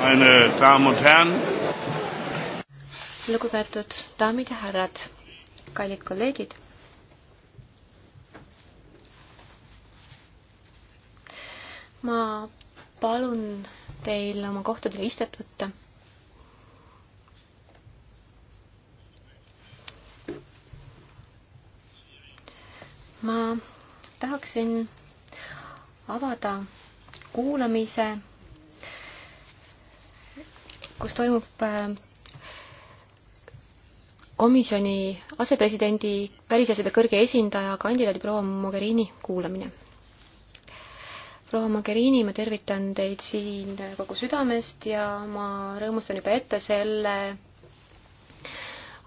meine Damen und Herren. lugupeetud daamid ja härrad, kallid kolleegid. ma palun teil oma kohtadele istet võtta. ma tahaksin avada kuulamise kus toimub äh, komisjoni asepresidendi välisasjade kõrge esindaja kandidaadi proua Mogherini kuulamine. proua Mogherini, ma tervitan teid siin kogu südamest ja ma rõõmustan juba ette selle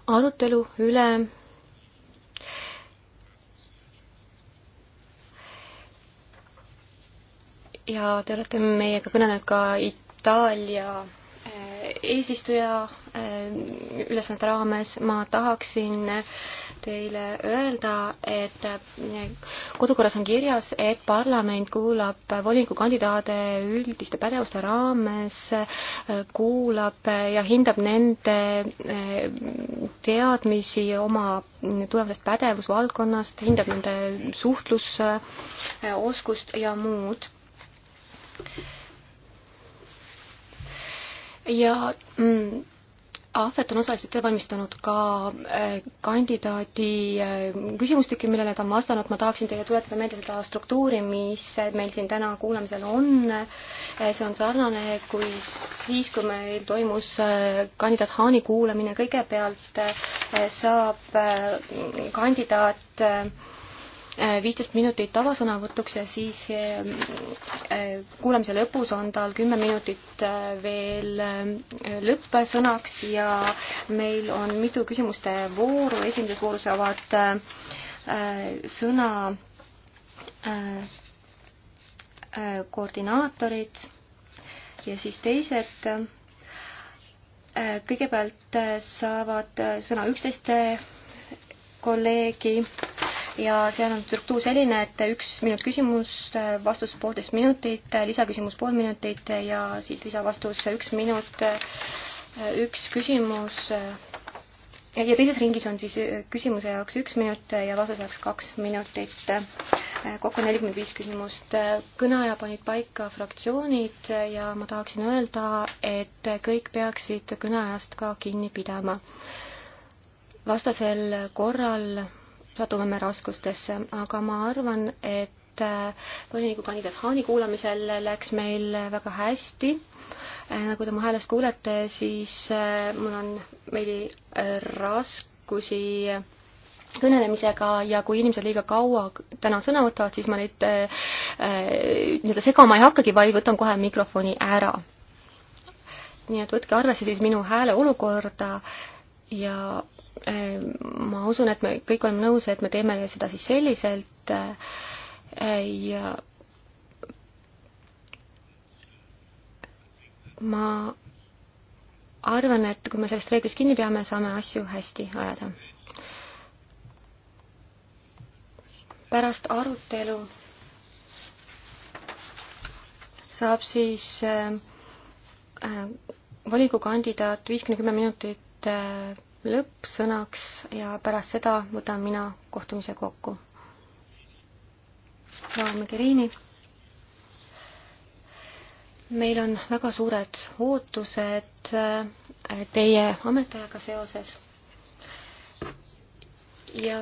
arutelu üle. ja te olete meiega kõnelenud ka Itaalia eesistuja eh, ülesannete raames ma tahaksin teile öelda, et eh, kodukorras on kirjas, et parlament kuulab volinikukandidaate üldiste pädevuste raames, eh, kuulab ja hindab nende teadmisi oma tulevasest pädevusvaldkonnast, hindab nende suhtlusoskust ja muud ja mm, Ahvet on osaliselt ette valmistanud ka äh, kandidaadi äh, küsimustikku, millele ta on vastanud, ma tahaksin teile tuletada meelde seda struktuuri, mis meil siin täna kuulamisel on. Äh, see on sarnane kui siis, kui meil toimus kandidaat Haani kuulamine, kõigepealt saab kandidaat viisteist minutit tavasõnavõtuks ja siis eh, eh, kuulamise lõpus on tal kümme minutit eh, veel lõppsõnaks ja meil on mitu küsimuste vooru, esimeses voorus saavad sõna koordinaatorid ja siis teised kõigepealt saavad sõna üksteist kolleegi ja seal on struktuur selline, et üks minut küsimus, vastus poolteist minutit, lisaküsimus pool minutit ja siis lisavastus üks minut, üks küsimus. ja teises ringis on siis äh, küsimuse jaoks üks minut ja vastuse jaoks kaks minutit. kokku nelikümmend viis küsimust. kõneaja panid paika fraktsioonid ja ma tahaksin öelda, et kõik peaksid kõneajast ka kinni pidama. vastasel korral satume raskustesse, aga ma arvan, et äh, volinikukandidaat Haani kuulamisel läks meil väga hästi. Äh, nagu te mu häälest kuulete, siis äh, mul on veidi raskusi kõnelemisega ja kui inimesed liiga kaua täna sõna võtavad, siis ma neid nii-öelda segama ei hakkagi, vaid võtan kohe mikrofoni ära. nii et võtke arvesse siis minu hääle olukorda ja ähm, ma usun, et me kõik oleme nõus, et me teeme seda siis selliselt äh, ja ma arvan, et kui me sellest reeglist kinni peame, saame asju hästi ajada. pärast arutelu saab siis äh, äh volikogu kandidaat viiskümmend kümme minutit nüüd äh, lõppsõnaks ja pärast seda võtan mina kohtumise kokku. proua Megerini. meil on väga suured ootused äh, teie ametiajaga seoses ja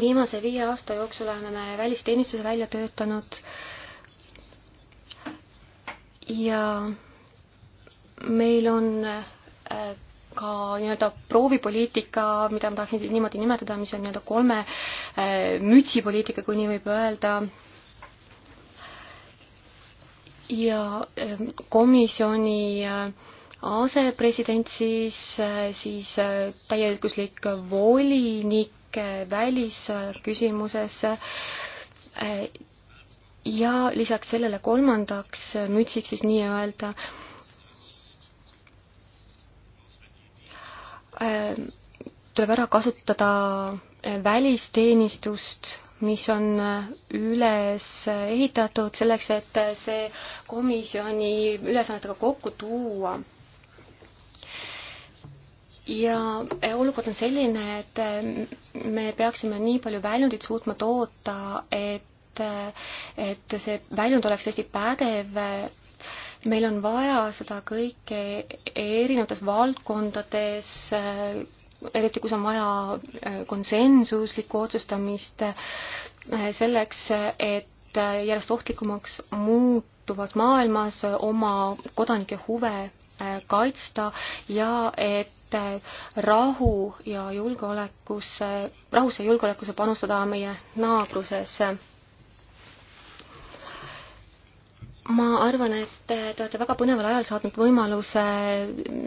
viimase viie aasta jooksul oleme me välisteenistuse välja töötanud ja meil on ka nii-öelda proovipoliitika, mida ma tahaksin siis niimoodi nimetada, mis on nii-öelda kolme äh, mütsi poliitika, kui nii võib öelda. ja ähm, komisjoni äh, asepresident siis, äh, siis täieõiguslik volinik välisküsimuses ja lisaks sellele kolmandaks mütsiks siis nii-öelda äh, Äh, tuleb ära kasutada äh, välisteenistust, mis on äh, üles ehitatud selleks, et see komisjoni ülesannetega kokku tuua ja olukord on selline, et me peaksime nii palju väljundit suutma toota, et, et see väljund oleks tõesti pädev meil on vaja seda kõike erinevates valdkondades, äh, eriti kui on vaja äh, konsensuslikku otsustamist, äh, selleks, et järjest ohtlikumaks muutuvas maailmas oma kodanike huve kaitsta ja et rahu ja julgeolekusse, rahusse ja julgeolekusse panustada meie naabrusesse. ma arvan, et te olete väga põneval ajal saatnud võimaluse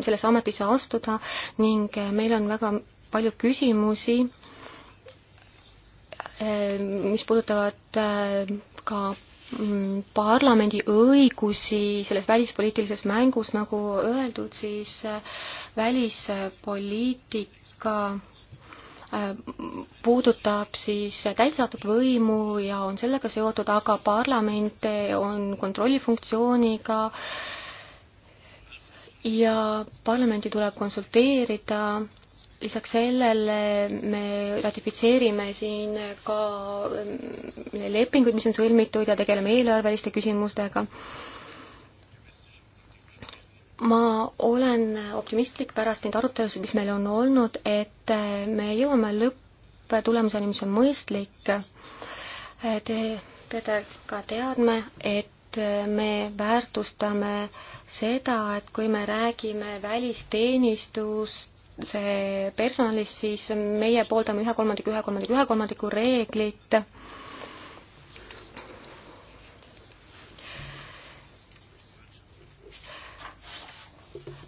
sellesse ametisse astuda ning meil on väga palju küsimusi, mis puudutavad äh, ka mm, parlamendi õigusi selles välispoliitilises mängus, nagu öeldud, siis äh, välispoliitika puudutab siis täidesaatvat võimu ja on sellega seotud, aga parlament on kontrollifunktsiooniga ja parlamenti tuleb konsulteerida lisaks sellele me ratifitseerime siin ka mm, lepinguid, mis on sõlmitud ja tegeleme eelarveliste küsimustega ma olen optimistlik pärast neid arutelusid, mis meil on olnud, et me jõuame lõpptulemuseni, mis on mõistlik. Te peate ka teadma, et me väärtustame seda, et kui me räägime välisteenistust, see personalist, siis meie pooldame ühe kolmandiku, ühe kolmandiku, ühe kolmandiku reeglit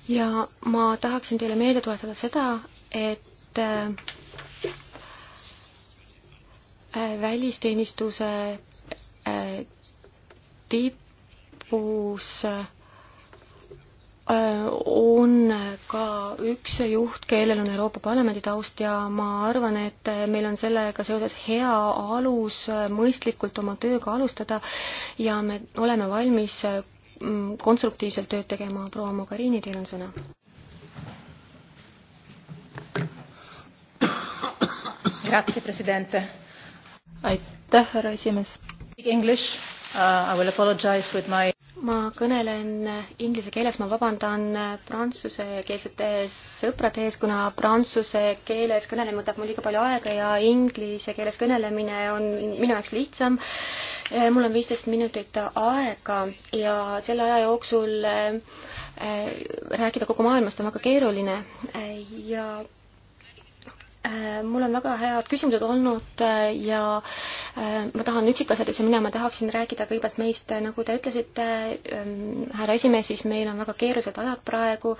ja ma tahaksin teile meelde tuletada seda, et äh, välisteenistuse äh, tipus äh, on ka üks juht, kellel on Euroopa Parlamendi taust ja ma arvan, et meil on sellega seoses hea alus mõistlikult oma tööga alustada ja me oleme valmis Mm, konstruktiivselt tööd tegema. proua Mogherini, teil on sõna. aitäh, härra esimees. English uh,, I will apologize with my ma kõnelen inglise keeles, ma vabandan prantsusekeelsete sõprade ees, kuna prantsuse keeles kõnelemine võtab mul liiga palju aega ja inglise keeles kõnelemine on minu jaoks lihtsam Äh, mul on viisteist minutit aega ja selle aja jooksul äh, rääkida kogu maailmast on väga keeruline äh, ja mul on väga head küsimused olnud ja ma tahan üksikasjadesse minna, ma tahaksin rääkida kõigepealt meist, nagu te ütlesite, härra esimees, siis meil on väga keerulised ajad praegu,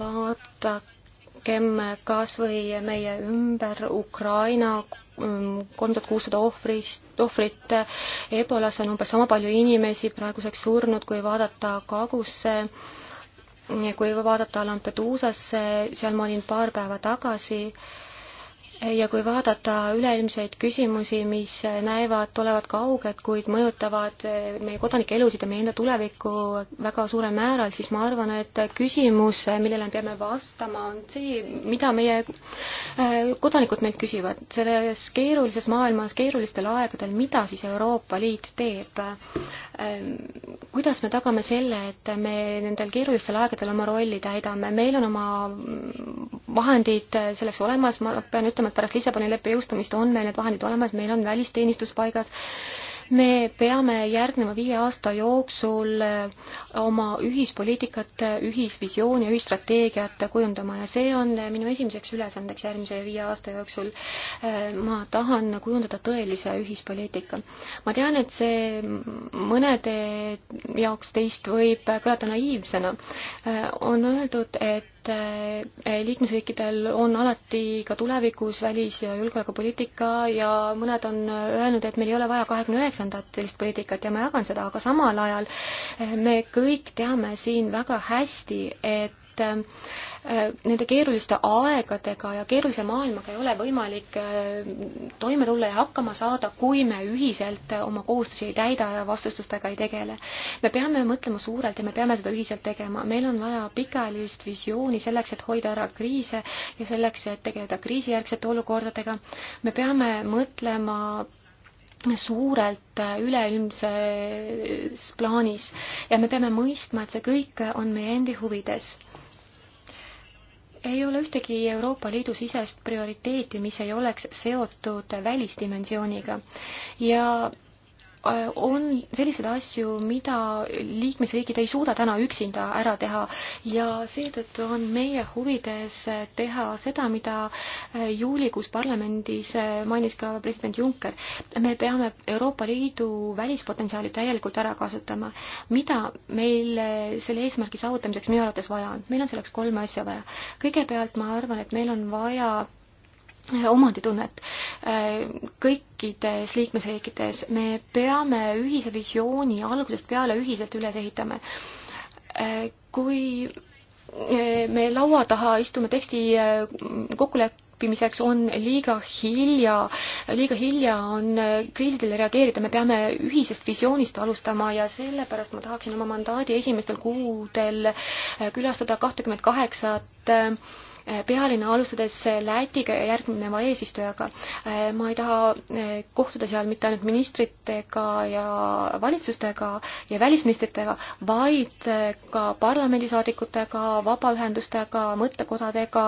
vaadake vaadakem kas või meie ümber Ukraina mm, kolm tuhat kuussada ohvrist, ohvrit, ebolas on umbes sama palju inimesi praeguseks surnud, kui vaadata Kagusse kui vaadata Lampeduusasse, seal ma olin paar päeva tagasi, ja kui vaadata üleilmseid küsimusi, mis näevad, olevat kauged, kuid mõjutavad eh, meie kodanike elusid ja meie enda tulevikku väga suurel määral, siis ma arvan, et küsimus, millele me peame vastama, on see, mida meie eh, kodanikud meilt küsivad. selles keerulises maailmas, keerulistel aegadel, mida siis Euroopa Liit teeb? Ehm, kuidas me tagame selle, et me nendel keerulistel aegadel oma rolli täidame? meil on oma mm, vahendid selleks olemas, ma pean ütlema, mõlemad pärast Lissaboni leppe jõustumist on meil need vahendid olemas, meil on välisteenistus paigas, me peame järgneva viie aasta jooksul äh, oma ühispoliitikat, ühisvisiooni, ühistrateegiat kujundama ja see on äh, minu esimeseks ülesandeks järgmise viie aasta jooksul. Äh, ma tahan kujundada tõelise ühispoliitika. ma tean, et see mõnede jaoks teist võib kõlada naiivsena. on öeldud, et et eh, liikmesriikidel on alati ka tulevikus välis- ja julgeolekupoliitika ja mõned on öelnud, et meil ei ole vaja kahekümne üheksandat sellist poliitikat ja ma jagan seda, aga samal ajal eh, me kõik teame siin väga hästi, et et äh, nende keeruliste aegadega ja keerulise maailmaga ei ole võimalik äh, toime tulla ja hakkama saada, kui me ühiselt äh, oma kohustusi ei täida ja vastustustega ei tegele. me peame mõtlema suurelt ja me peame seda ühiselt tegema. meil on vaja pikaajalist visiooni selleks, et hoida ära kriise ja selleks, et tegeleda kriisijärgsete olukordadega. me peame mõtlema suurelt üleilmses plaanis ja me peame mõistma, et see kõik on meie endi huvides ei ole ühtegi Euroopa Liidu sisest prioriteeti, mis ei oleks seotud välisdimensiooniga ja Äh, on selliseid asju, mida liikmesriigid ei suuda täna üksinda ära teha ja seetõttu on meie huvides teha seda, mida äh, juulikuus parlamendis äh, mainis ka president Juncker. me peame Euroopa Liidu välispotentsiaali täielikult ära kasutama. mida meil selle eesmärgi saavutamiseks minu arvates vaja on? meil on selleks kolme asja vaja. kõigepealt ma arvan, et meil on vaja omanditunnet kõikides liikmesriikides. me peame ühise visiooni algusest peale ühiselt üles ehitama. kui me laua taha istume teksti kokkuleppimiseks, on liiga hilja, liiga hilja on kriisidele reageerida, me peame ühisest visioonist alustama ja sellepärast ma tahaksin oma mandaadi esimestel kuudel külastada kahtekümmet kaheksat Eh, pealinna, alustades eh, Lätiga ja järgneva eesistujaga. Eh, ma ei taha kohtuda seal mitte ainult ministritega ja valitsustega ja välisministritega, vaid ka parlamendisaadikutega, vabaühendustega, mõttekodadega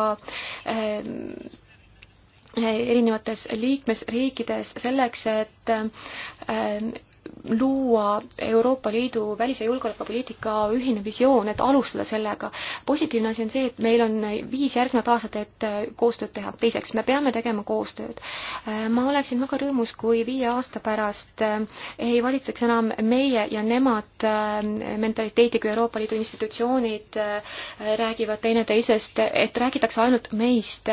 erinevates liikmesriikides selleks, et luua Euroopa Liidu välis- ja julgeolekupoliitika ühine visioon, et alustada sellega. positiivne asi on see, et meil on viis järgnevat aastat, et äh, koostööd teha. teiseks, me peame tegema koostööd. Äh, ma oleksin väga rõõmus, kui viie aasta pärast äh, ei valitseks enam meie ja nemad mentaliteeti, kui Euroopa Liidu institutsioonid räägivad teineteisest, et räägitakse ainult meist,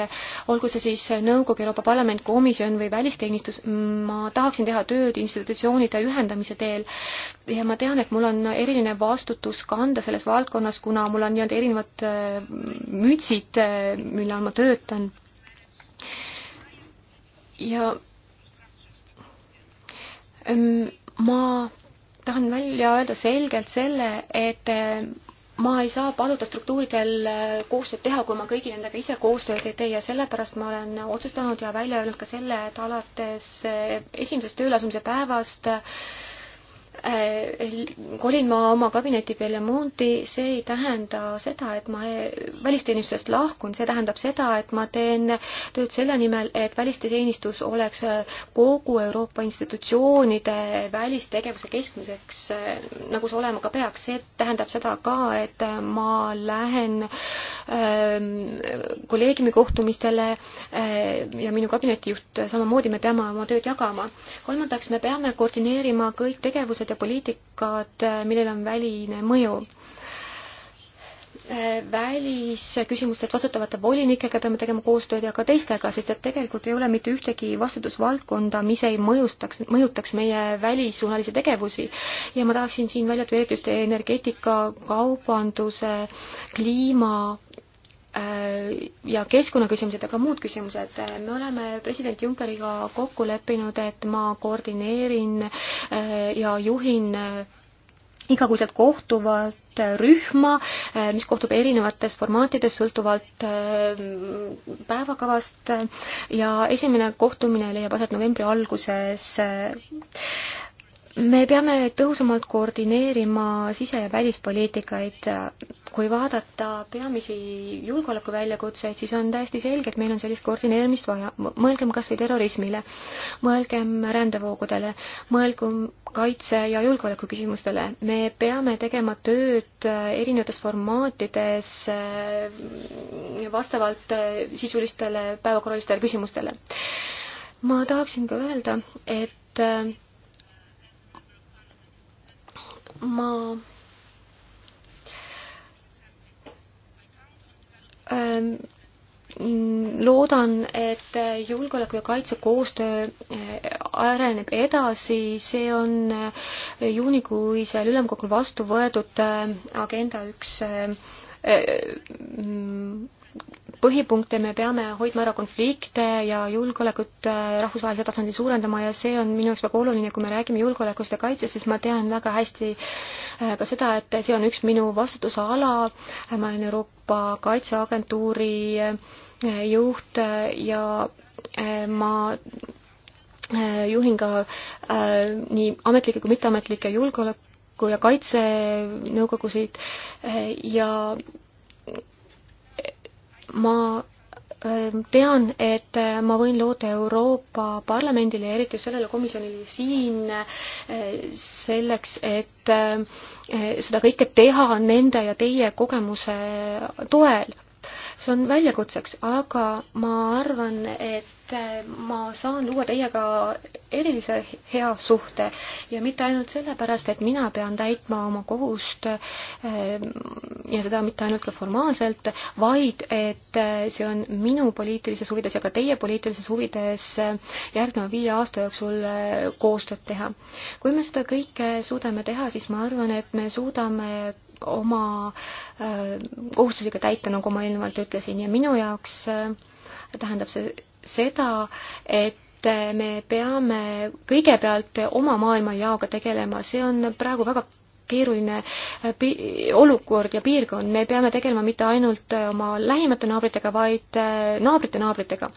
olgu see siis Nõukogu, Euroopa Parlament, Komisjon või välisteenistus, ma tahaksin teha tööd institutsioonide ühendamisega, lahendamise teel ja ma tean, et mul on eriline vastutus kanda selles valdkonnas, kuna mul on nii-öelda erinevad äh, mütsid, äh, millal ma töötan. ja ähm, ma tahan välja öelda selgelt selle, et äh, ma ei saa paluda struktuuridel äh, koostööd teha, kui ma kõigi nendega ise koostööd ei tee ja sellepärast ma olen otsustanud ja välja öelnud ka selle, et alates äh, esimesest tööle asumise päevast äh, kolin äh, ma oma kabineti Bellemonti, see ei tähenda seda, et ma välisteenistusest lahkun, see tähendab seda, et ma teen tööd selle nimel, et välisteenistus oleks kogu Euroopa institutsioonide välistegevuse keskmiseks, äh, nagu see olema ka peaks, see tähendab seda ka, et ma lähen ähm, kolleegiumi kohtumistele äh, ja minu kabinetijuht samamoodi, me peame oma tööd jagama. kolmandaks, me peame koordineerima kõik tegevused, meetodid ja poliitikad, millel on väline mõju välisküsimustelt vastutavate volinikega peame tegema koostööd ja ka teistega, sest et tegelikult ei ole mitte ühtegi vastutusvaldkonda, mis ei mõjustaks, mõjutaks meie välissuunalisi tegevusi. ja ma tahaksin siin välja tuua eriti just energeetika, kaubanduse, kliima Äh, ja keskkonnaküsimused, aga muud küsimused. me oleme president Junckeriga kokku leppinud, et ma koordineerin äh, ja juhin äh, igakuiselt kohtuvat rühma, mis kohtub erinevates formaatides sõltuvalt päevakavast ja esimene kohtumine leiab aset novembri alguses me peame tõhusamalt koordineerima sise- ja välispoliitikaid. kui vaadata peamisi julgeolekuväljakutseid, siis on täiesti selge, et meil on sellist koordineerimist vaja. mõelgem kas või terrorismile, mõelgem rändevoogudele, mõelgem kaitse- ja julgeolekuküsimustele. me peame tegema tööd erinevates formaatides äh, vastavalt äh, sisulistele päevakorralistele küsimustele. ma tahaksin ka öelda, et äh, ma ähm, loodan, et julgeoleku ja kaitse koostöö äh, areneb edasi, see on äh, juunikuisel ülemkogul vastu võetud äh, agenda üks põhipunkte, me peame hoidma ära konflikte ja julgeolekut äh, rahvusvahelisel tasandil suurendama ja see on minu jaoks väga oluline, kui me räägime julgeolekust ja kaitsest, siis ma tean väga hästi äh, ka seda, et see on üks minu vastutusala, ma olen Euroopa Kaitseagentuuri äh, juht ja ma juhin ka nii ametlikke kui mitteametlikke julgeoleku ja kaitsenõukogusid ja ma ähm, tean, et äh, ma võin loota Euroopa Parlamendile ja eriti sellele komisjonile siin äh, selleks, et äh, seda kõike teha nende ja teie kogemuse toel see on väljakutseks, aga ma arvan, et äh, ma saan luua teiega erilise hea suhte ja mitte ainult sellepärast, et mina pean täitma oma kohust äh, ja seda mitte ainult ka formaalselt, vaid et äh, see on minu poliitilises huvides ja ka teie poliitilises huvides järgneva viie aasta jooksul koostööd teha. kui me seda kõike suudame teha, siis ma arvan, et me suudame oma kohustusi ka täita, nagu ma eelnevalt ütlesin ütlesin ja minu jaoks äh, tähendab see seda, et äh, me peame kõigepealt oma maailmajaaga tegelema, see on praegu väga keeruline äh, pi-, olukord ja piirkond, me peame tegelema mitte ainult äh, oma lähimate naabritega, vaid äh, naabrite naabritega.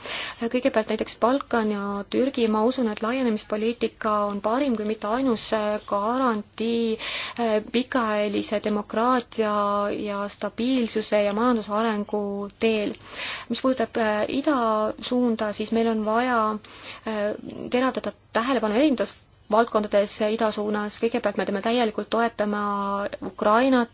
kõigepealt näiteks Balkan ja Türgi, ma usun, et laienemispoliitika on parim kui mitte ainus garantii pikaajalise demokraatia ja stabiilsuse ja majandusarengu teel. mis puudutab ida suunda, siis meil on vaja teravdada tähelepanu erinevates valdkondades ida suunas, kõigepealt me peame täielikult toetama Ukrainat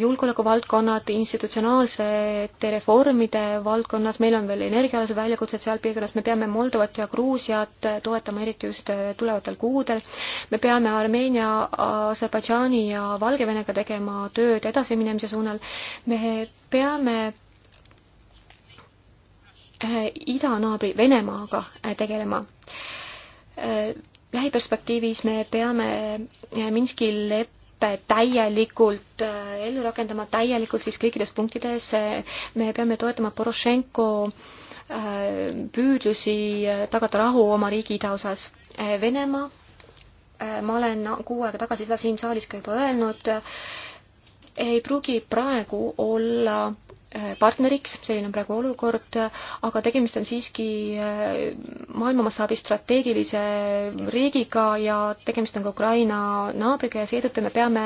julgeolekuvaldkonnad, institutsionaalsete reformide valdkonnas, meil on veel energiaalased väljakutsed seal piirkonnas, me peame Moldovat ja Gruusiat toetama, eriti just tulevatel kuudel. me peame Armeenia, Aserbaidžaani ja Valgevenega tegema tööd edasiminemise suunal. me peame eh, idanaabri Venemaaga eh, tegelema eh, lähiperspektiivis me peame eh, Minski leppe täielikult eh, ellu rakendama, täielikult siis kõikides punktides. Eh, me peame toetama Porošenko püüdlusi tagada rahu oma riigi idaosas. Venemaa, ma olen kuu aega tagasi seda siin saalis ka juba öelnud, ei pruugi praegu olla Äh, partneriks, selline on praegu olukord, aga tegemist on siiski äh, maailma mastaabi strateegilise riigiga ja tegemist on ka Ukraina naabriga ja seetõttu me peame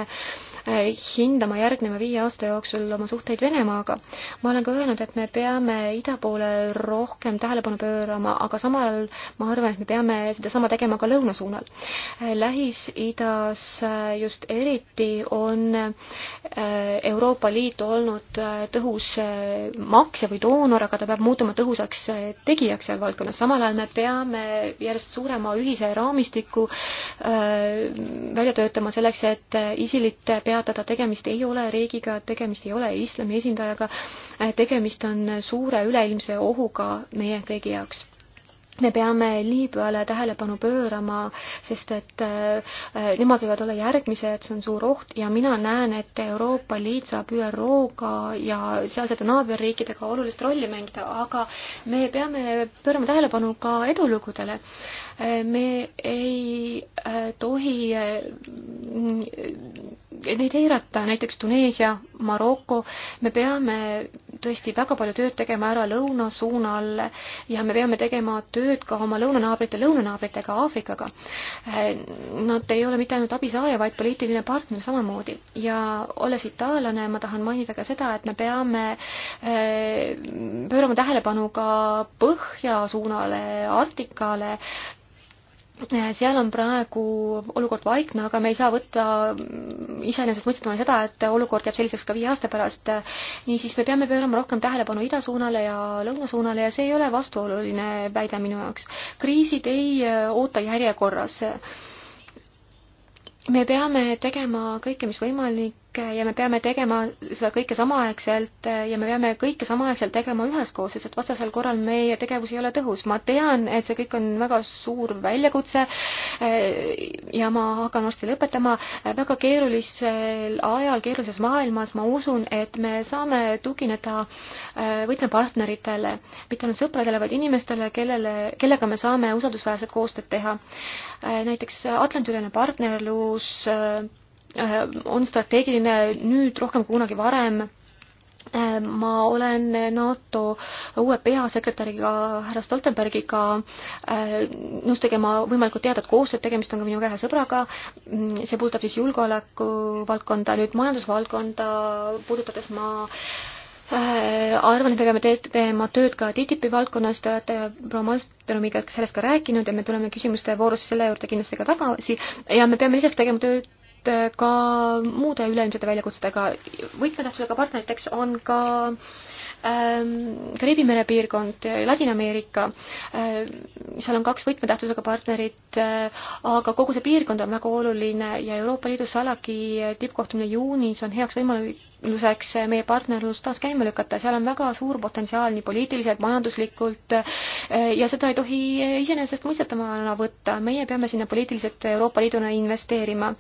hindama järgneva viie aasta jooksul oma suhteid Venemaaga. ma olen ka öelnud, et me peame ida poole rohkem tähelepanu pöörama, aga samal ajal ma arvan, et me peame sedasama tegema ka lõuna suunal. Lähis-Idas just eriti on äh, Euroopa Liit olnud äh, tõhus äh, maksja või doonor, aga ta peab muutuma tõhusaks tegijaks seal valdkonnas, samal ajal me peame järjest suurema ühise raamistiku välja töötama selleks, et ISILit peab peatada, tegemist ei ole riigiga, tegemist ei ole islami esindajaga, äh, tegemist on suure üleilmse ohuga meie kõigi jaoks me peame Liibüale tähelepanu pöörama, sest et äh, äh, nemad võivad olla järgmised, see on suur oht ja mina näen, et Euroopa Liit saab ÜRO-ga ja sealsete naaberriikidega olulist rolli mängida, aga me peame pöörama tähelepanu ka edulugudele äh, me ei äh, tohi äh, neid eirata, näiteks Tuneesia, Maroko, me peame tõesti väga palju tööd tegema ära lõuna suunal ja me peame tegema tööd ka oma lõunanaabrite, lõunanaabritega Aafrikaga. Äh, nad ei ole mitte ainult abisaaja, vaid poliitiline partner samamoodi ja olles itaallane, ma tahan mainida ka seda, et me peame pöörama tähelepanu ka põhja suunale, Arktikale, seal on praegu olukord vaikne, aga me ei saa võtta iseenesestmõistetavana seda, et olukord jääb selliseks ka viie aasta pärast. niisiis me peame pöörama rohkem tähelepanu idasuunale ja lõunasuunale ja see ei ole vastuoluline väide minu jaoks. kriisid ei äh, oota järjekorras. me peame tegema kõike, mis võimalik kõik ja me peame tegema seda kõike samaaegselt ja me peame kõike samaaegselt tegema üheskoos, sest vastasel korral meie tegevus ei ole tõhus. ma tean, et see kõik on väga suur väljakutse eh, ja ma hakkan varsti lõpetama. väga keerulisel ajal, keerulises maailmas ma usun, et me saame tugineda eh, võtmepartneritele, mitte ainult sõpradele, vaid inimestele, kellele, kellega me saame usaldusväärset koostööd teha. Eh, näiteks Atlandi-ülene partnerlus Äh, on strateegiline nüüd rohkem kui kunagi varem. Äh, ma olen NATO uue peasekretäriga, härra Stoltenbergiga äh, nõus tegema võimalikult teadet koostööd, tegemist on ka minu käe sõbraga. Mm, see puudutab siis julgeolekuvaldkonda, nüüd majandusvaldkonda puudutades ma arvan, et me peame tegema tööd ka TTIP-i valdkonnas, te olete proua Malmströmiga sellest ka rääkinud ja me tuleme küsimuste voorus selle juurde kindlasti ka tagasi ja me peame lisaks tegema tööd tööd äh, ka muude üleilmsete väljakutsetega. võtmetähtsusega partneriteks on ka ähm, Kariibi mere piirkond, Ladina-Ameerika äh,. seal on kaks võtmetähtsusega partnerit äh,, aga kogu see piirkond on väga oluline ja Euroopa Liidu Salaki tippkohtumine juunis on heaks võimaluseks meie partnerlus taas käima lükata, seal on väga suur potentsiaal nii poliitiliselt, majanduslikult äh, ja seda ei tohi iseenesestmõistetamana võtta, meie peame sinna poliitiliselt Euroopa Liiduna investeerima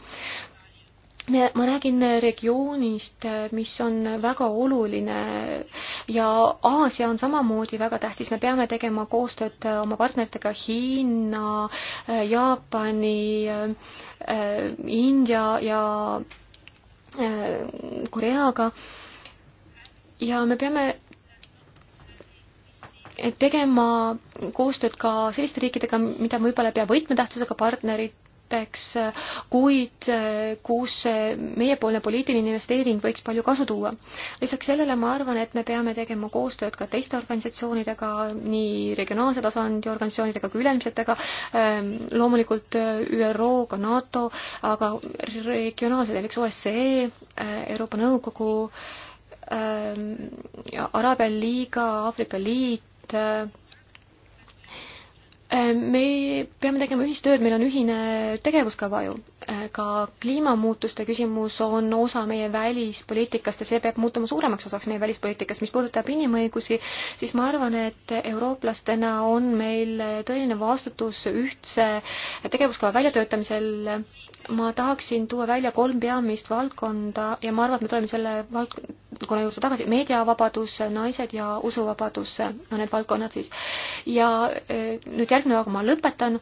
ma räägin regioonist, mis on väga oluline ja Aasia on samamoodi väga tähtis, me peame tegema koostööd oma partneritega Hiina, Jaapani, India ja äh, Koreaga. ja me peame tegema koostööd ka selliste riikidega, mida võib-olla ei pea võtmetähtsusega partnerid, näiteks, kuid kus meiepoolne poliitiline investeering võiks palju kasu tuua. lisaks sellele ma arvan, et me peame tegema koostööd ka teiste organisatsioonidega, nii regionaalse tasandi organisatsioonidega kui üleilmsetega, ehm, loomulikult ÜRO-ga, NATO, aga regionaalsed, näiteks OSCE, eh, Euroopa Nõukogu, ehm, Araabia Liiga, Aafrika Liit, eh, Äh, me peame tegema ühistööd, meil on ühine tegevuskava ju. Äh, ka kliimamuutuste küsimus on osa meie välispoliitikast ja see peab muutuma suuremaks osaks meie välispoliitikast. mis puudutab inimõigusi, siis ma arvan, et eurooplastena on meil tõeline vastutus ühtse tegevuskava väljatöötamisel. ma tahaksin tuua välja kolm peamist valdkonda ja ma arvan, et me tuleme selle valdkonna juurde tagasi. meediavabadus, naised ja usuvabadus on need valdkonnad siis. ja äh, nüüd järgnevaga ma lõpetan.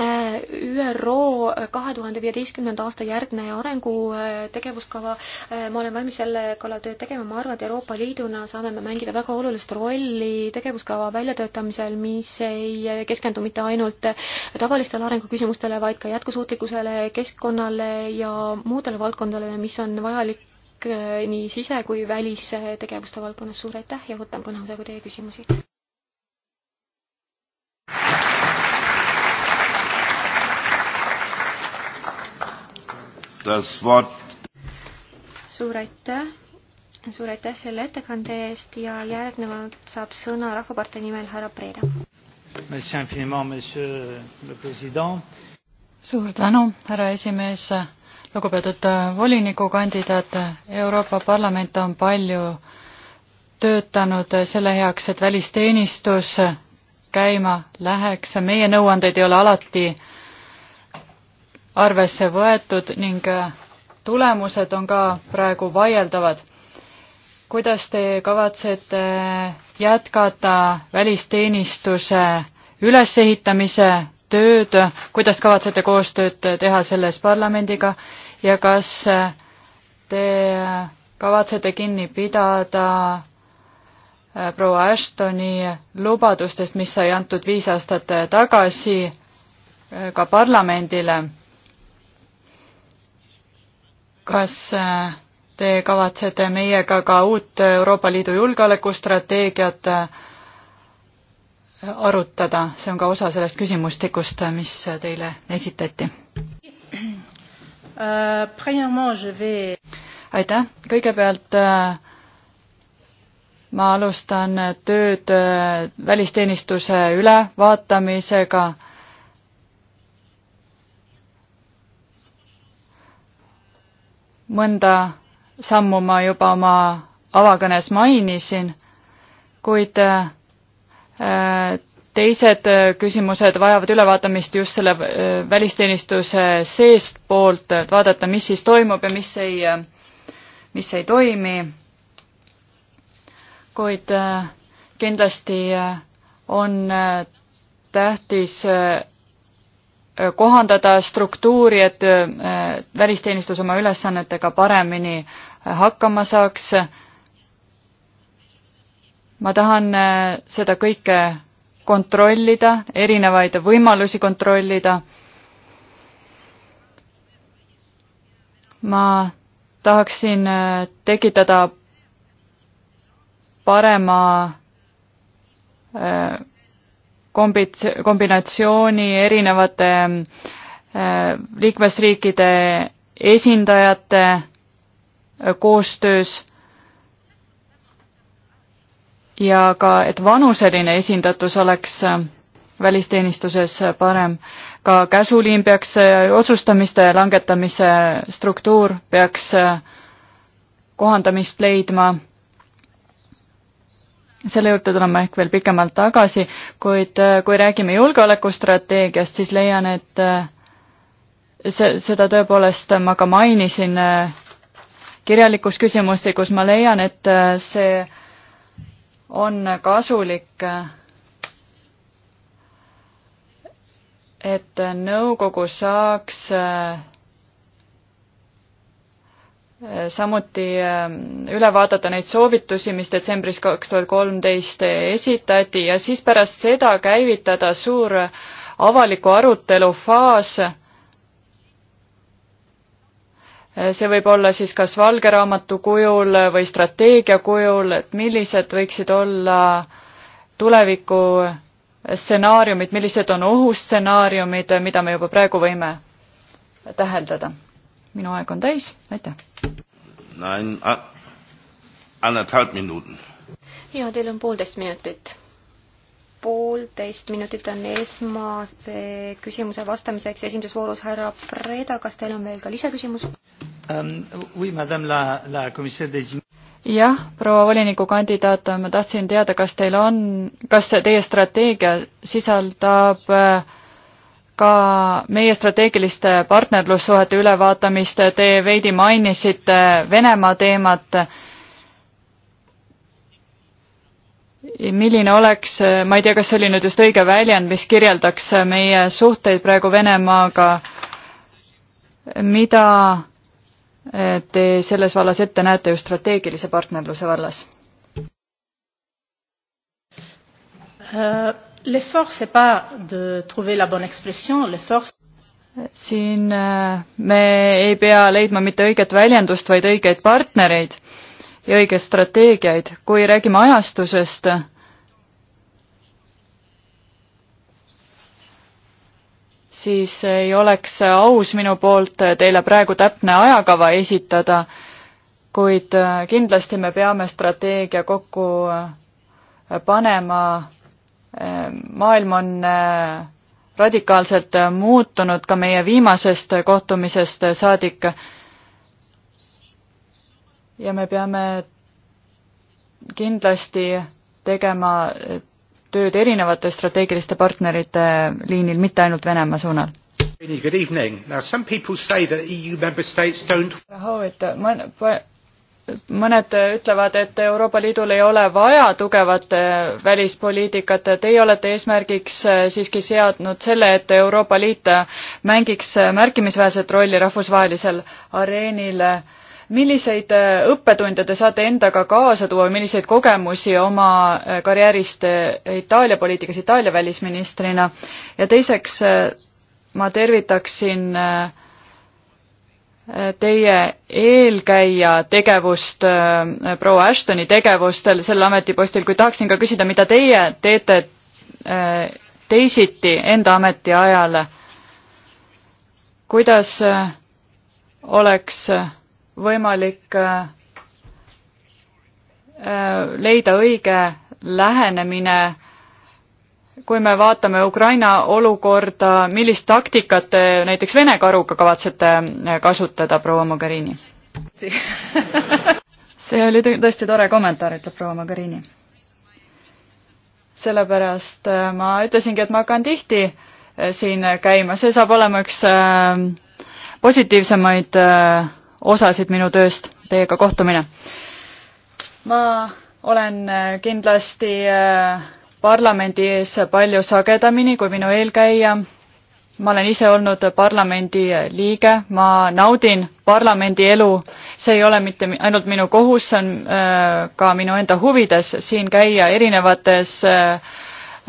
Äh, ÜRO kahe tuhande viieteistkümnenda aasta järgne arengutegevuskava, äh, äh, ma olen valmis selle kallal tööd tegema, ma arvan, et Euroopa Liiduna saame me mängida väga olulist rolli tegevuskava väljatöötamisel, mis ei keskendu mitte ainult tavalistele arenguküsimustele, vaid ka jätkusuutlikkusele, keskkonnale ja muudele valdkondadele, mis on vajalik nii sise- kui välistegevuste valdkonnas. suur aitäh ja võtan põnevusega teie küsimusi. das Wort. suur aitäh, suur aitäh selle ettekande eest ja järgnevalt saab sõna Rahvapartei nimel härra Preeda. suur tänu, härra esimees, lugupeetud äh, volinikukandidaat, Euroopa Parlament on palju töötanud selle heaks, et välisteenistus käima läheks, meie nõuandeid ei ole alati äh, arvesse võetud ning tulemused on ka praegu vaieldavad. kuidas te kavatsete jätkata välisteenistuse ülesehitamise tööd, kuidas kavatsete koostööd teha selles parlamendiga ja kas te kavatsete kinni pidada äh, proua Ashtoni lubadustest, mis sai antud viis aastat tagasi äh, ka parlamendile kas äh, te kavatsete meiega ka uut Euroopa Liidu julgeolekustrateegiat äh, arutada, see on ka osa sellest küsimustikust, äh, mis teile esitati. aitäh, kõigepealt ma alustan tööd välisteenistuse ülevaatamisega mõnda sammu ma juba oma avakõnes mainisin, kuid äh, teised küsimused vajavad ülevaatamist just selle äh, välisteenistuse seestpoolt, et vaadata, mis siis toimub ja mis ei, mis ei toimi. kuid äh, kindlasti on tähtis kohandada struktuuri, et välisteenistus oma ülesannetega paremini hakkama saaks. ma tahan seda kõike kontrollida, erinevaid võimalusi kontrollida. ma tahaksin tekitada parema kombits-, kombinatsiooni erinevate äh, liikmesriikide esindajate äh, koostöös ja ka, et vanuseline esindatus oleks äh, välisteenistuses parem. ka käsuliin peaks, otsustamiste langetamise struktuur peaks kohandamist leidma selle juurde tuleme ehk veel pikemalt tagasi, kuid äh, kui räägime julgeolekustrateegiast, siis leian, et äh, see, seda tõepoolest ma ka mainisin äh, kirjalikus küsimustikus, ma leian, et see on kasulik, et nõukogu saaks samuti ähm, üle vaadata neid soovitusi, mis detsembris kaks tuhat kolmteist esitati ja siis pärast seda käivitada suur avaliku arutelu faas. see võib olla siis kas valge raamatu kujul või strateegia kujul, et millised võiksid olla tuleviku stsenaariumid, millised on ohustsenaariumid, mida me juba praegu võime täheldada minu aeg on täis, aitäh. Nein, anderthalb minuten. ja teil on poolteist minutit. poolteist minutit on esmase küsimuse vastamiseks esimeses voorus härra Preda, kas teil on veel ka lisaküsimus um,? Oui, madame la, la commissaire des jah, proua volinikukandidaat, ma tahtsin teada, kas teil on, kas teie strateegia sisaldab äh, ka meie strateegiliste partnerlussuhete ülevaatamist, te veidi mainisite Venemaa teemat. milline oleks, ma ei tea, kas see oli nüüd just õige väljend, mis kirjeldaks meie suhteid praegu Venemaaga, mida te selles vallas ette näete just strateegilise partnerluse vallas uh...? L'effort, c'est pas de trouver la bonne expression, l'effort siin äh, me ei pea leidma mitte õiget väljendust, vaid õigeid partnereid ja õigeid strateegiaid. kui räägime ajastusest, siis ei oleks aus minu poolt teile praegu täpne ajakava esitada, kuid kindlasti me peame strateegia kokku äh, panema maailm on äh, radikaalselt äh, muutunud ka meie viimasest kohtumisest äh, saadik. ja me peame kindlasti tegema tööd erinevate strateegiliste partnerite liinil, mitte ainult Venemaa suunal. Good evening. Now some people say that EU member states don't mõned ütlevad, et Euroopa Liidul ei ole vaja tugevat eh, välispoliitikat, teie olete eesmärgiks eh, siiski seadnud selle, et Euroopa Liit eh, mängiks märkimisväärset rolli rahvusvahelisel areenil. milliseid õppetunde te saate endaga kaasa tuua, milliseid kogemusi oma karjäärist Itaalia poliitikas, Itaalia välisministrina ja teiseks ma tervitaksin äh, teie eelkäija tegevust, äh, proua Ashtoni tegevust sel ametipostil, kuid tahaksin ka küsida, mida teie teete äh, teisiti enda ametiajal. kuidas äh, oleks võimalik leida õige lähenemine kui me vaatame Ukraina olukorda, millist taktikat te näiteks Vene karuga kavatsete eh, kasutada, proua Mogherini? see oli tõesti tore kommentaar, ütleb proua Mogherini. sellepärast eh, ma ütlesingi, et ma hakkan tihti eh, siin käima, see saab olema üks positiivsemaid osasid minu tööst, teiega kohtumine. ma olen kindlasti äh, parlamendi ees palju sagedamini kui minu eelkäija. ma olen ise olnud parlamendi liige, ma naudin parlamendi elu, see ei ole mitte ainult minu kohus, see on äh, ka minu enda huvides siin käia erinevates äh,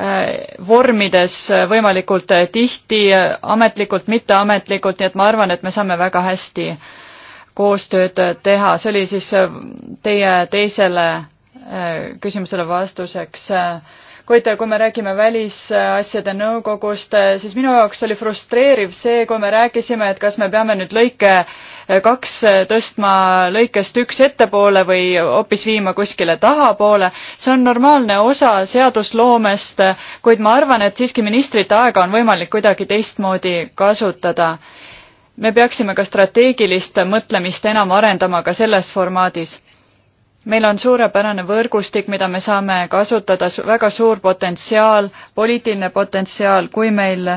äh, vormides võimalikult tihti, ametlikult, mitteametlikult, nii et ma arvan, et me saame väga hästi koostööd teha, see oli siis teie teisele küsimusele vastuseks äh, kuid kui me räägime Välisasjade Nõukogust, siis minu jaoks oli frustreeriv see, kui me rääkisime, et kas me peame nüüd lõike kaks tõstma lõikest üks ettepoole või hoopis viima kuskile tahapoole. see on normaalne osa seadusloomest, kuid ma arvan, et siiski ministrite aega on võimalik kuidagi teistmoodi kasutada me peaksime ka strateegilist mõtlemist enam arendama ka selles formaadis meil on suurepärane võrgustik, mida me saame kasutada, väga suur potentsiaal, poliitiline potentsiaal, kui meil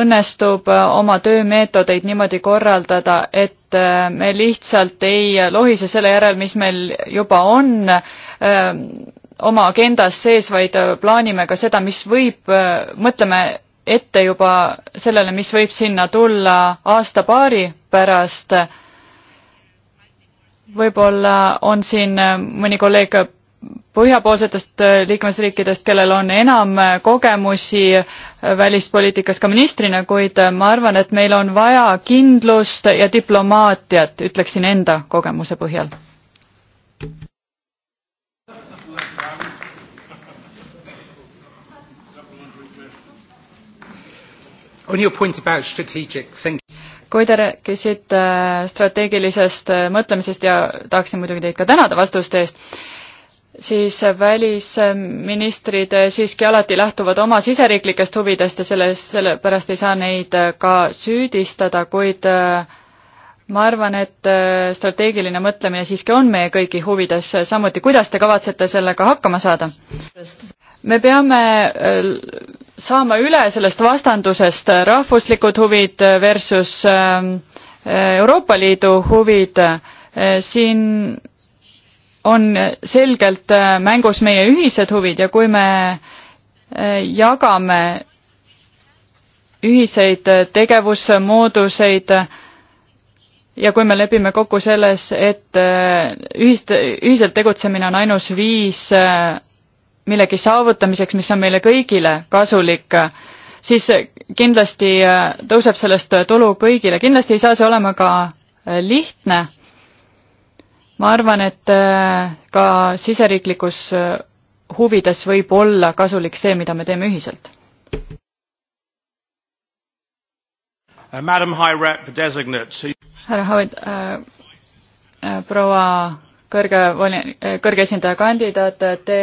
õnnestub äh, oma töömeetodeid niimoodi korraldada, et äh, me lihtsalt ei lohise selle järel, mis meil juba on ähm, oma agendas sees, vaid äh, plaanime ka seda, mis võib, mõtleme ette juba sellele, mis võib sinna tulla aasta-paari pärast võib-olla on siin äh, mõni kolleeg põhjapoolsetest äh, liikmesriikidest, kellel on enam äh, kogemusi välispoliitikas ka ministrina, kuid ma arvan, et meil on vaja kindlust ja diplomaatiat, ütleksin enda kogemuse põhjal. On your point about strategic thinking kui te rääkisite äh, strateegilisest äh, mõtlemisest ja tahaksin muidugi teid ka tänada vastuste eest, siis äh, välisministrid siiski alati lähtuvad oma siseriiklikest huvidest ja selles, sellepärast ei saa neid ka süüdistada, kuid ma arvan, et strateegiline mõtlemine siiski on meie kõigi huvides, samuti kuidas te kavatsete sellega hakkama saada? me peame äh, saama üle sellest vastandusest rahvuslikud huvid versus ähm, äh, Euroopa Liidu huvid. Äh, siin on selgelt mängus meie ühised huvid ja kui me jagame ühiseid tegevusmooduseid ja kui me lepime kokku selles, et ühist, ühiselt tegutsemine on ainus viis millegi saavutamiseks, mis on meile kõigile kasulik, siis kindlasti äh, tõuseb sellest tulu kõigile, kindlasti ei saa see olema ka äh, lihtne. ma arvan, et äh, ka siseriiklikus huvides võib olla kasulik see, mida me teeme ühiselt. Uh, härra Howard, proua kõrge voli-, kõrge esindaja kandidaat, te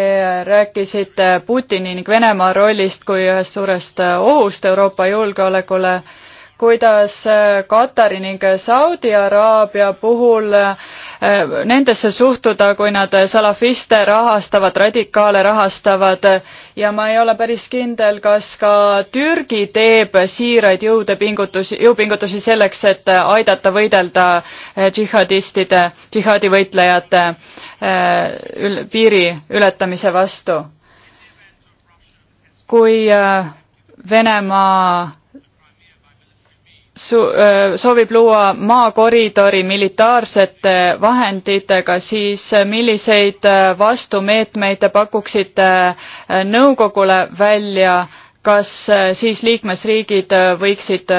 rääkisite Putini ning Venemaa rollist kui ühest suurest ohust Euroopa julgeolekule äh, kuidas äh, Katari ning Saudi Araabia puhul äh, nendesse suhtuda, kui nad äh, salafiste rahastavad, radikaale rahastavad ja ma ei ole päris kindel, kas ka Türgi teeb siiraid jõudepingutusi, jõupingutusi selleks, et aidata võidelda džihadistide, džihadivõitlejate ül, piiri ületamise vastu. kui Venemaa su-, soovib luua maakoridori militaarsete vahenditega, siis milliseid vastumeetmeid te pakuksite nõukogule välja, kas siis liikmesriigid võiksid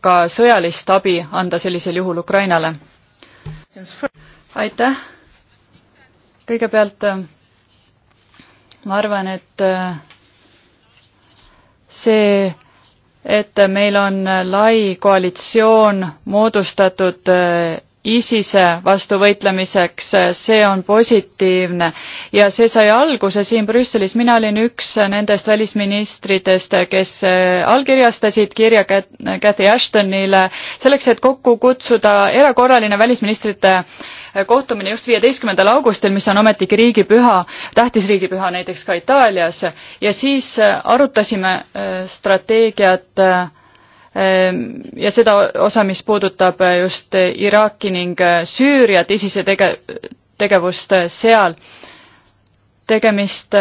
ka sõjalist abi anda sellisel juhul Ukrainale? aitäh! kõigepealt ma arvan, et see et meil on lai koalitsioon moodustatud äh, ISISe vastu võitlemiseks, see on positiivne ja see sai alguse siin Brüsselis, mina olin üks nendest välisministritest, kes äh, allkirjastasid kirja Cathy Ashtonile selleks, et kokku kutsuda erakorraline välisministrite äh, Äh, kohtumine just viieteistkümnendal augustil, mis on ometigi riigipüha, tähtis riigipüha näiteks ka Itaalias ja siis äh, arutasime äh, strateegiat ja seda osa, mis puudutab just Iraaki ning Süüriat, ISISe tege-, tegevust seal. tegemist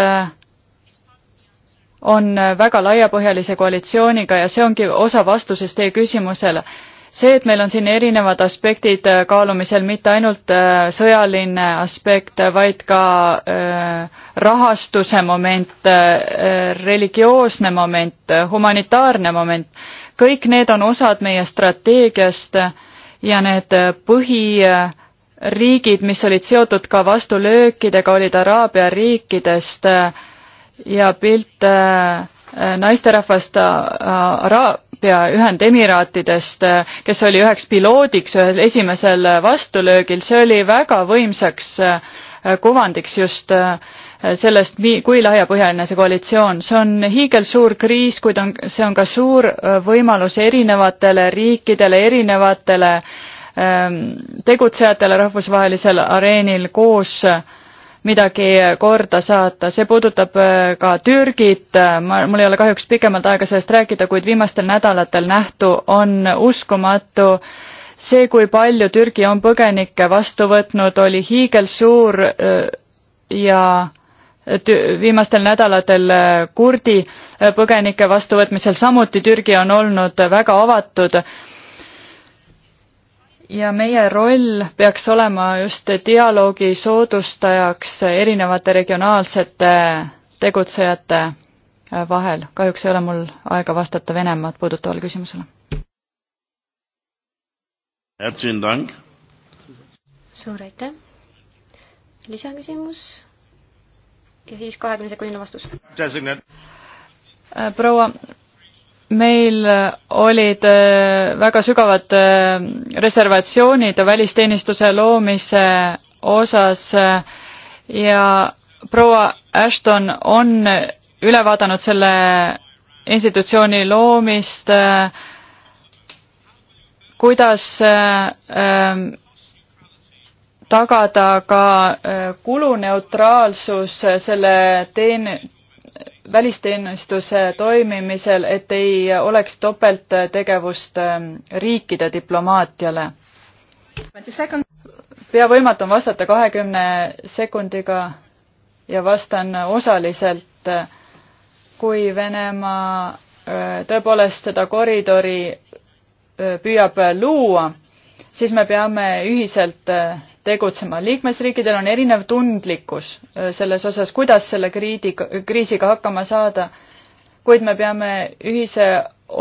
on väga laiapõhjalise koalitsiooniga ja see ongi osa vastusest teie küsimusele see, et meil on siin erinevad aspektid äh, kaalumisel, mitte ainult äh, sõjaline aspekt, vaid ka äh, rahastuse moment, religioosne moment, humanitaarne moment, kõik need on osad meie strateegiast ja need põhiriigid, mis olid seotud ka vastulöökidega, olid Araabia riikidest ja pilt äh, Äh, naisterahvast äh, Araabia Ühendemiraatidest, äh, kes oli üheks piloodiks ühel esimesel vastulöögil, see oli väga võimsaks kuvandiks just sellest, kui laiapõhjaline see koalitsioon, see on hiigelsuur kriis, kuid on, see on ka suur võimalus erinevatele riikidele, erinevatele ähm, tegutsejatele rahvusvahelisel areenil koos äh, midagi korda saata. see puudutab äh, ka Türgit, ma, mul ei ole kahjuks pikemalt aega sellest rääkida, kuid viimastel nädalatel nähtu on uskumatu. see, kui palju Türgi on põgenikke vastu võtnud, oli hiigelsuur äh, ja viimastel nädalatel äh, kurdi põgenike vastuvõtmisel samuti Türgi on olnud väga avatud ja meie roll peaks olema just dialoogi soodustajaks erinevate regionaalsete tegutsejate vahel. kahjuks ei ole mul aega vastata Venemaad puudutavale küsimusele. suur aitäh. lisaküsimus ja siis kahekümne sekundiline vastus. proua meil äh, olid äh, väga sügavad äh, reservatsioonid välisteenistuse loomise osas ja proua Ashton on üle vaadanud selle institutsiooni loomist, kuidas ähm, tagada ka kuluneutraalsus selle teen-, välisteenistuse toimimisel, et ei oleks topelttegevust ähm, riikide diplomaatiale. pea võimatu on vastata kahekümne sekundiga ja vastan osaliselt, kui Venemaa äh, tõepoolest seda koridori äh, püüab luua, siis me peame ühiselt äh, tegutsema. liikmesriikidel on erinev tundlikkus äh, selles osas, kuidas selle kriidiga, kriisiga hakkama saada, kuid me peame ühise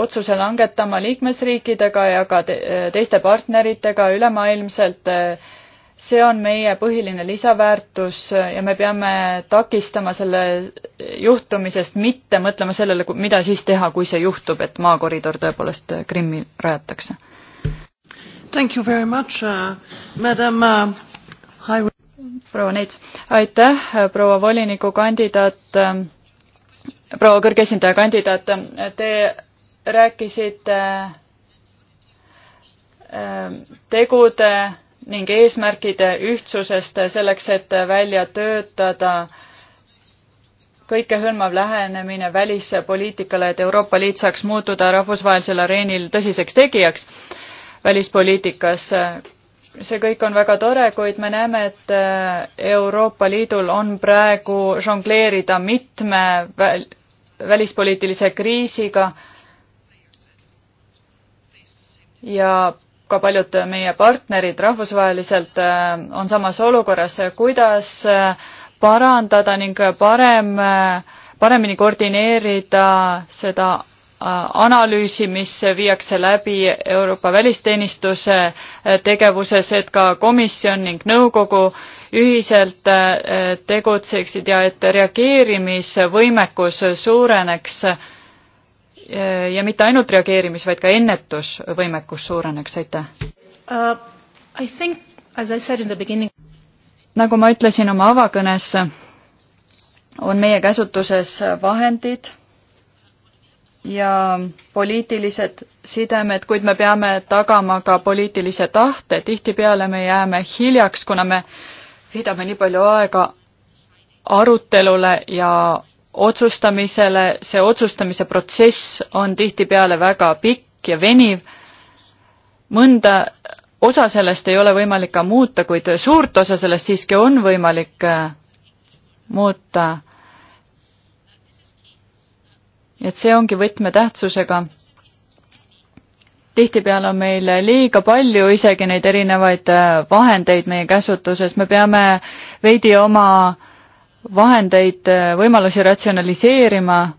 otsuse langetama liikmesriikidega ja ka te teiste partneritega ülemaailmselt. Äh, see on meie põhiline lisaväärtus äh, ja me peame takistama selle juhtumisest, mitte mõtlema sellele, mida siis teha, kui see juhtub, et maakoridor tõepoolest Krimmi rajatakse Thank you very much uh,, madam uh, high proua Neits, aitäh, proua volinikukandidaat, ähm, proua kõrge esindaja kandidaat, te rääkisite ähm, tegude ning eesmärkide ühtsusest selleks, et välja töötada kõikehõlmav lähenemine välispoliitikale, et Euroopa Liit saaks muutuda rahvusvahelisel areenil tõsiseks tegijaks välispoliitikas. see kõik on väga tore, kuid me näeme, et äh, Euroopa Liidul on praegu žongleerida mitme väl-, välispoliitilise kriisiga ja ka paljud meie partnerid rahvusvaheliselt äh, on samas olukorras, kuidas äh, parandada ning parem, paremini koordineerida seda Äh, analüüsi, mis viiakse läbi Euroopa välisteenistuse äh, tegevuses, et ka komisjon ning nõukogu ühiselt äh, tegutseksid ja et reageerimisvõimekus suureneks ja mitte ainult reageerimis, vaid ka ennetusvõimekus suureneks, aitäh uh,! I think, as I said in the beginning nagu ma ütlesin oma avakõnes, on meie käsutuses vahendid ja poliitilised sidemed, kuid me peame tagama ka poliitilise tahte, tihtipeale me jääme hiljaks, kuna me viidame nii palju aega arutelule ja otsustamisele, see otsustamise protsess on tihtipeale väga pikk ja veniv. mõnda osa sellest ei ole võimalik ka muuta, kuid suurt osa sellest siiski on võimalik äh, muuta et see ongi võtmetähtsusega. tihtipeale on meil liiga palju isegi neid erinevaid äh, vahendeid meie käsutuses, me peame veidi oma vahendeid, äh, võimalusi ratsionaliseerima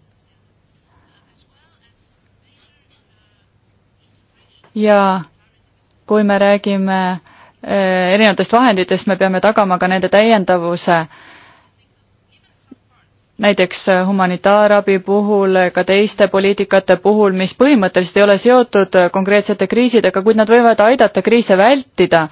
ja kui me räägime äh, erinevatest vahenditest, me peame tagama ka nende täiendavuse äh, näiteks humanitaarabi puhul, ka teiste poliitikate puhul, mis põhimõtteliselt ei ole seotud konkreetsete kriisidega, kuid nad võivad aidata kriise vältida.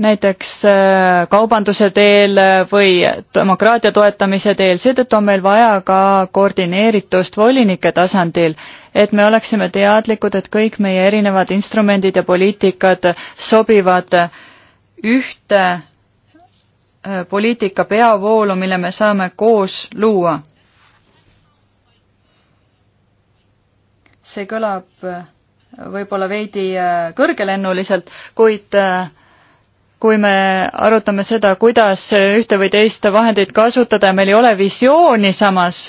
näiteks äh, kaubanduse teel või demokraatia toetamise teel, seetõttu on meil vaja ka koordineeritust volinike tasandil, et me oleksime teadlikud, et kõik meie erinevad instrumendid ja poliitikad sobivad ühte Äh, poliitika peavoolu, mille me saame koos luua. see kõlab äh, võib-olla veidi äh, kõrgelennuliselt, kuid kui me arutame seda, kuidas ühte või teist vahendeid kasutada ja meil ei ole visiooni samas,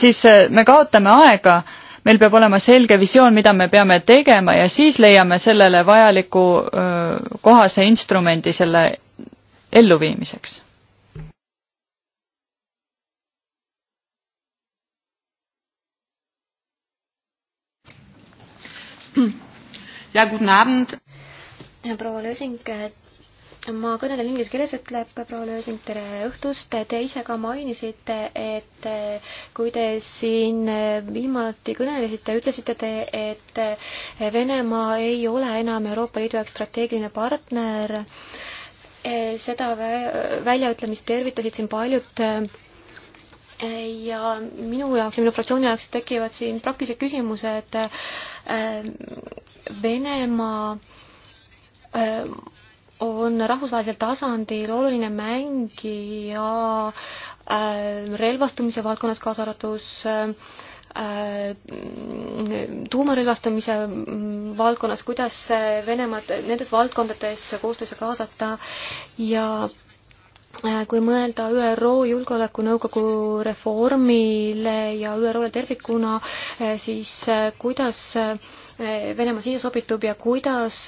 siis me kaotame aega. meil peab olema selge visioon, mida me peame tegema ja siis leiame sellele vajaliku kohase instrumendi selle elluviimiseks. ja guten Abend. proua Lösing, ma kõnelen inglise keeles, ütleb proua Lösing, tere õhtust. Te ise ka mainisite, et kui te siin viimati kõnelesite, ütlesite te, et Venemaa ei ole enam Euroopa Liidu jaoks strateegiline partner Eh, seda väljaütlemist tervitasid siin paljud eh, ja minu jaoks ja minu fraktsiooni jaoks tekivad siin praktilised küsimused. Eh, Venemaa on rahvusvahelisel tasandil oluline mängija relvastumise valdkonnas, kaasa arvatud Äh, tuumarelvastamise mm, valdkonnas, kuidas Venemaad nendes valdkondades koostöösse kaasata ja äh, kui mõelda ÜRO Julgeolekunõukogu reformile ja ÜRO-le tervikuna, äh, siis kuidas Venemaa siia sobitub ja kuidas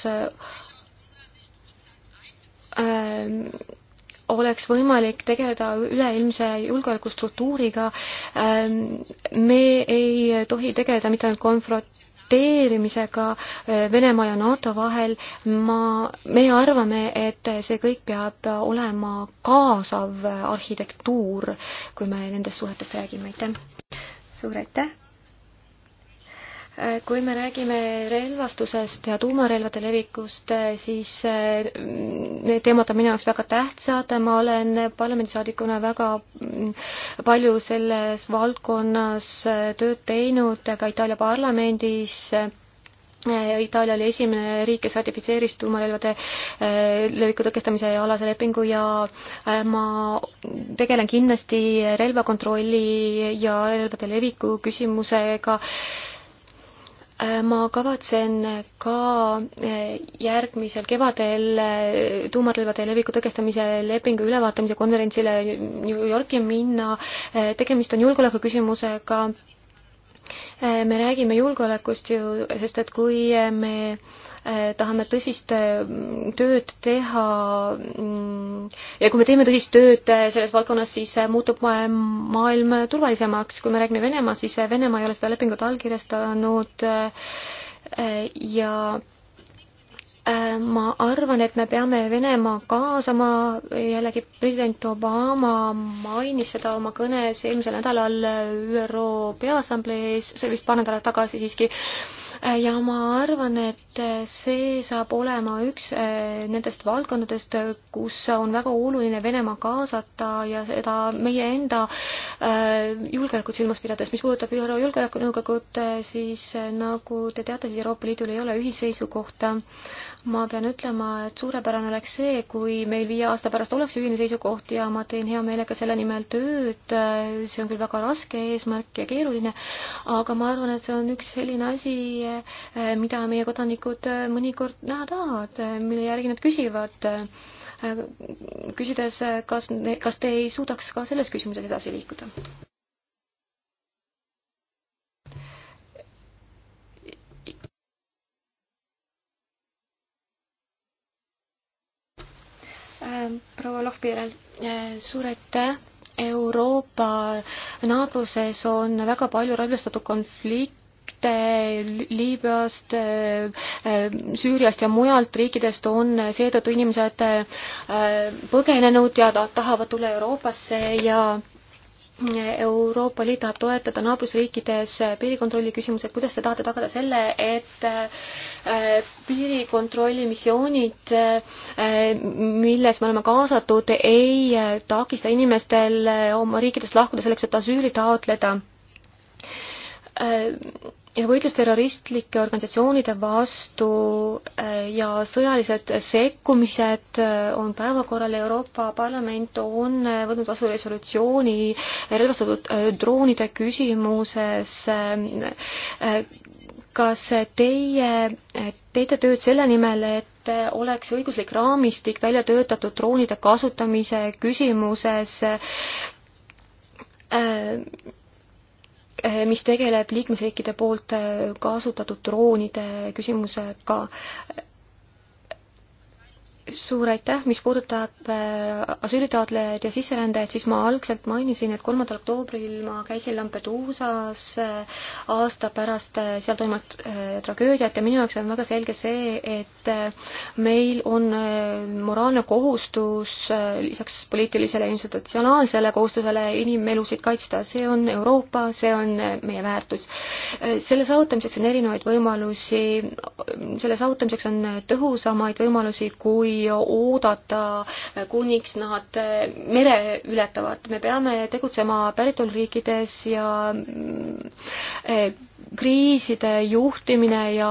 oleks võimalik tegeleda üleilmse julgeolekustruktuuriga. Ähm, me ei tohi tegeleda mitte ainult konfront-, konfronteerimisega äh, Venemaa ja NATO vahel, ma, meie arvame, et see kõik peab olema kaasav arhitektuur, kui me nendest suhetest räägime, aitäh! suur aitäh! Äh, kui me räägime relvastusest ja tuumarelvade levikust, äh, siis äh, need teemad on minu jaoks väga tähtsad, ma olen parlamendisaadikuna väga mm, palju selles valdkonnas tööd teinud ka Itaalia parlamendis Itaalia oli esimene riik, kes ratifitseeris tuumarelvade leviku tõkestamise alase lepingu ja ma tegelen kindlasti relvakontrolli ja relvade leviku küsimusega ma kavatsen ka eh, järgmisel kevadel eh, tuumarelvade leviku tõkestamise lepingu ülevaatamise konverentsile New Yorki minna. Eh, tegemist on julgeolekuküsimusega. me räägime julgeolekust ju, sest et kui me Äh, tahame tõsist äh, tööd teha mm, ja kui me teeme tõsist tööd äh, selles valdkonnas, siis muutub maailm turvalisemaks. kui me räägime Venemaa, siis Venemaa ei ole seda lepingut allkirjastanud ja ma arvan, et me peame Venemaa kaasama, jällegi president Obama mainis seda oma kõnes eelmisel nädalal ÜRO Peaassamblee ees, see oli vist paar nädalat tagasi siiski, Äh, ja ma arvan, et äh, see saab olema üks äh, nendest valdkondadest, kus on väga oluline Venemaa kaasata ja seda meie enda julgeolekut silmas pidades. mis puudutab ÜRO Julgeolekunõukogud, siis nagu te teate, siis Euroopa Liidul ei ole ühisseisukohta ma pean ütlema, et suurepärane oleks see, kui meil viie aasta pärast oleks ühine seisukoht ja ma teen hea meelega selle nimel tööd. see on küll väga raske eesmärk ja keeruline, aga ma arvan, et see on üks selline asi, mida meie kodanikud mõnikord näha tahavad, mille järgi nad küsivad küsides, kas, kas te ei suudaks ka selles küsimuses edasi liikuda? Ähm, proua Lohpiirel, äh, suur aitäh. Euroopa naabruses on väga palju relvastatud konflikte. Liibüast, äh, äh, Süüriast ja mujalt riikidest on seetõttu inimesed põgenenud ja tahavad tulla Euroopasse ja Euroopa Liit tahab toetada naabrusriikides piirikontrolli küsimused, kuidas te tahate tagada selle, et äh, piirikontrolli missioonid, äh, milles me oleme kaasatud, ei äh, takista inimestel oma riikidest lahkuda selleks, et asüüli taotleda? võitlus terroristlike organisatsioonide vastu äh, ja sõjalised sekkumised äh, on päevakorral. Euroopa Parlament on äh, võtnud vastu resolutsiooni relvastatud droonide küsimuses. kas teie teete tööd selle nimel, et oleks õiguslik raamistik välja töötatud droonide kasutamise küsimuses? Eh, mis tegeleb liikmesriikide poolt eh, kasutatud droonide küsimusega ka suur aitäh, mis puudutab äh, asüülitaotlejaid ja sisserändajaid, siis ma algselt mainisin, et kolmandal oktoobril ma käisin Lampeduusas äh, aasta pärast äh, seal toimunud tragöödiat ja minu jaoks on väga selge see, et meil on moraalne kohustus lisaks poliitilisele institutsionaalsele kohustusele inimelusid kaitsta, see on Euroopa, see on meie väärtus. selle saavutamiseks on erinevaid võimalusi, selle saavutamiseks on tõhusamaid võimalusi kui kui oodata, kuniks nad mere ületavad. me peame tegutsema päritoluriikides ja mm, eh, kriiside juhtimine ja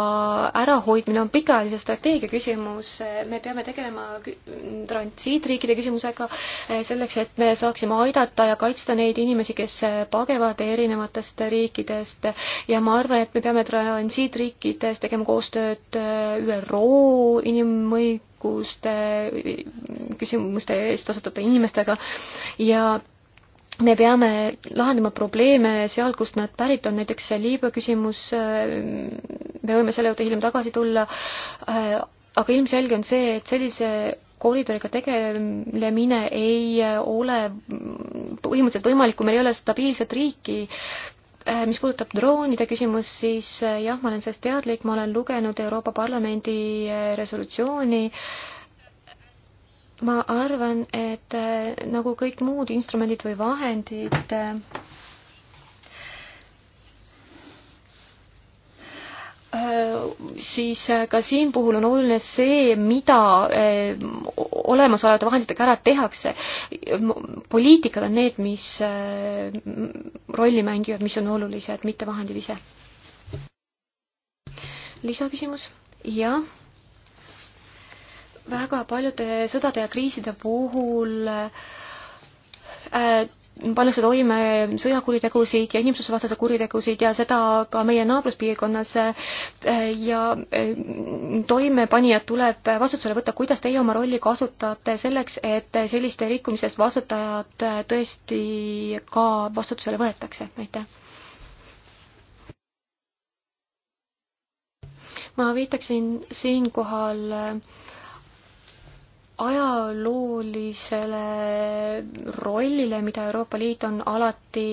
ärahoidmine on pikaajalise strateegia küsimus. me peame tegelema transiitriikide küsimusega eh, selleks, et me saaksime aidata ja kaitsta neid inimesi, kes eh, pagevad erinevatest riikidest ja ma arvan, et me peame transiitriikides tegema koostööd eh, ÜRO inimõiguste küsimuste eest vastutavate inimestega ja me peame lahendama probleeme seal, kust nad pärit on, näiteks Liibüa küsimus, äh, me võime selle juurde hiljem tagasi tulla, äh, aga ilmselge on see, et sellise koridoriga tegelemine ei äh, ole põhimõtteliselt võimalik, kui meil ei ole stabiilset riiki, mis puudutab droonide küsimust, siis jah, ma olen sellest teadlik, ma olen lugenud Euroopa Parlamendi resolutsiooni äh, ma arvan, et äh, nagu kõik muud instrumendid või vahendid, äh, äh, siis ka siin puhul on oluline see, mida olemasolevate vahenditega ära tehakse. poliitikad on need, mis rolli mängivad, mis on olulised, mitte vahendid ise. lisaküsimus? jah väga paljude sõdade ja kriiside puhul äh, pannakse toime sõjakuritegusid ja inimsusvastase kuritegusid ja seda ka meie naabruspiirkonnas äh, ja äh, toimepanijad tuleb vastutusele võtta, kuidas teie oma rolli kasutate selleks, et selliste rikkumistest vastutajad tõesti ka vastutusele võetakse, aitäh? ma viitaksin siinkohal äh, ajaloolisele rollile, mida Euroopa Liit on alati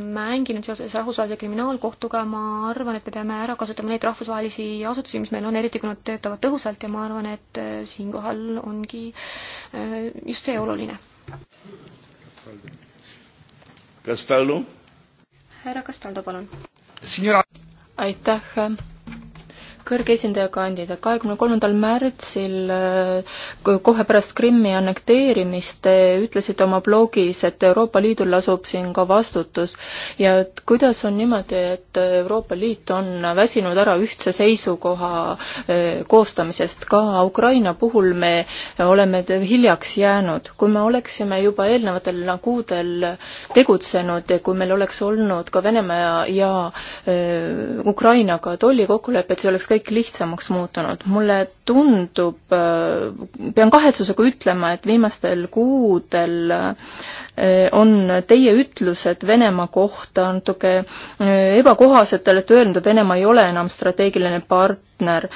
mänginud seoses rahvusvahelise kriminaalkohtuga, ma arvan, et me peame ära kasutama neid rahvusvahelisi asutusi, mis meil on, eriti kui nad töötavad tõhusalt ja ma arvan, et äh, siinkohal ongi äh, just see oluline. Castaldo? härra Castaldo, palun. aitäh kõrge esindaja kandidaat, kahekümne kolmandal märtsil äh, kohe pärast Krimmi annekteerimist te ütlesite oma blogis, et Euroopa Liidul lasub siin ka vastutus ja et kuidas on niimoodi, et Euroopa Liit on väsinud ära ühtse seisukoha äh, koostamisest, ka Ukraina puhul me oleme hiljaks jäänud. kui me oleksime juba eelnevatel kuudel tegutsenud, kui meil oleks olnud ka Venemaa ja äh, Ukrainaga tollikokkulepped, siis oleks kõik lihtsamaks muutunud. mulle tundub, äh, pean kahetsusega ütlema, et viimastel kuudel äh, on teie ütlused Venemaa kohta natuke äh, ebakohased, te olete öelnud, et Venemaa ei ole enam strateegiline partner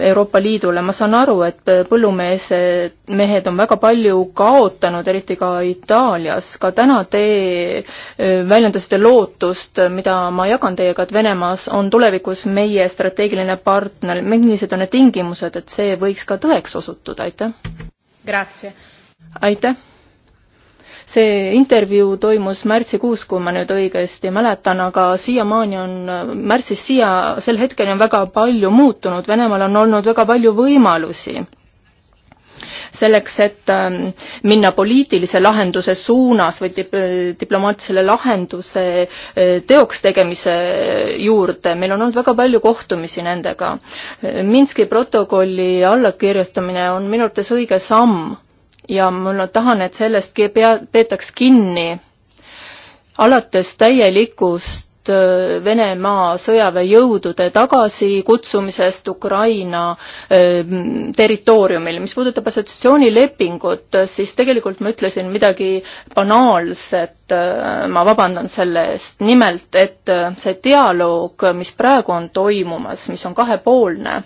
Euroopa Liidule. ma saan aru, et põllumeesed, mehed on väga palju kaotanud, eriti ka Itaalias. ka täna te väljendasite lootust, mida ma jagan teiega, et Venemaas on tulevikus meie strateegiline partner, millised on need tingimused, et see võiks ka tõeks osutuda, aitäh! aitäh! see intervjuu toimus märtsikuus, kui ma nüüd õigesti mäletan, aga siiamaani on, märtsist siia, sel hetkeni on väga palju muutunud, Venemaal on olnud väga palju võimalusi selleks, et ähm, minna poliitilise lahenduse suunas või äh, diplomaatilise lahenduse äh, teoks tegemise juurde. meil on olnud väga palju kohtumisi nendega. Minski protokolli allakirjastamine on minu arvates õige samm ja ma tahan, et sellest pea, peetaks kinni alates täielikust jutt äh, Venemaa sõjaväejõudude tagasikutsumisest Ukraina äh, territooriumil. mis puudutab assotsiatsioonilepingut, siis tegelikult ma ütlesin midagi banaalset, äh, ma vabandan selle eest. nimelt, et see dialoog, mis praegu on toimumas, mis on kahepoolne,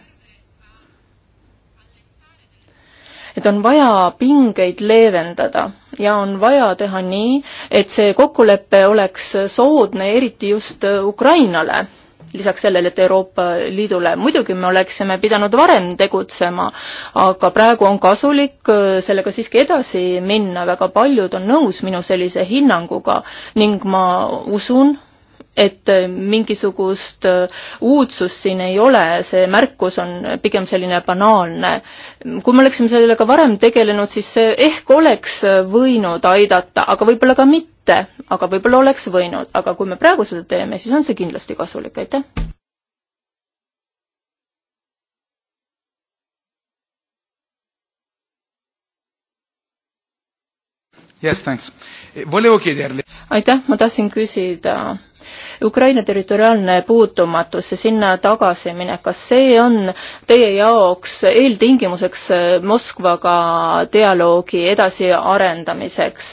et on vaja pingeid leevendada ja on vaja teha nii, et see kokkulepe oleks soodne, eriti just Ukrainale lisaks sellele, et Euroopa Liidule. muidugi me oleksime pidanud varem tegutsema, aga praegu on kasulik äh, sellega siiski edasi minna, väga paljud on nõus minu sellise hinnanguga ning ma usun, et äh, mingisugust äh, uudsust siin ei ole, see märkus on pigem selline banaalne. kui me oleksime sellega varem tegelenud, siis see ehk oleks võinud aidata, aga võib-olla ka mitte, aga võib-olla oleks võinud, aga kui me praegu seda teeme, siis on see kindlasti kasulik, aitäh. Yes, thanks. Eh, volevo chiederle. aitäh, ma tahtsin küsida Ukraina territoriaalne puutumatus ja sinna tagasimine, kas see on teie jaoks eeltingimuseks Moskvaga dialoogi edasiarendamiseks?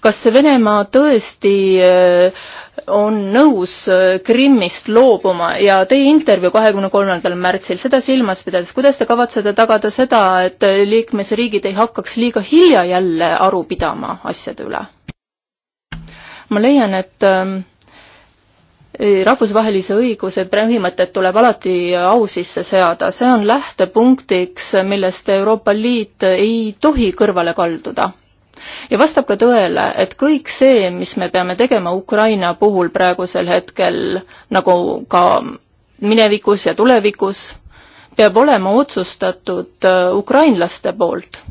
kas Venemaa tõesti äh, on nõus äh, Krimmist loobuma ja teie intervjuu kahekümne kolmandal märtsil, seda silmas pidades, kuidas te kavatsete tagada seda, et liikmesriigid ei hakkaks liiga hilja jälle aru pidama asjade üle? ma leian, et ähm, rahvusvahelise õiguse põhimõtted tuleb alati au sisse seada, see on lähtepunktiks, millest Euroopa Liit ei tohi kõrvale kalduda. ja vastab ka tõele, et kõik see, mis me peame tegema Ukraina puhul praegusel hetkel, nagu ka minevikus ja tulevikus, peab olema otsustatud äh, ukrainlaste poolt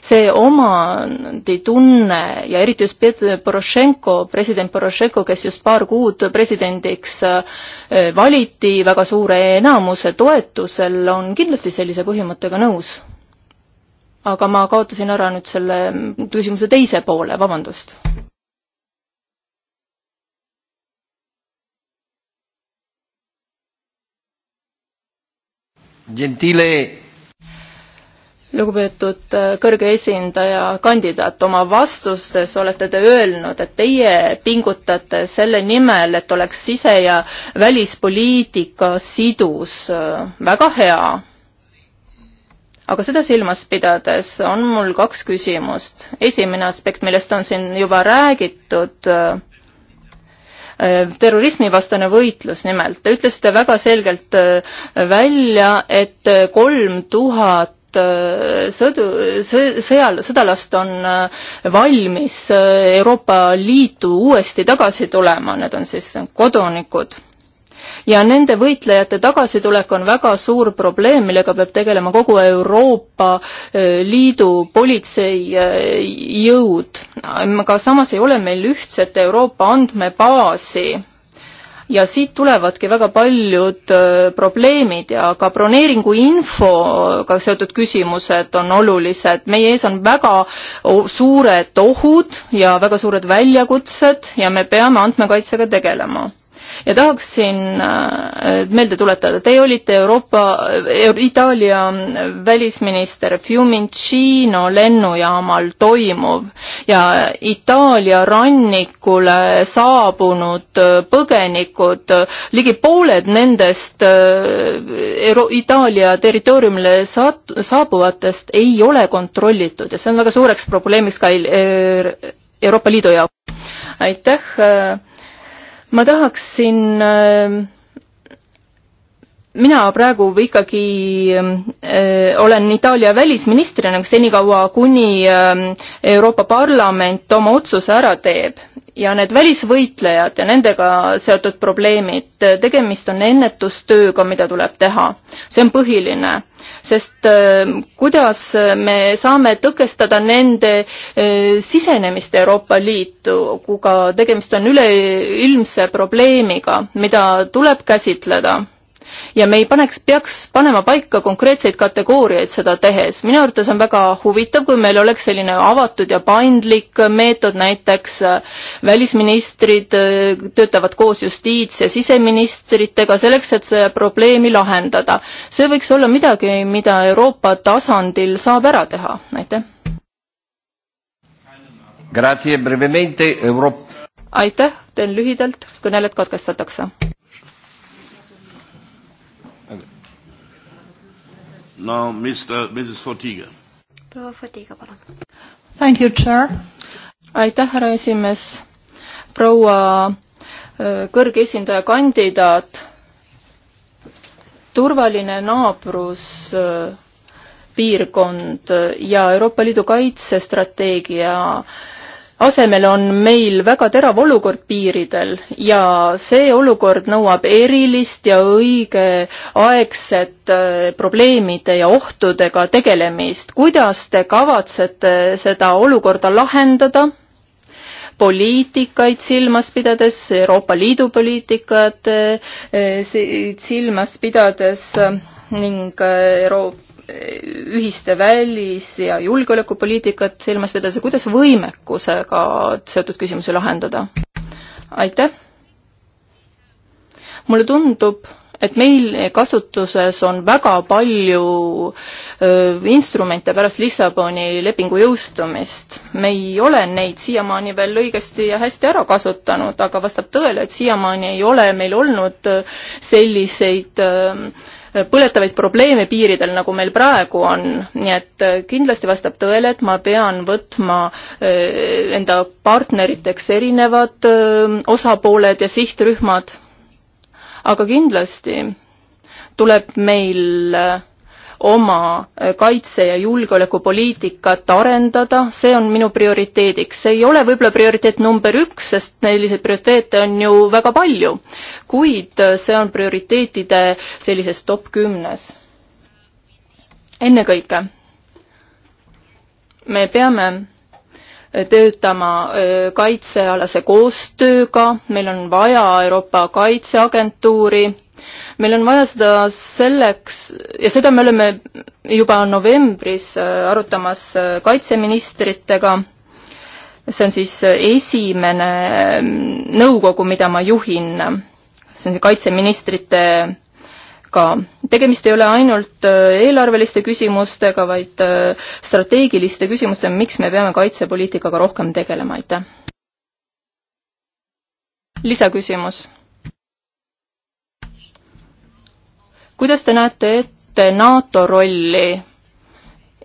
see omanditunne ja eriti just Porošenko, president Porošenko, kes just paar kuud presidendiks äh, valiti väga suure enamuse toetusel, on kindlasti sellise põhimõttega nõus. aga ma kaotasin ära nüüd selle küsimuse teise poole, vabandust. Gentile lugupeetud äh, kõrge esindaja kandidaat, oma vastustes olete te öelnud, et teie pingutate selle nimel, et oleks sise- ja välispoliitika sidus. Äh, väga hea. aga seda silmas pidades on mul kaks küsimust. esimene aspekt, millest on siin juba räägitud, äh, terrorismivastane võitlus nimelt. Te ütlesite väga selgelt välja, et kolm tuhat tuhat äh, sõdu, sõjal, sõdalast on äh, valmis äh, Euroopa Liitu uuesti tagasi tulema, need on siis kodanikud. ja nende võitlejate tagasitulek on väga suur probleem, millega peab tegelema kogu Euroopa Liidu politseijõud. aga samas ei ole meil ühtset Euroopa andmebaasi ja siit tulevadki väga paljud äh, probleemid ja ka broneeringu infoga seotud küsimused on olulised. meie ees on väga suured ohud ja väga suured väljakutsed ja me peame andmekaitsega tegelema ja tahaksin äh, meelde tuletada, te olite Euroopa, Itaalia välisminister Fiumicino lennujaamal toimuv ja Itaalia rannikule saabunud äh, põgenikud, ligi pooled nendest äh, Euro-, Itaalia territooriumile saat-, saabuvatest ei ole kontrollitud ja see on väga suureks probleemiks ka Euroopa Liidu jaoks. aitäh ma tahaksin äh, mina praegu ikkagi ähm, äh, olen Itaalia välisministrina nagu senikaua, kuni äh, Euroopa Parlament oma otsuse ära teeb ja need välisvõitlejad ja nendega seotud probleemid, äh, tegemist on ennetustööga, mida tuleb teha. see on põhiline, sest äh, kuidas me saame tõkestada nende äh, sisenemist Euroopa Liitu, kui ka tegemist on üleilmse probleemiga, mida tuleb käsitleda ja me ei paneks, peaks panema paika konkreetseid kategooriaid seda tehes. minu arvates on väga huvitav, kui meil oleks selline avatud ja paindlik meetod, näiteks äh, välisministrid äh, töötavad koos justiits- ja siseministritega selleks, et seda probleemi lahendada. see võiks olla midagi, mida Euroopa tasandil saab ära teha, aitäh. aitäh, teen lühidalt, kõneled katkestatakse. Now Mr, Mrs Fotiga. proua Fotiga, palun. Thank you, chair. aitäh, härra esimees. proua äh, kõrge esindaja kandidaat, turvaline naabrus äh, piirkond äh, ja Euroopa Liidu kaitsestrateegia asemel on meil väga terav olukord piiridel ja see olukord nõuab erilist ja õigeaegset äh, probleemide ja ohtudega tegelemist. kuidas te kavatsete seda olukorda lahendada? poliitikaid silmas pidades, Euroopa Liidu poliitikat äh, silmas pidades äh, ning äh, Euro-, ühiste välis- ja julgeolekupoliitikat silmas pidades ja kuidas võimekusega seotud küsimusi lahendada? aitäh! mulle tundub, et meil kasutuses on väga palju öö, äh, instrumente pärast Lissaboni lepingu jõustumist. me ei ole neid siiamaani veel õigesti ja hästi ära kasutanud, aga vastab tõele, et siiamaani ei ole meil olnud äh, selliseid öö, põletavaid probleeme piiridel, nagu meil praegu on. nii et äh, kindlasti vastab tõele, et ma pean võtma äh, enda partneriteks erinevad äh, osapooled ja sihtrühmad, aga kindlasti tuleb meil oma äh, kaitse- ja julgeolekupoliitikat arendada, see on minu prioriteediks. see ei ole võib-olla prioriteet number üks, sest selliseid prioriteete on ju väga palju, kuid äh, see on prioriteetide sellises top kümnes. ennekõike me peame äh, töötama kaitsealase koostööga, meil on vaja Euroopa Kaitseagentuuri meil on vaja seda selleks ja seda me oleme juba novembris äh, arutamas äh, kaitseministritega, see on siis äh, esimene ähm, nõukogu, mida ma juhin, see on see kaitseministrite ka. tegemist ei ole ainult eelarveliste küsimustega, vaid strateegiliste küsimustega, miks me peame kaitsepoliitikaga rohkem tegelema, aitäh. lisaküsimus. kuidas te näete ette NATO rolli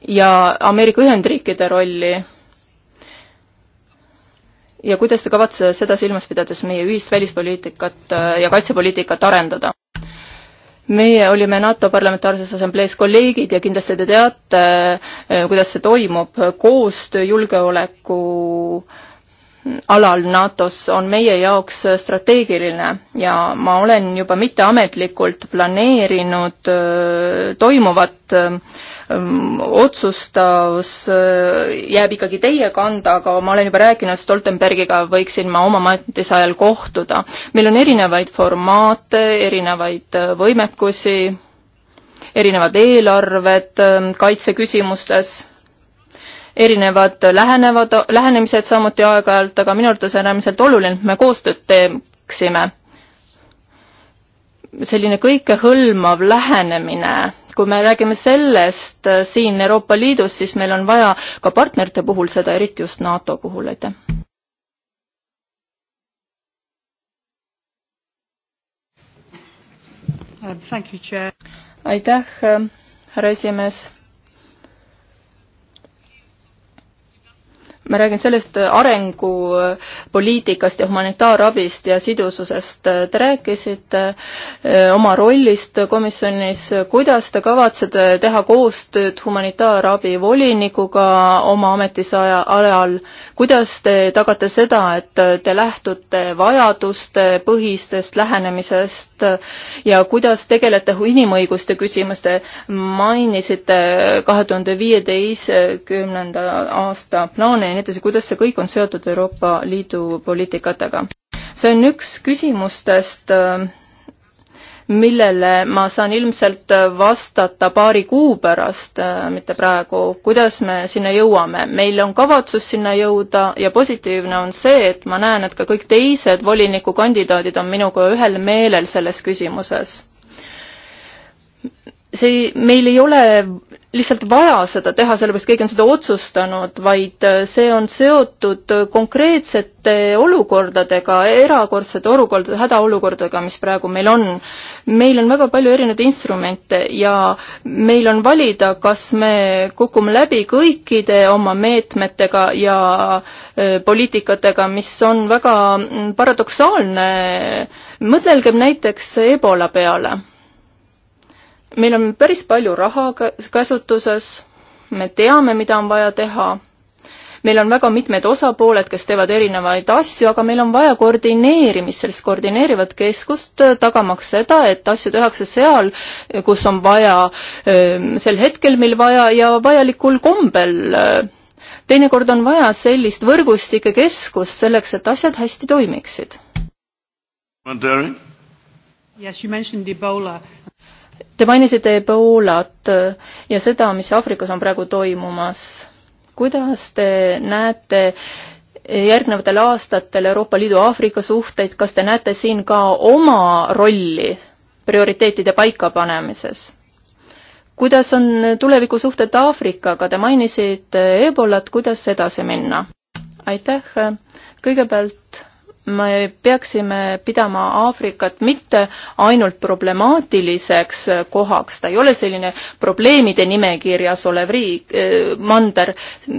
ja Ameerika Ühendriikide rolli? ja kuidas te kavatsete seda silmas pidades meie ühist välispoliitikat äh, ja kaitsepoliitikat arendada? meie olime NATO Parlamentaarses Assamblees kolleegid ja kindlasti te teate, äh, kuidas see toimub, koostöö julgeoleku äh, alal NATO-s on meie jaoks strateegiline ja ma olen juba mitteametlikult planeerinud äh, toimuvat äh, mm, otsustavus äh, jääb ikkagi teie kanda, aga ma olen juba rääkinud Stoltenbergiga, võiksin ma oma ametis ajal kohtuda. meil on erinevaid formaate, erinevaid võimekusi, erinevad eelarved kaitseküsimustes erinevad lähenevad, lähenemised samuti aeg-ajalt, aga minu arvates on äärmiselt oluline, et me koostööd teeksime. selline kõikehõlmav lähenemine, kui me räägime sellest äh, siin Euroopa Liidus, siis meil on vaja ka partnerite puhul seda, eriti just NATO puhul, aitäh. Uh, aitäh, äh, härra esimees ma räägin sellest arengupoliitikast ja humanitaarabist ja sidususest. Te rääkisite eh, oma rollist komisjonis, kuidas te kavatsete teha koostööd humanitaarabi volinikuga oma ametisse ajal, kuidas te tagate seda, et te lähtute vajadustepõhistest lähenemisest ja kuidas tegelete inimõiguste küsimuste, mainisite kahe tuhande viieteistkümnenda aasta plaani nii edasi, kuidas see kõik on seotud Euroopa Liidu poliitikatega? see on üks küsimustest, äh, millele ma saan ilmselt vastata paari kuu pärast, äh, mitte praegu, kuidas me sinna jõuame. meil on kavatsus sinna jõuda ja positiivne on see, et ma näen, et ka kõik teised volinikukandidaadid on minuga ühel meelel selles küsimuses. see, meil ei ole lihtsalt vaja seda teha, sellepärast keegi on seda otsustanud, vaid äh, see on seotud äh, konkreetsete olukordadega, erakordsete olukordade, hädaolukordadega, mis praegu meil on. meil on väga palju erinevaid instrumente ja meil on valida, kas me kukume läbi kõikide oma meetmetega ja äh, poliitikatega, mis on väga mm, paradoksaalne. mõtelgem näiteks Ebola peale meil on päris palju raha käsutuses, me teame, mida on vaja teha, meil on väga mitmed osapooled, kes teevad erinevaid asju, aga meil on vaja koordineerimist, sellist koordineerivat keskust, äh, tagamaks seda, et asju tehakse seal, kus on vaja, ähm, sel hetkel, mil vaja ja vajalikul kombel. Äh. teinekord on vaja sellist võrgustike keskust selleks, et asjad hästi toimiksid. Yes, you mentioned Ebola Te mainisite Ebolat ja seda, mis Aafrikas on praegu toimumas. kuidas te näete järgnevatel aastatel Euroopa Liidu Aafrika suhteid, kas te näete siin ka oma rolli prioriteetide paikapanemises? kuidas on tulevikusuhted Aafrikaga, te mainisite Ebolat, kuidas edasi minna? aitäh, kõigepealt me peaksime pidama Aafrikat mitte ainult problemaatiliseks kohaks, ta ei ole selline probleemide nimekirjas olev riik, eh, mander,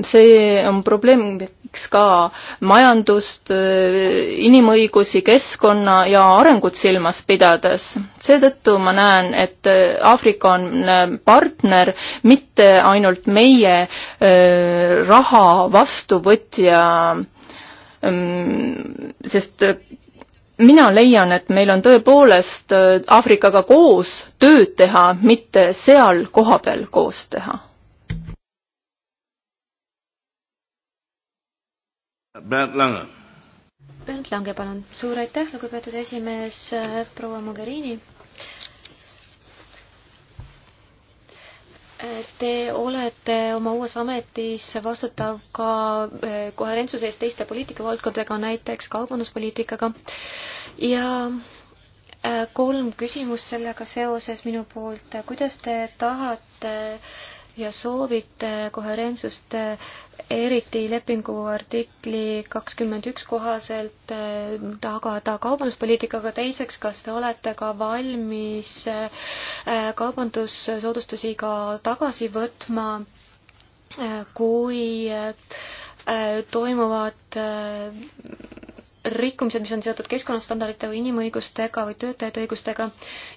see on probleemiks ka majandust, eh, inimõigusi, keskkonna ja arengut silmas pidades. seetõttu ma näen, et eh, Aafrika on partner mitte ainult meie raha vastuvõtja Ehm, sest äh, mina leian, et meil on tõepoolest äh, Aafrikaga koos tööd teha, mitte seal kohapeal koos teha. Bernd Lange. Bernd Lange, palun. suur aitäh, lugupeetud esimees, äh, proua Mogherini Te olete oma uues ametis vastutav ka eh, koherentsuse eest teiste poliitikavaldkondadega, näiteks kaubanduspoliitikaga. ja eh, kolm küsimust sellega seoses minu poolt. kuidas te tahate ja soovite koherentsust eriti lepingu artikli kakskümmend üks kohaselt tagada kaubanduspoliitikaga, teiseks, kas te olete ka valmis äh, kaubandussoodustusi ka tagasi võtma, äh, kui äh, toimuvad rikkumised, mis on seotud keskkonnastandardite või inimõigustega või töötajate õigustega.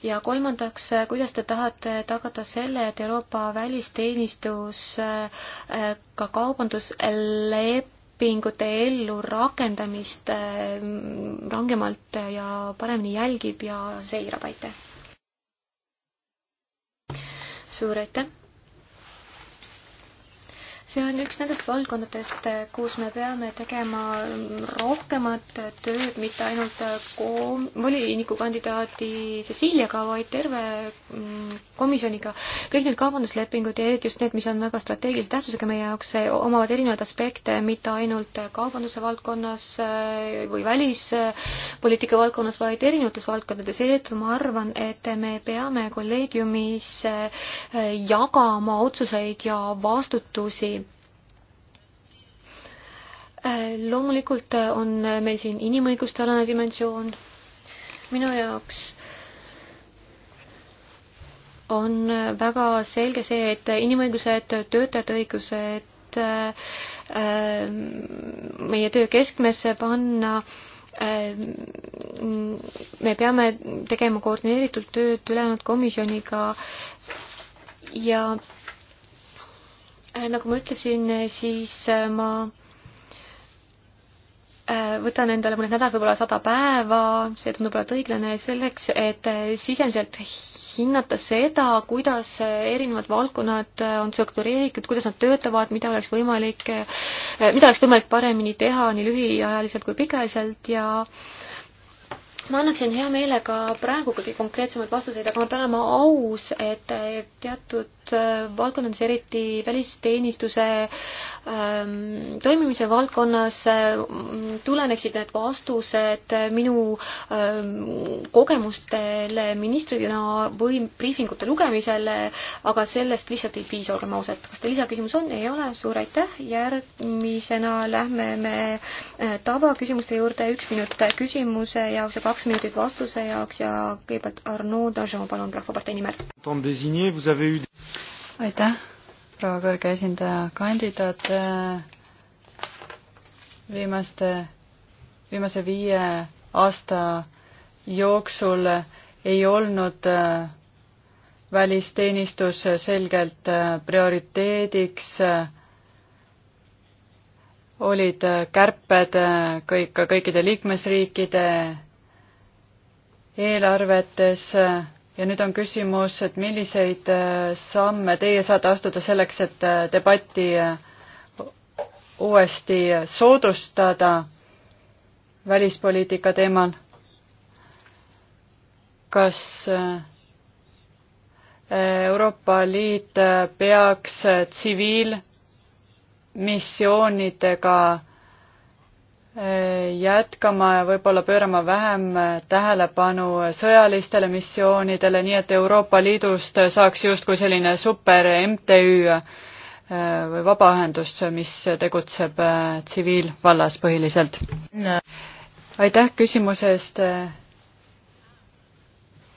ja kolmandaks, eh, kuidas te tahate tagada selle, et Euroopa välisteenistus eh, ka kaubanduslepingute ellurakendamist eh, rangemalt ja paremini jälgib ja seirab, aitäh! suur aitäh! see on üks nendest valdkondadest, kus me peame tegema rohkemat tööd, mitte ainult volinikukandidaati Cecilia'ga, vaid terve mm, komisjoniga. kõik need kaubanduslepingud ja eriti just need, mis on väga strateegilise tähtsusega meie jaoks, omavad erinevaid aspekte, mitte ainult kaubanduse valdkonnas eh, või välispoliitika valdkonnas, vaid erinevates valdkondades. seetõttu ma arvan, et me peame kolleegiumis eh, jagama otsuseid ja vastutusi loomulikult on meil siin inimõiguste alane dimensioon. minu jaoks on väga selge see, et inimõigused, töötajate õigused ähm, meie töö keskmesse panna. Ähm, me peame tegema koordineeritult tööd ülejäänud komisjoniga ja äh, nagu ma ütlesin, siis äh, ma Äh, võtan endale mõned nädalad, võib-olla sada päeva, see tundub olevat õiglane, selleks, et äh, sisemiselt hinnata seda, kuidas äh, erinevad valdkonnad on struktureeritud, kuidas nad töötavad, mida oleks võimalik, mida oleks võimalik paremini teha nii lühiajaliselt kui pikaajaliselt ja ma annaksin hea meelega praegu kõige konkreetsemaid vastuseid, aga ma pean olema aus, et teatud valdkondades, eriti välisteenistuse Ähm, toimimise valdkonnas ähm, tuleneksid need vastused minu ähm, kogemustele ministrina või briifingute lugemisele, aga sellest lihtsalt ei piisa, olgem ausad. kas teil lisaküsimus on? ei ole, suur aitäh. järgmisena lähme me äh, tavaküsimuste juurde, üks minut küsimuse jaoks ja kaks minutit vastuse jaoks ja kõigepealt Arnaud Dajon, palun, Rahvapartei nimel. aitäh proua kõrge esindaja kandidaat äh, viimaste, viimase viie aasta jooksul ei olnud äh, välisteenistus selgelt äh, prioriteediks, olid kärped kõik, kõikide liikmesriikide eelarvetes ja nüüd on küsimus, et milliseid äh, samme teie saate astuda selleks, et äh, debatti äh, uuesti soodustada välispoliitika teemal? kas Euroopa Liit peaks tsiviilmissioonidega äh, jätkama ja võib-olla pöörama vähem tähelepanu sõjalistele missioonidele, nii et Euroopa Liidust saaks justkui selline super MTÜ äh, või vabaühendus, mis tegutseb äh, tsiviilvallas põhiliselt no.. aitäh küsimuse eest.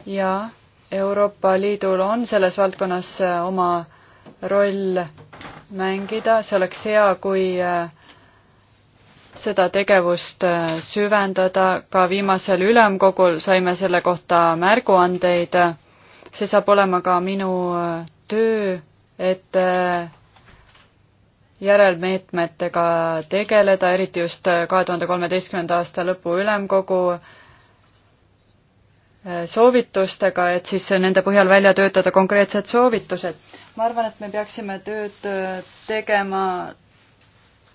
ja Euroopa Liidul on selles valdkonnas äh, oma roll mängida, see oleks hea, kui äh, seda tegevust äh, süvendada, ka viimasel ülemkogul saime selle kohta märguandeid. see saab olema ka minu äh, töö, et äh, järelmeetmetega tegeleda, eriti just kahe tuhande kolmeteistkümnenda aasta lõpu ülemkogu soovitustega, et siis nende põhjal välja töötada konkreetsed soovitused. ma arvan, et me peaksime tööd tegema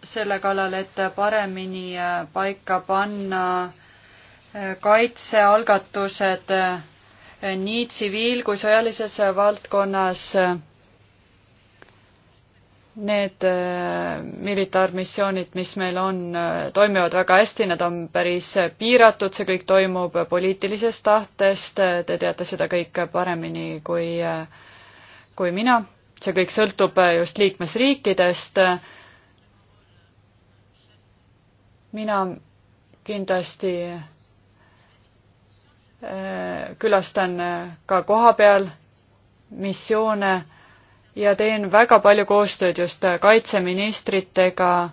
selle kallal, et paremini äh, paika panna äh, kaitsealgatused äh, nii tsiviil- kui sõjalises valdkonnas need militaarmissioonid, mis meil on, toimivad väga hästi, nad on päris piiratud, see kõik toimub poliitilisest tahtest, te teate seda kõike paremini kui, kui mina. see kõik sõltub just liikmesriikidest mina kindlasti äh, külastan äh, ka kohapeal missioone ja teen väga palju koostööd just äh, kaitseministritega.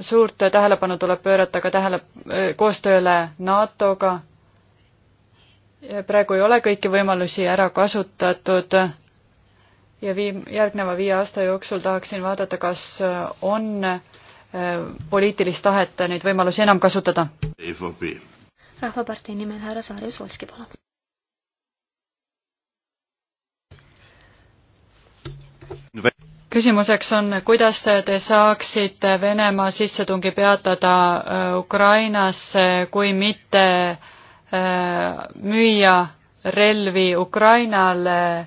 suurt tähelepanu tuleb pöörata ka tähele, koostööle NATO-ga. praegu ei ole kõiki võimalusi ära kasutatud ja viim-, järgneva viie aasta jooksul tahaksin vaadata, kas äh, on äh, poliitilist tahet neid võimalusi enam kasutada. E rahvapartei nimel härra Saarjus Volski, palun. küsimuseks on, kuidas te saaksite Venemaa sissetungi peatada äh, Ukrainasse, kui mitte müüa relvi Ukrainale äh,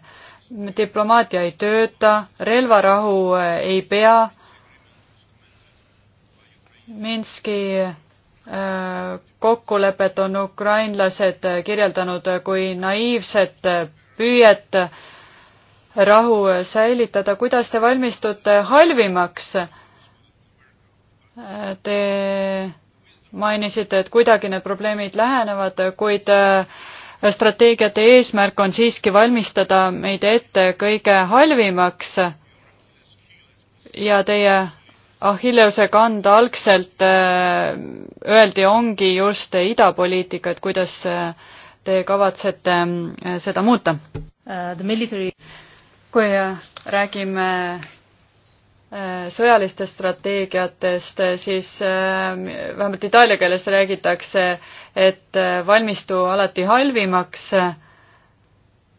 diplomaatia ei tööta, relvarahu eh, ei pea. Minski eh, kokkulepet on ukrainlased eh, kirjeldanud kui naiivset püüet rahu säilitada. kuidas te valmistute halvimaks? Te mainisite, et kuidagi need probleemid lähenevad, kuid äh, strateegiate eesmärk on siiski valmistada meid ette kõige halvimaks ja teie Achilleuse kand algselt äh, öeldi, ongi just idapoliitika, et kuidas äh, te kavatsete äh, seda muuta? Uh, kui räägime sõjalistest strateegiatest, siis ähm, vähemalt itaalia keeles räägitakse, et äh, valmistu alati halvimaks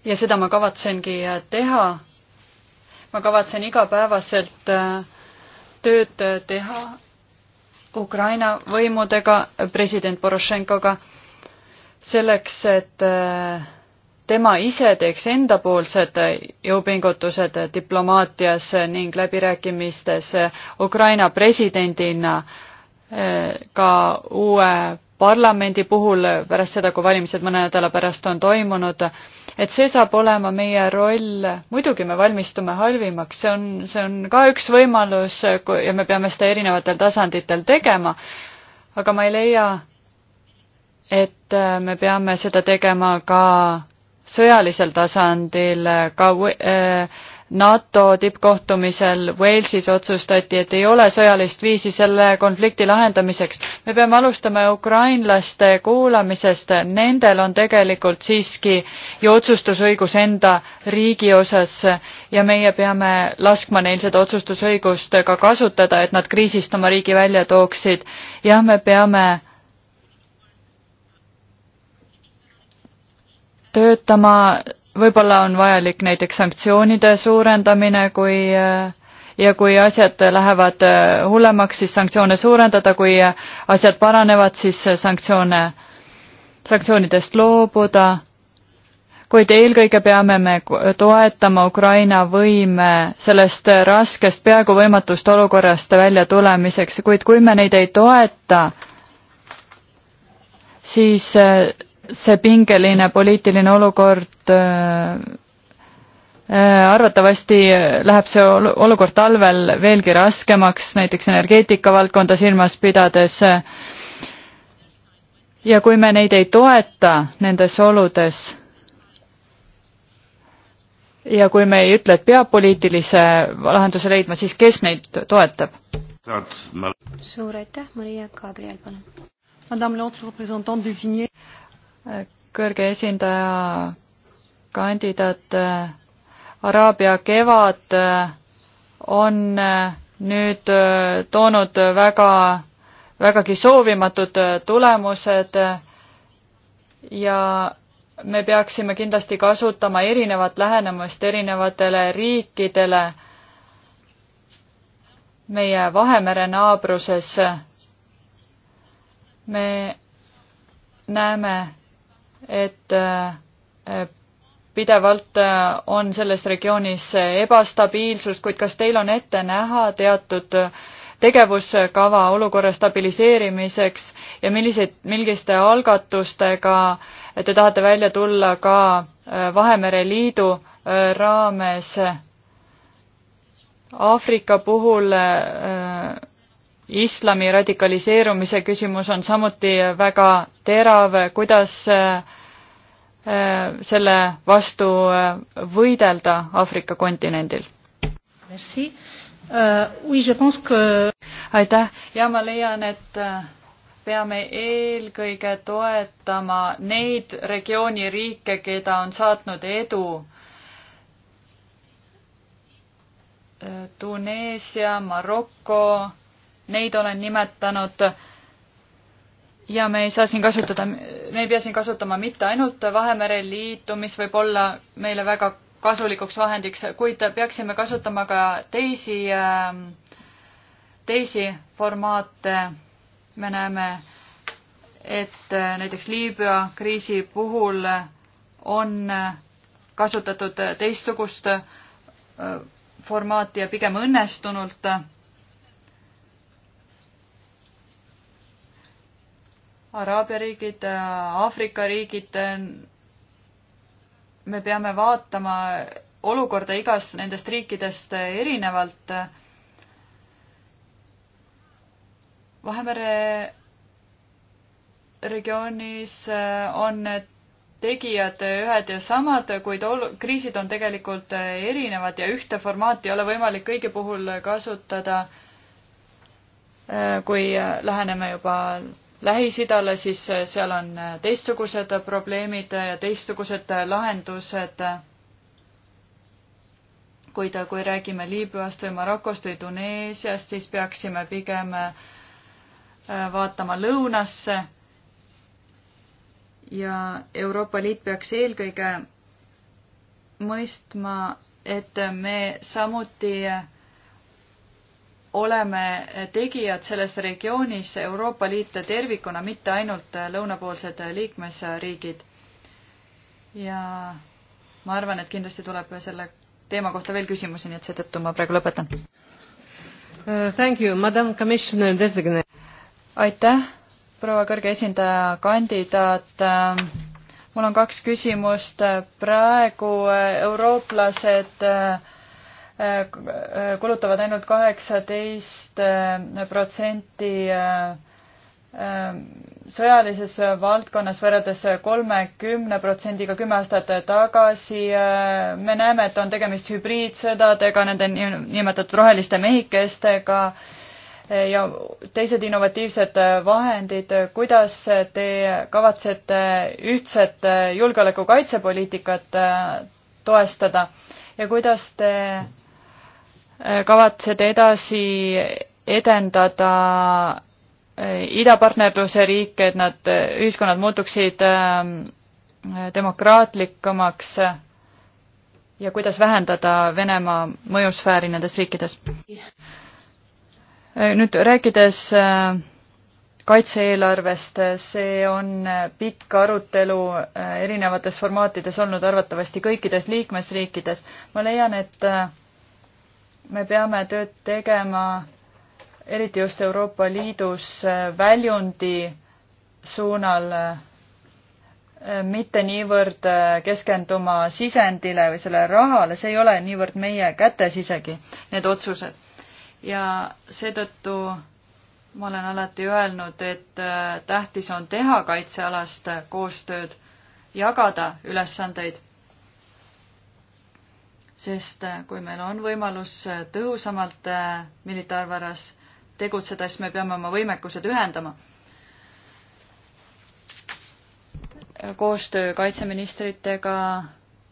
ja seda ma kavatsengi äh, teha. ma kavatsen igapäevaselt äh, tööd teha Ukraina võimudega, president Porošenkoga, selleks, et äh, tema ise teeks endapoolsed jõupingutused diplomaatias ning läbirääkimistes Ukraina presidendina eh, ka uue parlamendi puhul pärast seda, kui valimised mõne nädala pärast on toimunud, et see saab olema meie roll, muidugi me valmistume halvimaks, see on, see on ka üks võimalus ja me peame seda erinevatel tasanditel tegema, aga ma ei leia, et eh, me peame seda tegema ka sõjalisel tasandil ka äh, NATO tippkohtumisel Walesis otsustati, et ei ole sõjalist viisi selle konflikti lahendamiseks. me peame alustama ukrainlaste kuulamisest, nendel on tegelikult siiski ju otsustusõigus enda riigi osas ja meie peame laskma neil seda otsustusõigust ka kasutada, et nad kriisist oma riigi välja tooksid. jah, me peame töötama, võib-olla on vajalik näiteks sanktsioonide suurendamine, kui ja kui asjad lähevad hullemaks, siis sanktsioone suurendada, kui asjad paranevad, siis sanktsioone, sanktsioonidest loobuda. kuid eelkõige peame me toetama Ukraina võime sellest raskest, peaaegu võimatust olukorrast välja tulemiseks, kuid kui me neid ei toeta, siis see pingeline poliitiline olukord äh, äh, arvatavasti läheb see olukord talvel veelgi raskemaks, näiteks energeetikavaldkonda silmas pidades. ja kui me neid ei toeta nendes oludes ja kui me ei ütle, et peab poliitilise lahenduse leidma, siis kes neid toetab? suur aitäh, Maria Gabriel, palun kõrge esindaja kandidaat Araabia kevad on nüüd toonud väga, vägagi soovimatud tulemused ja me peaksime kindlasti kasutama erinevat lähenemist erinevatele riikidele meie Vahemere naabruses. me näeme et äh, pidevalt äh, on selles regioonis ebastabiilsust, kuid kas teil on ette näha teatud tegevuskava olukorra stabiliseerimiseks ja milliseid, milliste algatustega te tahate välja tulla ka äh, Vahemere Liidu raames Aafrika puhul äh, islami radikaliseerumise küsimus on samuti väga terav, kuidas äh, äh, selle vastu äh, võidelda Aafrika kontinendil? Euh, aitäh ja ma leian, et peame eelkõige toetama neid regiooni riike, keda on saatnud edu. Tuneesia, Maroko neid olen nimetanud ja me ei saa siin kasutada, me ei pea siin kasutama mitte ainult Vahemere Liitu, mis võib olla meile väga kasulikuks vahendiks, kuid peaksime kasutama ka teisi, ähm, teisi formaate. me näeme, et äh, näiteks Liibüa kriisi puhul on äh, kasutatud teistsugust äh, formaati ja pigem õnnestunult Araabia riigid, Aafrika riigid, me peame vaatama olukorda igast nendest riikidest erinevalt. Vahemere regioonis on need tegijad ühed ja samad, kuid olu-, kriisid on tegelikult erinevad ja ühte formaati ei ole võimalik kõigi puhul kasutada, kui läheneme juba Lähis-Idale, siis äh, seal on äh, teistsugused äh, probleemid ja teistsugused lahendused. kuid kui räägime Liibüast või Marokost või Tuneesiast, siis peaksime pigem vaatama lõunasse. ja Euroopa Liit peaks eelkõige mõistma, et me samuti oleme tegijad selles regioonis Euroopa Liit tervikuna, mitte ainult lõunapoolsed liikmesriigid. ja ma arvan, et kindlasti tuleb selle teema kohta veel küsimusi, nii et seetõttu ma praegu lõpetan uh,. Thank you, madam commissioner designate. aitäh, proua kõrge esindaja kandidaat uh, mul on kaks küsimust. Uh, praegu uh, eurooplased äh, Äh, kulutavad ainult kaheksateist äh, protsenti äh, sõjalises valdkonnas võrreldes kolmekümne protsendiga kümme aastat tagasi. me näeme, et on tegemist hübriidsõdadega, nende nimetatud roheliste mehikestega ja teised innovatiivsed vahendid. kuidas te kavatsete ühtset julgeoleku kaitsepoliitikat toestada ja kuidas te Äh, kavatsed edasi edendada äh, idapartnerluse riike, et nad, äh, ühiskonnad muutuksid ähm, demokraatlikumaks ja kuidas vähendada Venemaa mõjusfääri nendes riikides? nüüd rääkides kaitse-eelarvest, see on pikk arutelu erinevates formaatides olnud arvatavasti kõikides liikmesriikides. ma leian, et me peame tööd tegema eriti just Euroopa Liidus äh, väljundi suunal, äh, mitte niivõrd äh, keskenduma sisendile või sellele rahale, see ei ole niivõrd meie kätes isegi, need otsused. ja seetõttu ma olen alati öelnud, et tähtis on teha kaitsealast koostööd, jagada ülesandeid sest äh, kui meil on võimalus äh, tõhusamalt äh, militaarvaras tegutseda, siis me peame oma võimekused ühendama. koostöö kaitseministritega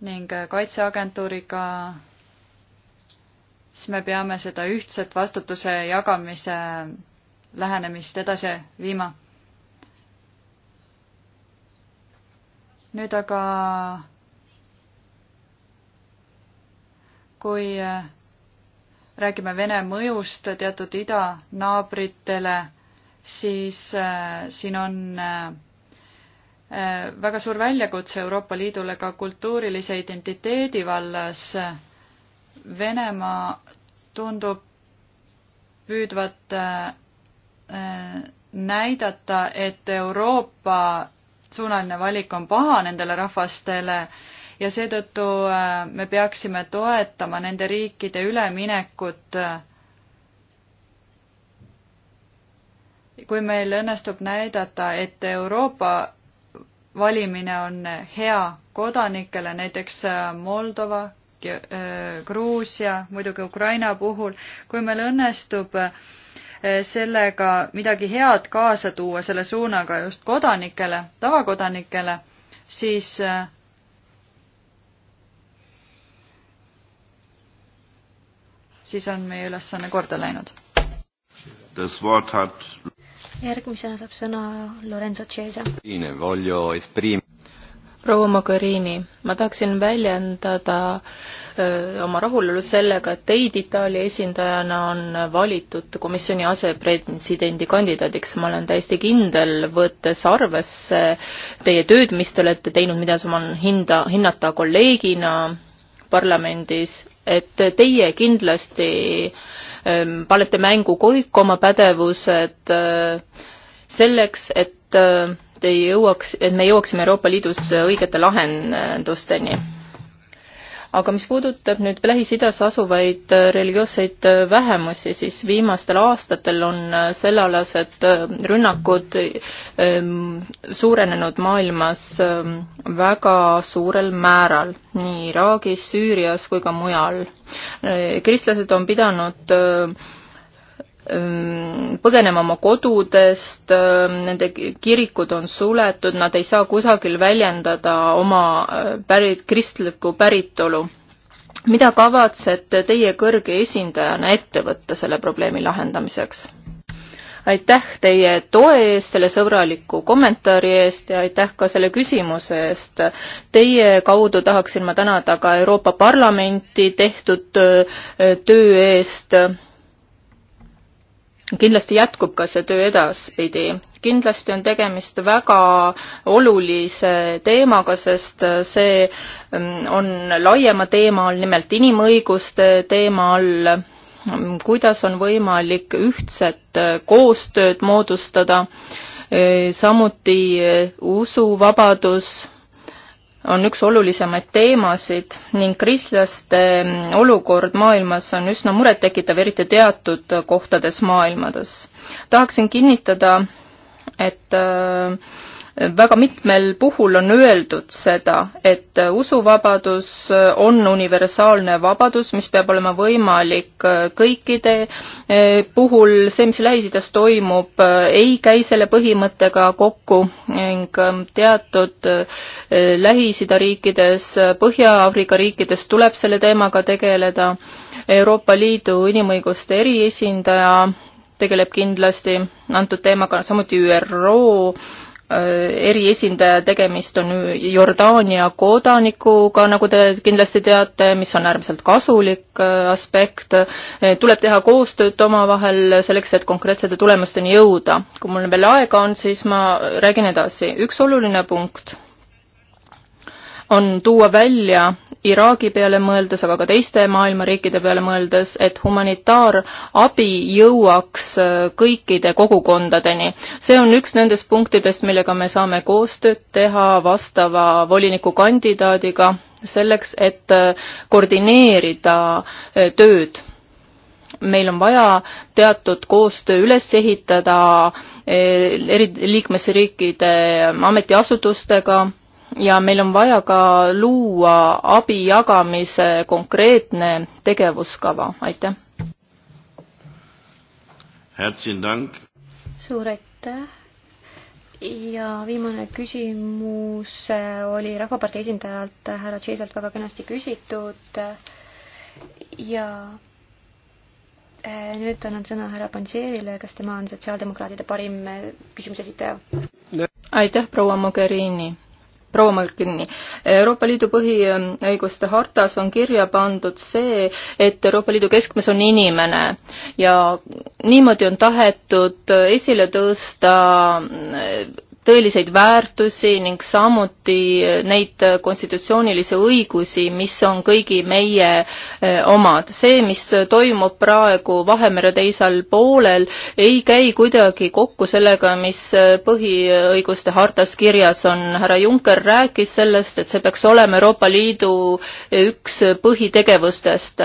ning kaitseagentuuriga, siis me peame seda ühtset vastutuse jagamise lähenemist edasi viima. nüüd aga kui äh, räägime Vene mõjust teatud idanaabritele, siis äh, siin on äh, väga suur väljakutse Euroopa Liidule ka kultuurilise identiteedi vallas. Venemaa tundub püüdvat näidata, et Euroopa suunaline valik on paha nendele rahvastele ja seetõttu äh, me peaksime toetama nende riikide üleminekut äh, kui meil õnnestub näidata, et Euroopa valimine on hea kodanikele, näiteks äh, Moldova, Gruusia, muidugi Ukraina puhul, kui meil õnnestub sellega midagi head kaasa tuua selle suunaga just kodanikele, tavakodanikele, siis siis on meie ülesanne korda läinud. Hat... järgmisena saab sõna Lorenzo Cesa. proua Mogherini, ma tahaksin väljendada öö, oma rahulolu sellega, et teid Itaalia esindajana on valitud komisjoni asepresidendi kandidaadiks. ma olen täiesti kindel, võttes arvesse teie tööd, mis te olete teinud, mida ma hinda, hinnata kolleegina parlamendis et teie kindlasti ähm, panete mängu kõik oma pädevused äh, selleks, et äh, te jõuaks, et me jõuaksime Euroopa Liidus õigete lahendusteni aga mis puudutab nüüd Lähis-Idas asuvaid äh, religioosseid äh, vähemusi, siis viimastel aastatel on äh, sellealased rünnakud ähm, suurenenud maailmas ähm, väga suurel määral, nii Iraagis, Süürias kui ka mujal. kristlased on pidanud põgenema oma kodudest, nende kirikud on suletud, nad ei saa kusagil väljendada oma pärit, kristlikku päritolu. mida kavatsete teie kõrge esindajana ette võtta selle probleemi lahendamiseks? aitäh teie toe eest, selle sõbraliku kommentaari eest ja aitäh ka selle küsimuse eest. Teie kaudu tahaksin ma tänada ka Euroopa Parlamenti tehtud töö eest kindlasti jätkub ka see töö edaspidi. kindlasti on tegemist väga olulise teemaga, sest see mm, on laiema teema all, nimelt inimõiguste teema all, mm, kuidas on võimalik ühtset koostööd moodustada, e, samuti usuvabadus on üks olulisemaid teemasid ning kristlaste mm, olukord maailmas on üsna murettekitav, eriti teatud kohtades maailmades. tahaksin kinnitada, et äh, väga mitmel puhul on öeldud seda, et usuvabadus on universaalne vabadus, mis peab olema võimalik kõikide e, puhul. see, mis Lähis-Idas toimub, e, ei käi selle põhimõttega kokku ning e, teatud Lähis-Ida riikides, Põhja-Aafrika riikides tuleb selle teemaga tegeleda. Euroopa Liidu inimõiguste eriesindaja tegeleb kindlasti antud teemaga, samuti ÜRO Äh, eriesindaja, tegemist on Jordaania kodanikuga, nagu te kindlasti teate, mis on äärmiselt kasulik äh, aspekt. Äh, tuleb teha koostööd omavahel selleks, et konkreetsete tulemusteni jõuda. kui mul veel aega on, siis ma räägin edasi. üks oluline punkt on tuua välja Iraagi peale mõeldes, aga ka teiste maailma riikide peale mõeldes, et humanitaarabi jõuaks äh, kõikide kogukondadeni. see on üks nendest punktidest, millega me saame koostööd teha vastava volinikukandidaadiga, selleks et äh, koordineerida äh, tööd. meil on vaja teatud koostöö üles ehitada eri liikmesriikide ametiasutustega ja meil on vaja ka luua abi jagamise konkreetne tegevuskava, aitäh. suur aitäh ja viimane küsimus äh, oli Rahvapartei esindajalt äh, härra Tšeiselt väga kenasti küsitud ja äh, nüüd annan sõna härra Pansierile, kas tema on sotsiaaldemokraatide parim küsimuse esitaja? aitäh, proua Mogherini proua Mõrkini, Euroopa Liidu põhiõiguste hartas on kirja pandud see, et Euroopa Liidu keskmes on inimene ja niimoodi on tahetud esile tõsta tõeliseid väärtusi ning samuti neid konstitutsioonilisi õigusi, mis on kõigi meie eh, omad. see, mis toimub praegu Vahemere teisel poolel, ei käi kuidagi kokku sellega, mis põhiõiguste hartas kirjas on. härra Juncker rääkis sellest, et see peaks olema Euroopa Liidu üks põhitegevustest.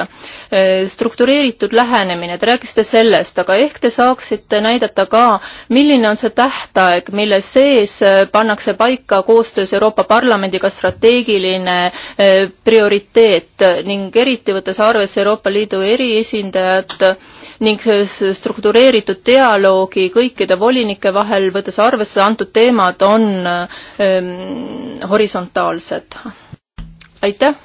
Eh, struktureeritud lähenemine, te rääkisite sellest, aga ehk te saaksite näidata ka, milline on see tähtaeg, milles see sees äh, pannakse paika koostöös Euroopa Parlamendiga strateegiline äh, prioriteet ning eriti võttes arvesse Euroopa Liidu eriesindajat ning struktureeritud dialoogi kõikide volinike vahel, võttes arvesse antud teemad, on ähm, horisontaalsed. aitäh!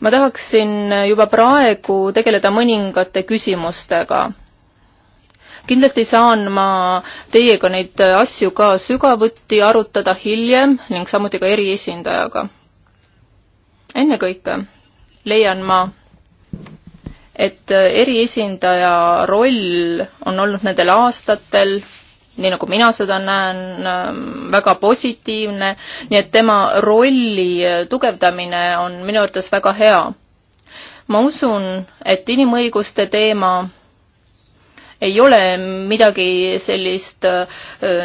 ma tahaksin juba praegu tegeleda mõningate küsimustega kindlasti saan ma teiega neid asju ka sügavuti arutada hiljem ning samuti ka eriesindajaga. ennekõike leian ma, et eriesindaja roll on olnud nendel aastatel nii nagu mina seda näen, ähm, väga positiivne, nii et tema rolli tugevdamine on minu arvates väga hea. ma usun, et inimõiguste teema ei ole midagi sellist äh,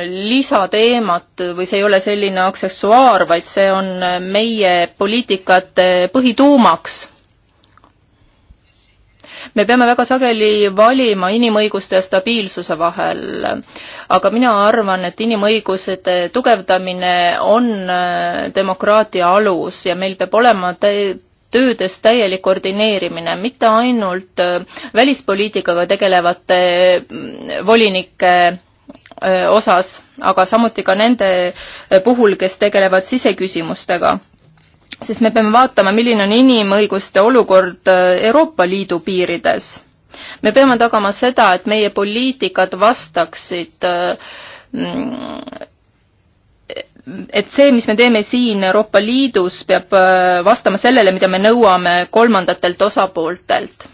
lisateemat või see ei ole selline aksessuaar, vaid see on meie poliitikate põhituumaks me peame väga sageli valima inimõiguste ja stabiilsuse vahel. aga mina arvan, et inimõiguste tugevdamine on äh, demokraatia alus ja meil peab olema töödes täielik koordineerimine, mitte ainult äh, välispoliitikaga tegelevate mm, volinike äh, osas, aga samuti ka nende äh, puhul, kes tegelevad siseküsimustega. sest me peame vaatama, milline on inimõiguste olukord Euroopa Liidu piirides. me peame tagama seda, et meie poliitikad vastaksid mm, et see, mis me teeme siin Euroopa Liidus, peab äh, vastama sellele, mida me nõuame kolmandatelt osapooltelt.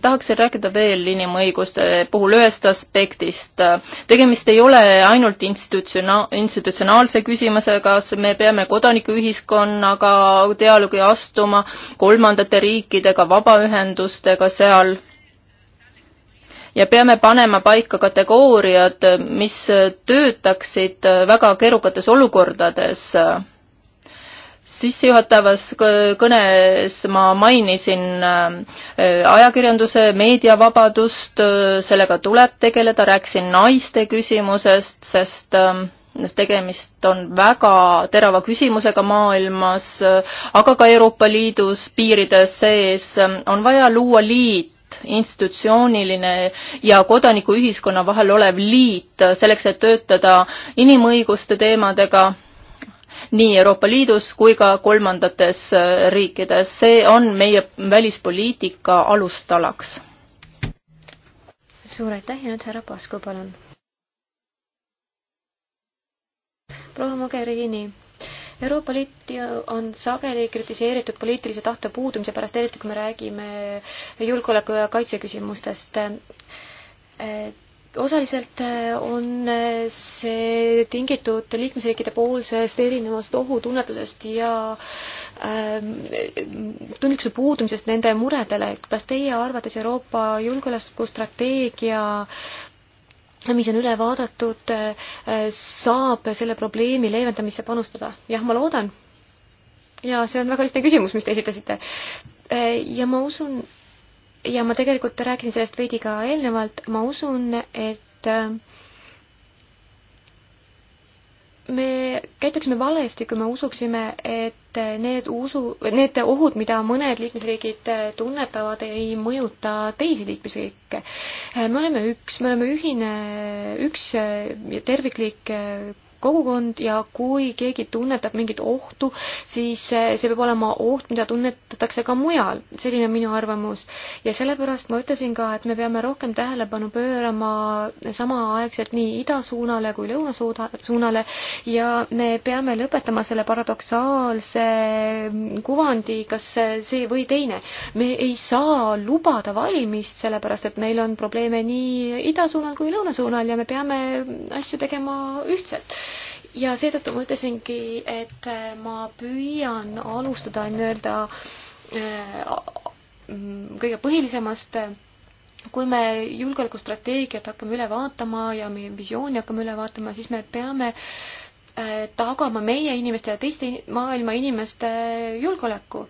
tahaksin rääkida veel inimõiguste puhul ühest aspektist. tegemist ei ole ainult institutsiona-, institutsionaalse küsimusega, me peame kodanikuühiskonnaga dialoogi astuma, kolmandate riikidega, vabaühendustega seal ja peame panema paika kategooriad, mis töötaksid väga keerukates olukordades. sissejuhatavas kõnes ma mainisin äh, ajakirjanduse meediavabadust, sellega tuleb tegeleda, rääkisin naiste küsimusest, sest äh, tegemist on väga terava küsimusega maailmas, äh, aga ka Euroopa Liidus piiride sees on vaja luua liit, institutsiooniline ja kodanikuühiskonna vahel olev liit selleks, et töötada inimõiguste teemadega nii Euroopa Liidus kui ka kolmandates äh, riikides. see on meie välispoliitika alustalaks. suur aitäh ja nüüd härra Pasku, palun. proua Mogherini Euroopa Liit on sageli kritiseeritud poliitilise tahte puudumise pärast, eriti kui me räägime julgeoleku ja kaitse küsimustest osaliselt äh, on äh, see tingitud liikmesriikide poolsest erinevast ohutunnetusest ja ähm, tunnistuse puudumisest nende muredele, et kas teie arvates Euroopa julgeolekustrateegia äh, mis on üle vaadatud, äh, saab selle probleemi leevendamisse panustada? jah, ma loodan. ja see on väga lihtne küsimus, mis te esitasite. Äh, ja ma usun, ja ma tegelikult rääkisin sellest veidi ka eelnevalt, ma usun, et äh, me käituksime valesti, kui me usuksime, et need usu, need ohud, mida mõned liikmesriigid tunnetavad, ei mõjuta teisi liikmesriike. me oleme üks, me oleme ühine, üks terviklik kogukond ja kui keegi tunnetab mingit ohtu, siis see peab olema oht, mida tunnetatakse ka mujal. selline on minu arvamus. ja sellepärast ma ütlesin ka, et me peame rohkem tähelepanu pöörama samaaegselt nii idasuunale kui lõunasuunale ja me peame lõpetama selle paradoksaalse kuvandi, kas see või teine. me ei saa lubada valimist, sellepärast et meil on probleeme nii idasuunal kui lõunasuunal ja me peame asju tegema ühtselt ja seetõttu mõtlesingi, et äh, ma püüan alustada nii-öelda äh, kõige põhilisemast kui me julgeolekustrateegiat hakkame üle vaatama ja meie visiooni hakkame üle vaatama, siis me peame äh, tagama meie inimeste ja teiste maailma inimeste julgeoleku.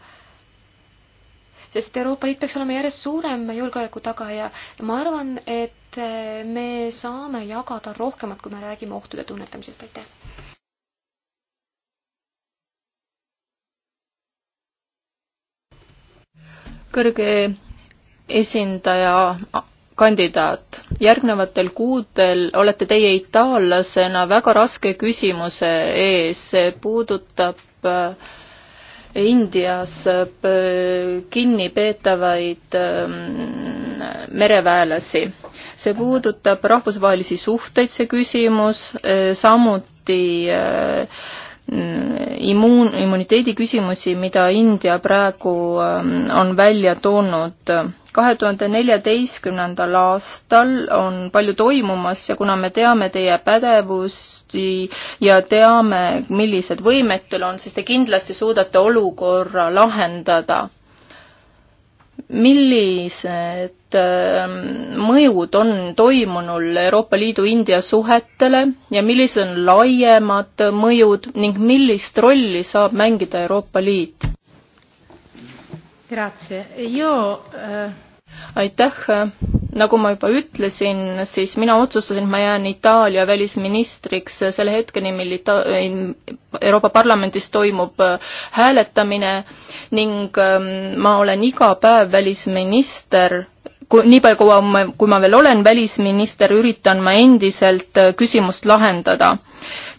sest Euroopa Liit peaks olema järjest suurem julgeoleku tagaja. ma arvan, et me saame jagada rohkemat, kui me räägime ohtude tunnetamisest, aitäh kõrge esindaja kandidaat, järgnevatel kuudel olete teie itaallasena väga raske küsimuse ees, see puudutab äh, Indias äh, kinni peetavaid ähm, mereväelasi. see puudutab rahvusvahelisi suhteid, see küsimus, äh, samuti Mm, immuun, immuniteedi küsimusi, mida India praegu ähm, on välja toonud. kahe tuhande neljateistkümnendal aastal on palju toimumas ja kuna me teame teie pädevust ja teame, millised võimed teil on, siis te kindlasti suudate olukorra lahendada millised ähm, mõjud on toimunul Euroopa Liidu-India suhetele ja millised on laiemad mõjud ning millist rolli saab mängida Euroopa Liit? Äh, aitäh nagu ma juba ütlesin, siis mina otsustasin, et ma jään Itaalia välisministriks selle hetkeni, mil Ita-, Euroopa Parlamendis toimub äh, hääletamine ning ähm, ma olen iga päev välisminister kui, nii palju, kui ma, kui ma veel olen välisminister, üritan ma endiselt äh, küsimust lahendada.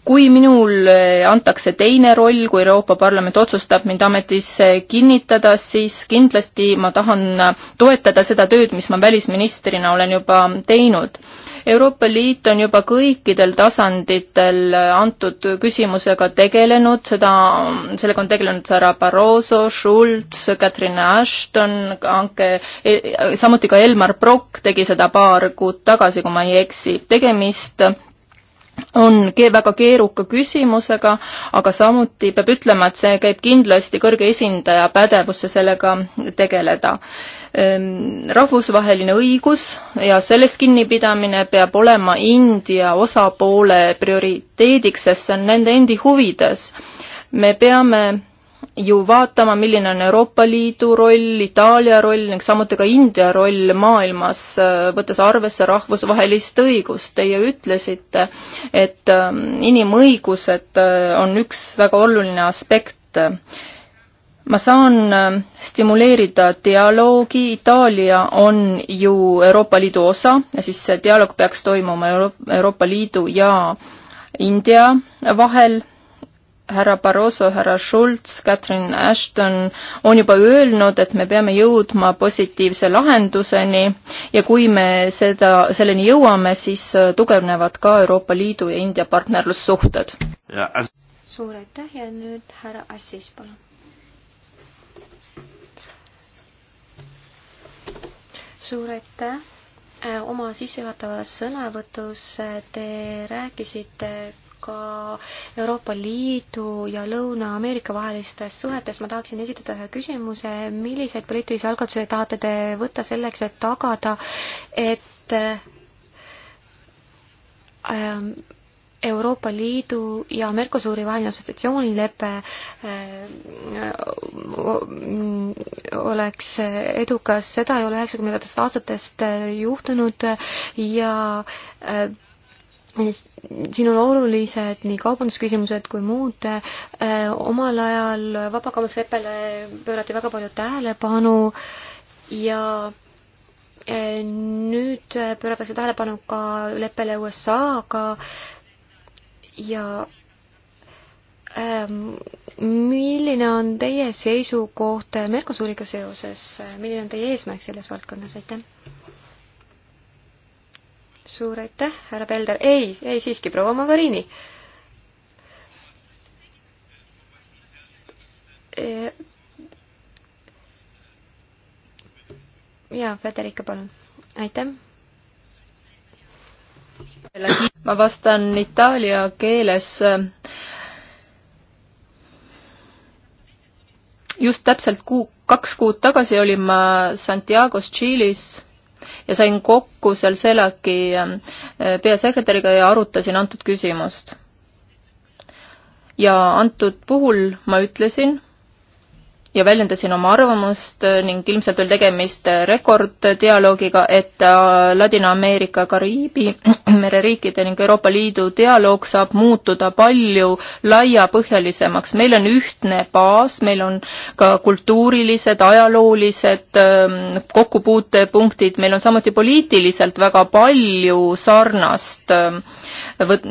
kui minul äh, antakse teine roll, kui Euroopa Parlament otsustab mind ametisse kinnitada, siis kindlasti ma tahan äh, toetada seda tööd, mis ma välisministrina olen juba teinud Euroopa Liit on juba kõikidel tasanditel antud küsimusega tegelenud, seda, sellega on tegelenud härra Barroso, Schulz, Catherine Ashton, Anke, e, samuti ka Elmar Brokk tegi seda paar kuud tagasi, kui ma ei eksi. tegemist on väga keeruka küsimusega, aga samuti peab ütlema, et see käib kindlasti kõrge esindaja pädevusse sellega tegeleda. Ehm, rahvusvaheline õigus ja sellest kinnipidamine peab olema India osapoole prioriteediks, sest see on nende endi huvides. me peame ju vaatama, milline on Euroopa Liidu roll, Itaalia roll ning samuti ka India roll maailmas, äh, võttes arvesse rahvusvahelist õigust. Teie ütlesite, et ähm, inimõigused äh, on üks väga oluline aspekt ma saan äh, stimuleerida dialoogi, Itaalia on ju Euroopa Liidu osa ja siis see dialoog peaks toimuma Euro Euroopa Liidu ja India vahel. härra Barroso, härra Schulz, Catherine Ashton on juba öelnud, et me peame jõudma positiivse lahenduseni ja kui me seda, selleni jõuame, siis äh, tugevnevad ka Euroopa Liidu ja India partnerlussuhted. suur aitäh ja nüüd härra Assis, palun suur aitäh! Äh, oma sissejuhatavas sõnavõtus äh, te rääkisite ka Euroopa Liidu ja Lõuna-Ameerika vahelistes suhetes ma tahaksin esitada ühe küsimuse, milliseid poliitilisi algatusi tahate te võtta selleks, et tagada, et ähm, Euroopa Liidu ja Mercosuri vaheline assotsiatsioonilepe äh, äh, oleks edukas, seda ei ole üheksakümnendatest aastatest äh, juhtunud ja siin on olulised nii kaubandusküsimused kui muud. omal ajal vabakaubandusleppele pöörati väga palju tähelepanu ja nüüd pööratakse tähelepanu ka leppele USA-ga ja ähm, milline on teie seisukoht Mercosuriga seoses, milline on teie eesmärk selles valdkonnas, aitäh? suur aitäh, härra Pelder, ei, ei siiski, proua Magarini e jaa, Federica, palun. aitäh ma vastan itaalia keeles. Äh, just täpselt kuu, kaks kuud tagasi olin ma Santiago's Tšiilis ja sain kokku seal CELAC-i äh, peasekretäriga ja arutasin antud küsimust. ja antud puhul ma ütlesin, ja väljendasin oma arvamust äh, ning ilmselt oli tegemist äh, rekorddialoogiga, et äh, Ladina-Ameerika, Kariibi mereriikide ning Euroopa Liidu dialoog saab muutuda palju laiapõhjalisemaks. meil on ühtne baas, meil on ka kultuurilised, ajaloolised ähm, kokkupuutepunktid, meil on samuti poliitiliselt väga palju sarnast ähm,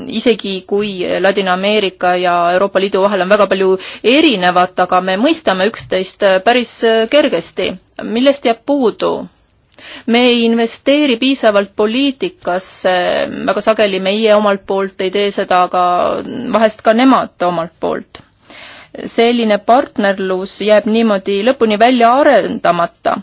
isegi kui Ladina-Ameerika ja Euroopa Liidu vahel on väga palju erinevat, aga me mõistame üksteist päris kergesti. millest jääb puudu? me ei investeeri piisavalt poliitikasse, väga sageli meie omalt poolt ei tee seda, aga vahest ka nemad omalt poolt selline partnerlus jääb niimoodi lõpuni välja arendamata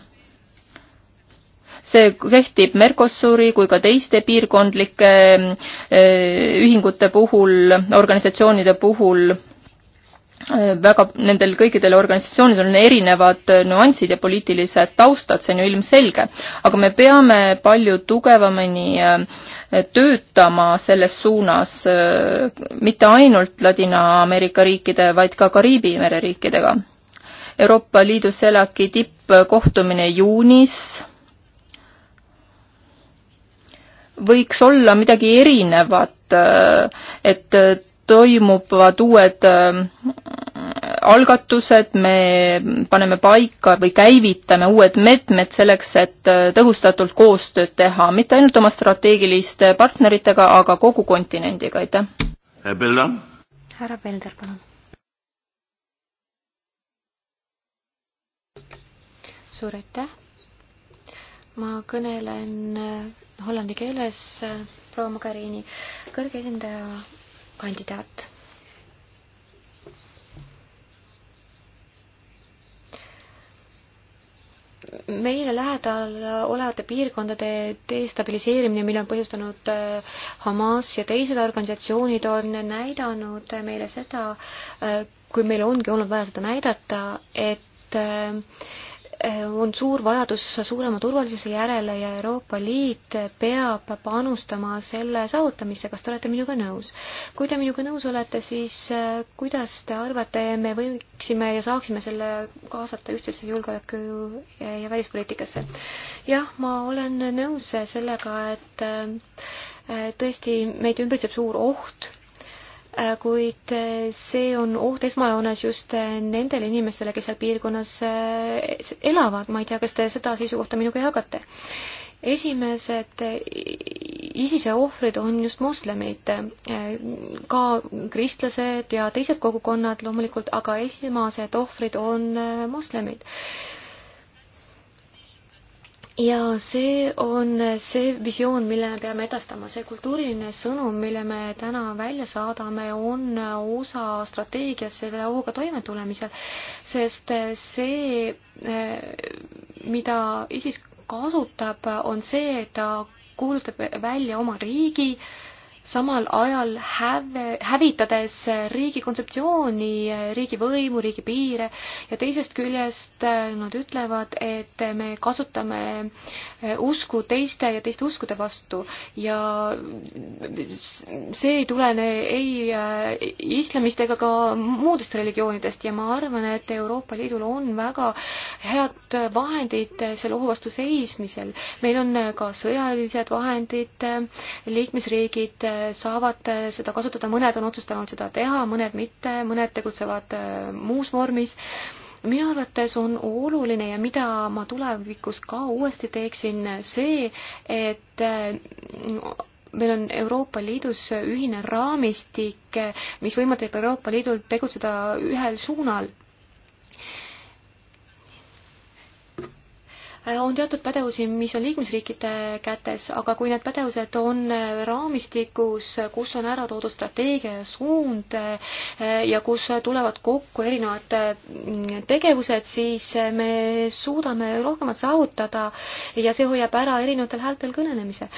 see kehtib Mercosuri kui ka teiste piirkondlike eh, eh, ühingute puhul, organisatsioonide puhul eh, väga, nendel kõikidel organisatsioonidel on erinevad nüansid ja poliitilised taustad, see on ju ilmselge. aga me peame palju tugevamini töötama selles suunas mitte ainult Ladina-Ameerika riikide, vaid ka Kariibi mereriikidega. Euroopa Liidu CELAC-i tippkohtumine juunis võiks olla midagi erinevat, et toimuvad uued äh, algatused, me paneme paika või käivitame uued meetmed selleks, et äh, tõhustatult koostööd teha, mitte ainult oma strateegiliste partneritega, aga kogu kontinendiga, aitäh! härra Pelder, palun! suur aitäh! ma kõnelen äh, hollandi keeles, äh, proua Mogherini, kõrge esindaja kandidaat. meile lähedal olevate piirkondade destabiliseerimine, mille on põhjustanud äh, Hamas ja teised organisatsioonid, on näidanud meile seda, kui meil ongi olnud vaja seda näidata, et äh, on suur vajadus suurema turvalisuse järele ja Euroopa Liit peab panustama selle saavutamisse, kas te olete minuga nõus? kui te minuga nõus olete, siis äh, kuidas te arvate, me võiksime ja saaksime selle kaasata ühtsesse julgeoleku ja välispoliitikasse? jah, ma olen nõus sellega, et äh, tõesti meid ümbritseb suur oht Äh, kuid äh, see on oht esmajoones just äh, nendele inimestele, kes seal piirkonnas elavad, ma ei tea, kas te seda seisukohta minuga jagate. esimesed ISISe ohvrid on just moslemid, ka kristlased ja teised kogukonnad loomulikult, aga esmased ohvrid on moslemid ja see on see visioon, mille me peame edastama, see kultuuriline sõnum, mille me täna välja saadame, on osa strateegiast selle hooga toimetulemisel, sest see, mida ISIS kasutab, on see, et ta kuulutab välja oma riigi äh, samal ajal häve, hävitades riigi kontseptsiooni, riigivõimu, riigi piire ja teisest küljest äh, nad ütlevad, et me kasutame äh, usku teiste ja teiste uskude vastu ja see ei tulene ei äh, islamist ega ka muudest religioonidest ja ma arvan, et Euroopa Liidul on väga head vahendid selle ohu vastu seismisel. meil on ka sõjalised vahendid, liikmesriigid saavad seda kasutada, mõned on otsustanud seda teha, mõned mitte, mõned tegutsevad äh, muus vormis. minu arvates on oluline ja mida ma tulevikus ka uuesti teeksin, see, et äh, meil on Euroopa Liidus ühine raamistik, äh, mis võimaldab Euroopa Liidul tegutseda ühel suunal Äh, on teatud pädevusi, mis on liikmesriikide kätes, aga kui need pädevused on äh, raamistikus, kus on ära toodud strateegia ja suund äh, ja kus tulevad kokku erinevad tegevused, siis me suudame rohkemat saavutada ja see hoiab ära erinevatel häältel kõnelemise.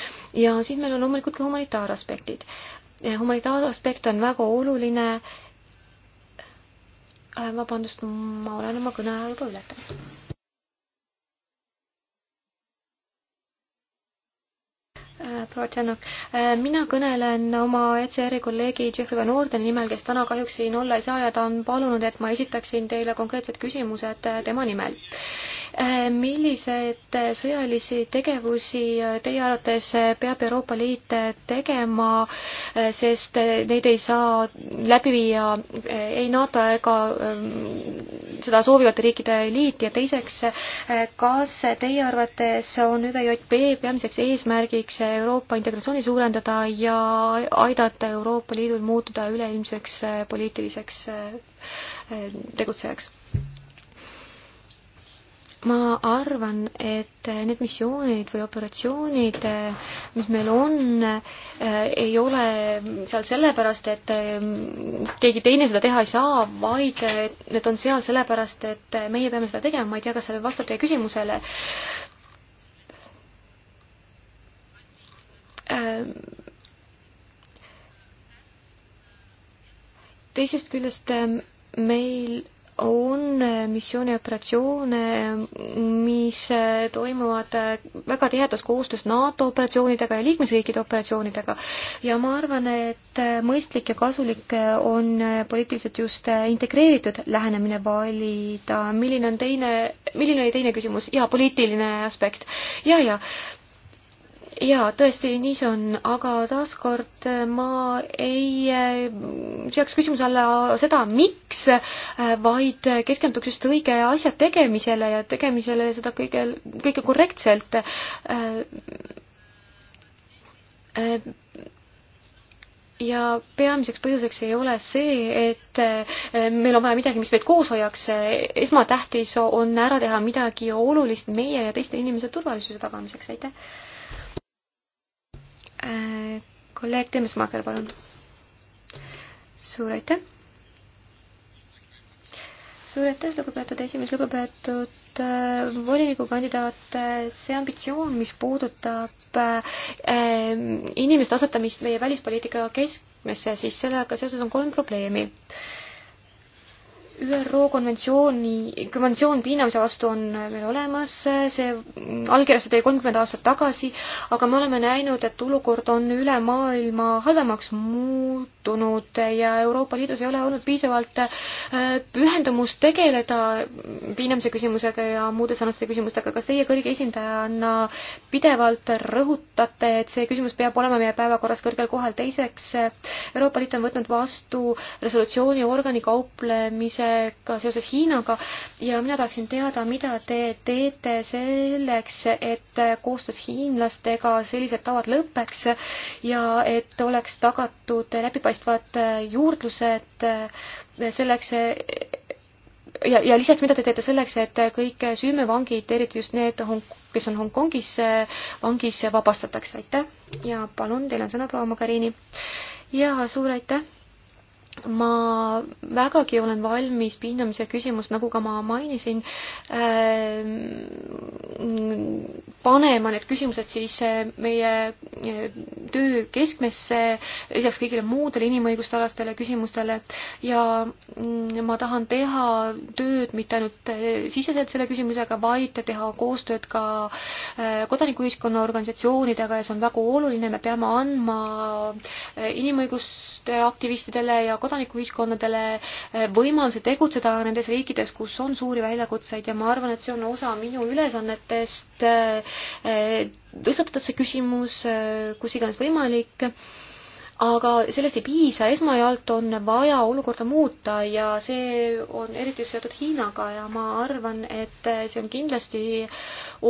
ja siis meil on loomulikult ka humanitaaraspektid. humanitaaraspekt on väga oluline. vabandust, ma olen oma kõne aja juba ületanud Äh, proua Tšennok, äh, mina kõnelen oma ECR-i kolleegi Jeffrey Van Ordeni nimel, kes täna kahjuks siin olla ei saa ja ta on palunud, et ma esitaksin teile konkreetsed küsimused äh, tema nimel Äh, milliseid äh, sõjalisi tegevusi äh, teie arvates peab Euroopa Liit tegema, sest neid ei saa läbi viia ei NATO ega ähm, seda soovivate riikide liit ja teiseks, kas teie arvates on ÜVJP peamiseks eesmärgiks Euroopa integratsiooni suurendada ja aidata Euroopa Liidul muutuda üleilmseks poliitiliseks tegutsejaks? ma arvan, et need missioonid või operatsioonid, mis meil on, eh, ei ole seal sellepärast, et eh, keegi teine seda teha ei saa, vaid eh, need on seal sellepärast, et meie peame seda tegema, ma ei tea, kas see vastab teie küsimusele. teisest küljest meil on missioonioperatsioone, mis toimuvad väga tihedas koostöös NATO operatsioonidega ja liikmesriikide operatsioonidega. ja ma arvan, et mõistlik ja kasulik on poliitiliselt just integreeritud lähenemine valida, milline on teine, milline oli teine küsimus, jaa, poliitiline aspekt ja,. jaa-jaa, jaa, tõesti, nii see on, aga taaskord äh, ma ei äh, seaks küsimuse alla seda, miks, äh, vaid keskenduks just õige asja tegemisele ja tegemisele seda kõige, kõige korrektselt. ja peamiseks põhjuseks ei ole see, et meil on vaja midagi, mis meid koos hoiaks, esmatähtis on ära teha midagi olulist meie ja teiste inimese turvalisuse tagamiseks, aitäh kolleeg Temesmaager, palun. suur aitäh. suur aitäh, lugupeetud esimees, lugupeetud äh, volinikukandidaat, see ambitsioon, mis puudutab äh, inimeste asetamist meie välispoliitika keskmesse, siis sellega seoses on kolm probleemi äh, ÜRO konventsiooni, konventsioon piinamise vastu on meil olemas, see allkirjastati kolmkümmend aastat tagasi, aga me oleme näinud, et olukord on üle maailma halvemaks muutunud ja Euroopa Liidus ei ole olnud piisavalt äh, pühendumust tegeleda piinamise küsimusega ja muude sarnaste küsimustega. kas teie kõrge esindajana pidevalt rõhutate, et see küsimus peab olema meie päevakorras kõrgel kohal? teiseks, Euroopa Liit on võtnud vastu resolutsiooni organikauplemise tegevusega seoses Hiinaga ja mina tahaksin teada, mida te teete selleks, et koostöös hiinlastega sellised tavad lõpeks ja et oleks tagatud läbipaistvad juurdlused selleks, ja, ja lisaks, mida te teete selleks, et kõik süümevangid, eriti just need, kes on Hongkongis vangis, vabastatakse, aitäh ja palun, teil on sõna, proua Magarini. ja suur aitäh ma vägagi olen valmis piinamise küsimust, nagu ka ma mainisin äh,, panema need küsimused siis äh, meie äh, töö keskmesse, lisaks kõigile muudele inimõigustealastele küsimustele ja mm, ma tahan teha tööd mitte ainult äh, siseselt selle küsimusega, vaid teha koostööd ka kodanikuühiskonna organisatsioonidega ja see on väga oluline, me peame andma inimõiguste aktivistidele ja kodanikuühiskonnadele eh, võimaluse tegutseda nendes riikides, kus on suuri väljakutseid ja ma arvan, et see on osa minu ülesannetest eh, eh, tõstatada see küsimus kus iganes võimalik aga sellest ei piisa, esmajalt on vaja olukorda muuta ja see on eriti seotud Hiinaga ja ma arvan, et see on kindlasti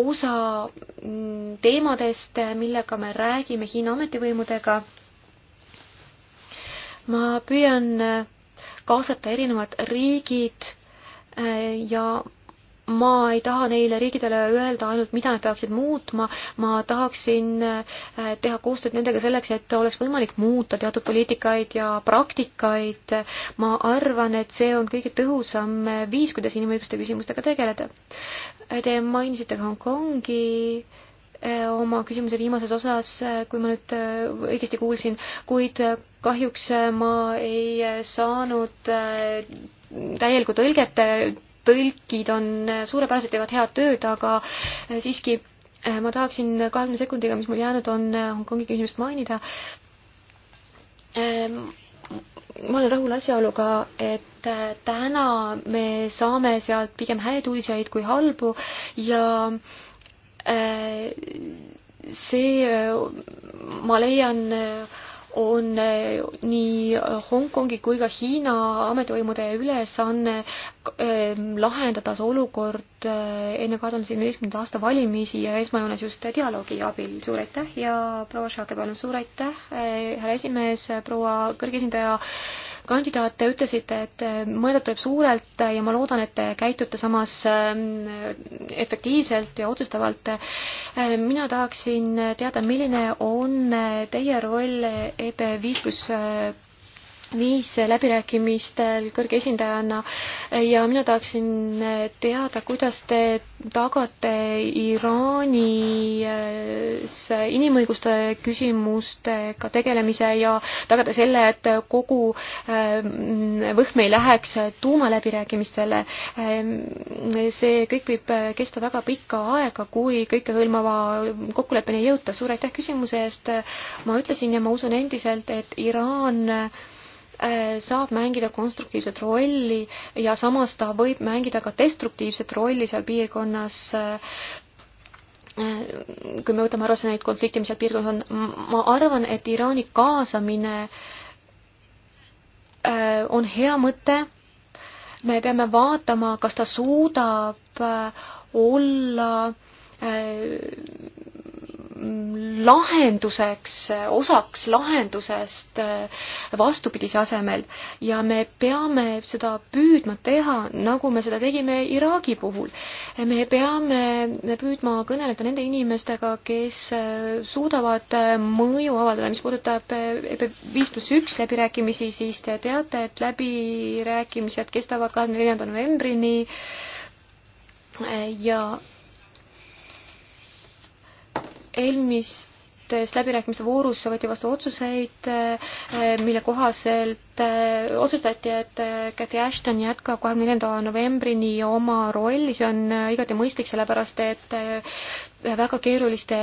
osa mm, teemadest, millega me räägime Hiina ametivõimudega ma püüan äh, kaasata erinevad riigid äh, ja ma ei taha neile riikidele öelda ainult, mida nad peaksid muutma, ma tahaksin äh, teha koostööd nendega selleks, et oleks võimalik muuta teatud poliitikaid ja praktikaid. ma arvan, et see on kõige tõhusam viis, kuidas inimõiguste küsimustega tegeleda. Te mainisite Hongkongi oma küsimuse viimases osas, kui ma nüüd õigesti kuulsin, kuid kahjuks äh, ma ei äh, saanud äh, täielikku tõlget, tõlgid on suurepärased, teevad head tööd, aga siiski ma tahaksin kahekümne sekundiga, mis mul jäänud on, Hongkongi küsimust mainida. ma olen rahul asjaoluga, et täna me saame sealt pigem häid uudiseid kui halbu ja see, ma leian, on eh, nii Hongkongi kui ka Hiina ametivõimude ülesanne eh, lahendada see olukord eh, enne kahe tuhande seitsmeteistkümnenda aasta valimisi ja esmajoones just dialoogi abil. suur aitäh ja proua Šake, palun, suur aitäh, härra esimees, proua kõrgesindaja kandidaat, te ütlesite, et äh, mõelda tuleb suurelt ja ma loodan, et te käitute samas ähm, efektiivselt ja otsustavalt. Äh, mina tahaksin teada, milline on äh, teie roll EB viis pluss viis läbirääkimistel kõrge esindajana ja mina tahaksin teada, kuidas te tagate Iraanis inimõiguste küsimustega tegelemise ja tagate selle, et kogu ähm, võhm ei läheks tuumaläbirääkimistele. Ähm, see kõik võib kesta väga pikka aega, kui kõikehõlmava kokkuleppeni ei jõuta. suur aitäh küsimuse eest. ma ütlesin ja ma usun endiselt, et Iraan Äh, saab mängida konstruktiivset rolli ja samas ta võib mängida ka destruktiivset rolli seal piirkonnas äh, kui me võtame arvesse neid konflikte, mis seal piirkonnas on, ma arvan, et Iraani kaasamine äh, on hea mõte. me peame vaatama, kas ta suudab olla lahenduseks, osaks lahendusest vastupidise asemel ja me peame seda püüdma teha, nagu me seda tegime Iraagi puhul. me peame püüdma kõneleda nende inimestega, kes suudavad mõju avaldada, mis puudutab viis pluss üks läbirääkimisi, siis te teate, et läbirääkimised kestavad kahekümne neljanda novembrini ja eelmistes läbirääkimiste voorus võeti vastu otsuseid, eh, mille kohaselt eh, otsustati, et eh, Cathy Ashton jätkab kahekümne neljanda novembrini oma rolli, see on igati mõistlik, sellepärast et väga keeruliste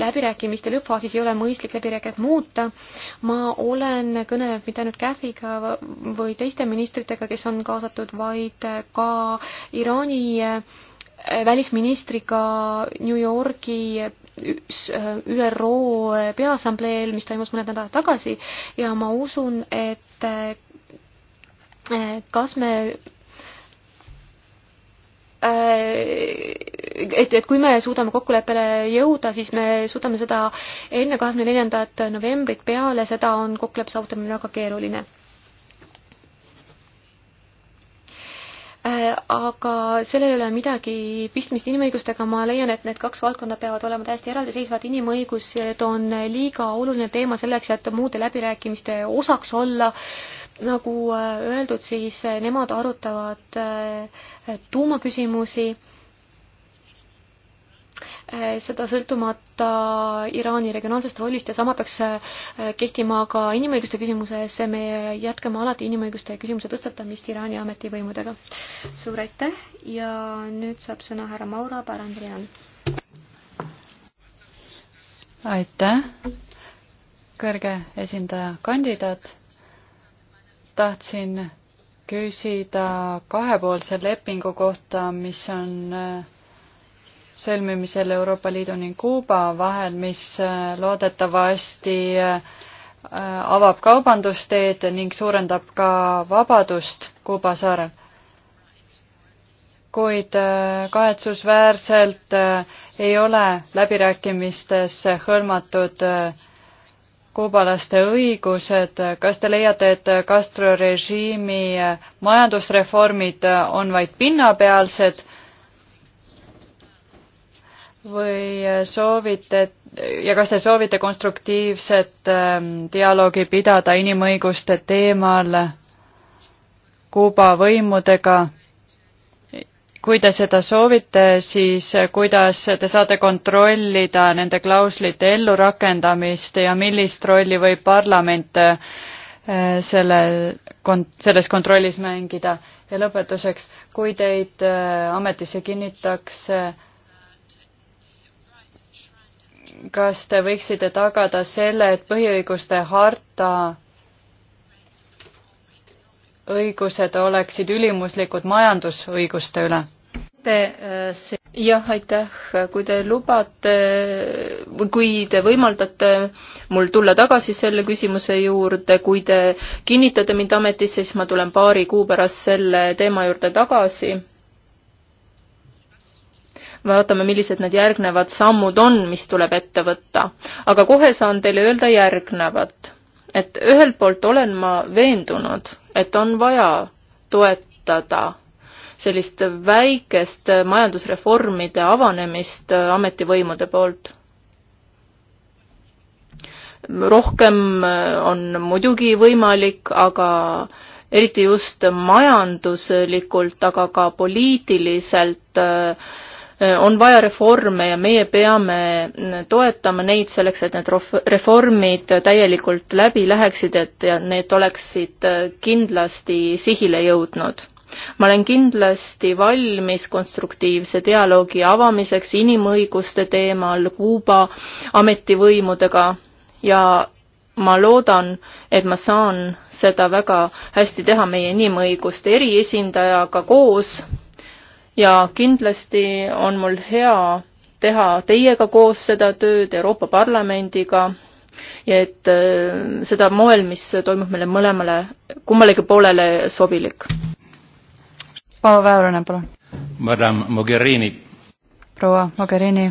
läbirääkimiste lõppfaasis ei ole mõistlik läbirääkijat muuta. ma olen kõnelenud mitte ainult Cathy'ga või teiste ministritega, kes on kaasatud, vaid ka Iraani välisministriga New Yorgi Äh, ÜRO äh, Peaassambleel, mis toimus mõned nädalad tagasi ja ma usun, et äh, kas me et, et kui me suudame kokkuleppele jõuda, siis me suudame seda enne kahekümne neljandat novembrit, peale seda on kokkuleppe saavutamine väga keeruline Äh, aga sellel ei ole midagi pistmist inimõigustega, ma leian, et need kaks valdkonda peavad olema täiesti eraldiseisvad, inimõigused on liiga oluline teema selleks, et muude läbirääkimiste osaks olla, nagu äh, öeldud, siis äh, nemad arutavad tuumaküsimusi Eh, seda sõltumata Iraani regionaalsest rollist ja sama peaks eh, kehtima ka inimõiguste küsimuses. me jätkame alati inimõiguste küsimuse tõstatamist Iraani ametivõimudega. suur aitäh ja nüüd saab sõna härra Maura Pärandrian. aitäh, kõrge esindaja kandidaat. tahtsin küsida kahepoolse lepingu kohta, mis on eh, sõlmimisel Euroopa Liidu ning Kuuba vahel, mis äh, loodetavasti äh, avab kaubandusteed ning suurendab ka vabadust Kuuba saarel. kuid äh, kahetsusväärselt ei ole läbirääkimistesse hõlmatud kuubalaste õigused, kas te leiate, et Castro režiimi majandusreformid on vaid pinnapealsed või äh, soovite ja kas te soovite konstruktiivset ähm, dialoogi pidada inimõiguste teemal Kuuba võimudega? kui te seda soovite, siis äh, kuidas te saate kontrollida nende klauslite ellurakendamist ja millist rolli võib parlament äh, selle, selles kontrollis mängida? ja lõpetuseks, kui teid ametisse kinnitakse äh, kas te võiksite tagada selle, et põhiõiguste harta õigused oleksid ülimuslikud majandusõiguste üle? Äh, jah, aitäh, kui te lubate, kui te võimaldate mul tulla tagasi selle küsimuse juurde, kui te kinnitate mind ametisse, siis ma tulen paari kuu pärast selle teema juurde tagasi vaatame, millised need järgnevad sammud on, mis tuleb ette võtta. aga kohe saan teile öelda järgnevat. et ühelt poolt olen ma veendunud, et on vaja toetada sellist väikest majandusreformide avanemist ametivõimude poolt. rohkem on muidugi võimalik, aga eriti just majanduslikult, aga ka poliitiliselt äh, Äh, on vaja reforme ja meie peame mm, toetama neid selleks, et need reformid täielikult läbi läheksid, et need oleksid äh, kindlasti sihile jõudnud. ma olen kindlasti valmis konstruktiivse dialoogi avamiseks inimõiguste teemal Kuuba ametivõimudega ja ma loodan, et ma saan seda väga hästi teha meie inimõiguste eriesindajaga koos ja kindlasti on mul hea teha teiega koos seda tööd, Euroopa Parlamendiga, ja et äh, seda moel, mis toimub meile mõlemale, kummalegi poolele sobilik. Paavo Väärane, palun. Madame Mogherini. proua Mogherini,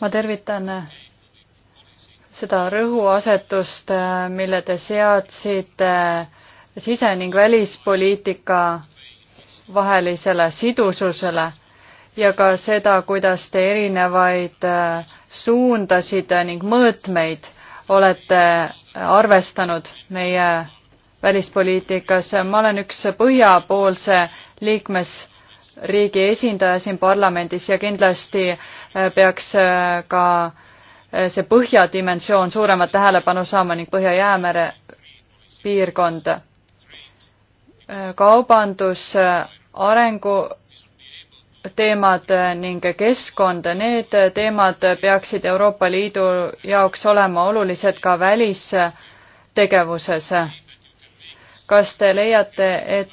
ma tervitan äh, seda rõhuasetust, äh, mille te seadsite sise- ning välispoliitika vahelisele sidususele ja ka seda, kuidas te erinevaid äh, suundasid ning mõõtmeid olete arvestanud meie välispoliitikas. ma olen üks põhjapoolse liikmesriigi esindaja siin parlamendis ja kindlasti äh, peaks äh, ka see põhjadimensioon suuremat tähelepanu saama ning Põhja-Jäämere piirkond kaubandus, arengu teemad ning keskkond, need teemad peaksid Euroopa Liidu jaoks olema olulised ka välistegevuses. kas te leiate, et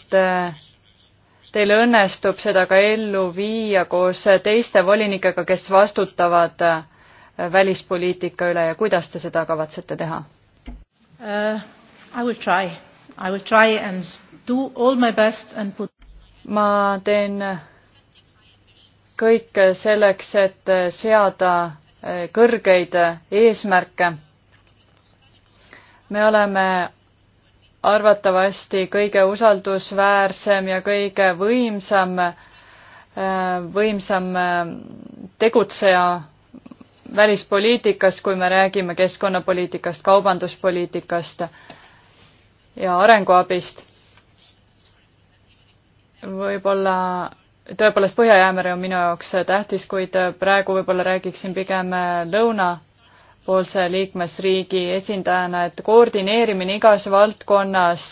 teil õnnestub seda ka ellu viia koos teiste volinikega, kes vastutavad välispoliitika üle ja kuidas te seda kavatsete teha uh,? I will try, I will try and do all my best and put ma teen kõik selleks, et seada eh, kõrgeid eesmärke. me oleme arvatavasti kõige usaldusväärsem ja kõige võimsam, eh, võimsam eh, tegutseja välispoliitikas, kui me räägime keskkonnapoliitikast, kaubanduspoliitikast ja arenguabist võib-olla tõepoolest Põhja-Jäämere on minu jaoks tähtis, kuid praegu võib-olla räägiksin pigem lõunapoolse liikmesriigi esindajana, et koordineerimine igas valdkonnas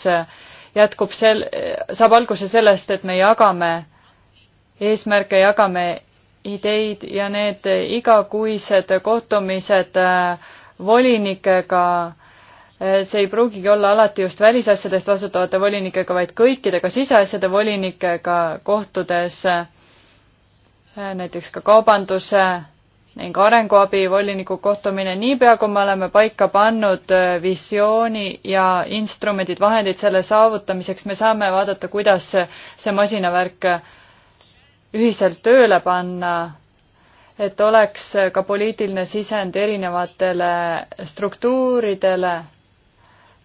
jätkub sel-, saab alguse sellest, et me jagame eesmärke, jagame ideid ja need igakuised kohtumised volinikega äh, Äh, see ei pruugigi olla alati just välisasjadest vastutavate volinikega, vaid kõikidega siseasjade volinikega kohtudes, äh, näiteks ka kaubanduse ning arenguabi voliniku kohtumine, niipea kui me oleme paika pannud äh, visiooni ja instrumendid, vahendid selle saavutamiseks, me saame vaadata, kuidas see masinavärk ühiselt tööle panna et oleks ka poliitiline sisend erinevatele struktuuridele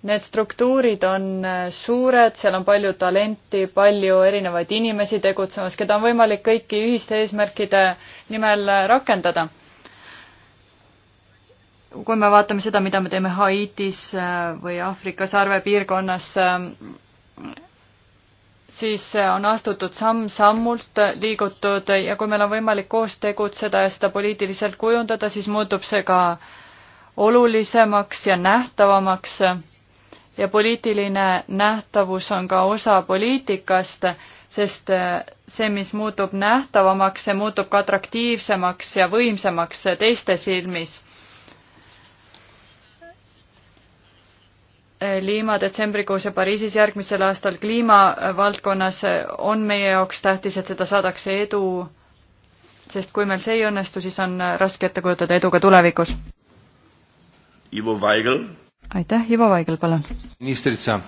Need struktuurid on äh, suured, seal on palju talenti, palju erinevaid inimesi tegutsemas, keda on võimalik kõiki ühiste eesmärkide nimel äh, rakendada. kui me vaatame seda, mida me teeme Haitis äh, või Aafrika sarvepiirkonnas, siis on astutud samm-sammult, liigutud ja kui meil on võimalik koos tegutseda ja seda poliitiliselt kujundada, siis muutub see ka olulisemaks ja nähtavamaks ja poliitiline nähtavus on ka osa poliitikast, sest äh, see, mis muutub nähtavamaks, see muutub ka atraktiivsemaks ja võimsamaks teiste silmis. Äh, Liima detsembrikuus ja Pariisis järgmisel aastal kliimavaldkonnas äh, on meie jaoks tähtis, et seda saadakse edu, sest kui meil see ei õnnestu, siis on raske ette kujutada edu ka tulevikus. Ivo Vaigel aitäh, Ivo Vaigel, palun. ministritsa,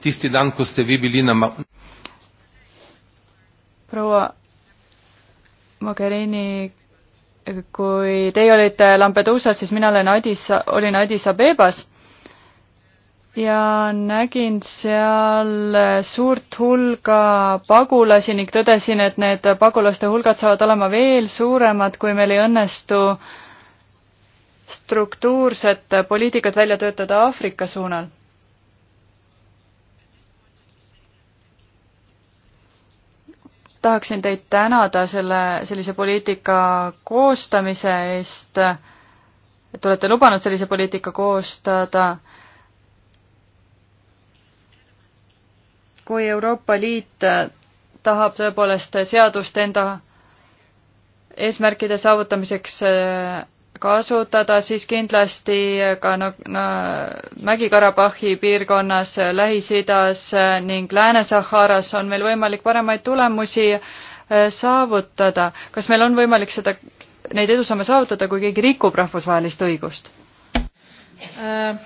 tisti dan, kus te viibilina ma-. proua Mogherini, kui teie olite Lampeduusas, siis mina olen Addis, olin Addis Abebas ja nägin seal suurt hulga pagulasi ning tõdesin, et need pagulaste hulgad saavad olema veel suuremad, kui meil ei õnnestu äh, struktuurset poliitikat välja töötada Aafrika suunal. tahaksin teid tänada selle, sellise poliitika koostamise eest, et olete lubanud sellise poliitika koostada. kui Euroopa Liit tahab tõepoolest seadust enda eesmärkide saavutamiseks kasutada, siis kindlasti ka no, no, Mägi-Karabahhi piirkonnas, Lähis-Idas ning Lääne-Saharas on meil võimalik paremaid tulemusi äh, saavutada. kas meil on võimalik seda, neid edusamme saavutada, kui keegi rikub rahvusvahelist õigust uh,?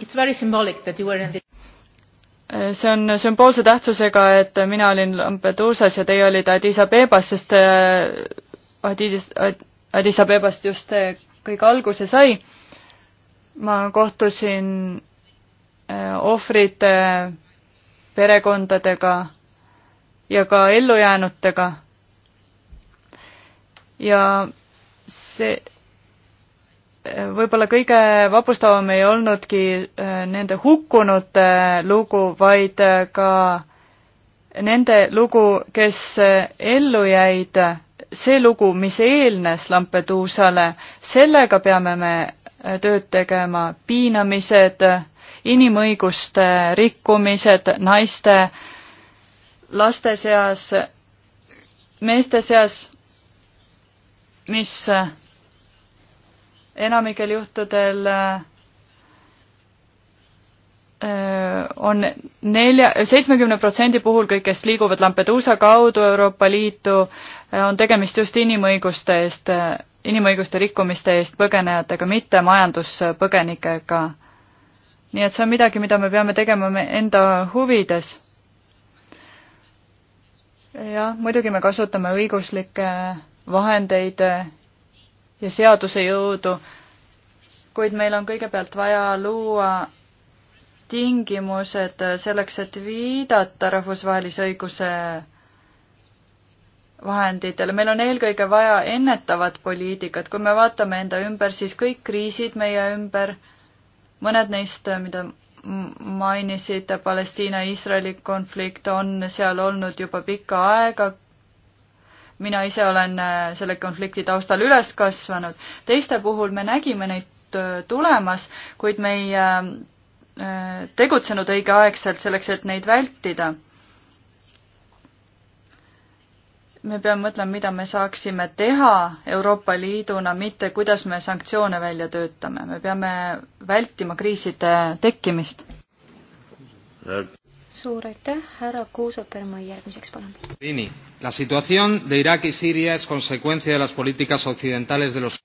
It's very symbolic that you were in the äh, see on sümboolse tähtsusega, et mina olin Lampeduusas ja teie olite Addis Abebas, sest äh, Addis, Addis Abebast just kõik alguse sai. ma kohtusin äh, ohvrite perekondadega ja ka ellujäänutega. ja see, äh, võib-olla kõige vapustavam ei olnudki äh, nende hukkunute lugu, vaid ka nende lugu, kes ellu jäid see lugu, mis eelnes Lampeduusale, sellega peame me äh, tööd tegema, piinamised, inimõiguste rikkumised naiste, laste seas, meeste seas, mis äh, enamikel juhtudel äh, on nelja, seitsmekümne protsendi puhul kõik, kes liiguvad Lampedusa kaudu Euroopa Liitu, on tegemist just inimõiguste eest, inimõiguste rikkumiste eest põgenejatega, mitte majanduspõgenikega. nii et see on midagi, mida me peame tegema me enda huvides. jah, muidugi me kasutame õiguslikke vahendeid ja seaduse jõudu, kuid meil on kõigepealt vaja luua tingimused selleks, et viidata rahvusvahelise õiguse vahenditele, meil on eelkõige vaja ennetavat poliitikat, kui me vaatame enda ümber, siis kõik kriisid meie ümber, mõned neist, mida mainisite, Palestiina-Iisraeli konflikt on seal olnud juba pikka aega, mina ise olen äh, selle konflikti taustal üles kasvanud, teiste puhul me nägime neid äh, tulemas, kuid me ei Äh, tegutsenud õigeaegselt selleks, et neid vältida. me peame mõtlema, mida me saaksime teha Euroopa Liiduna, mitte kuidas me sanktsioone välja töötame. me peame vältima kriiside tekkimist. suur aitäh, härra Kuuseperma, järgmiseks palun. Vini, la situación de Irak y Siria es consecuencia de las políticas occidentales de los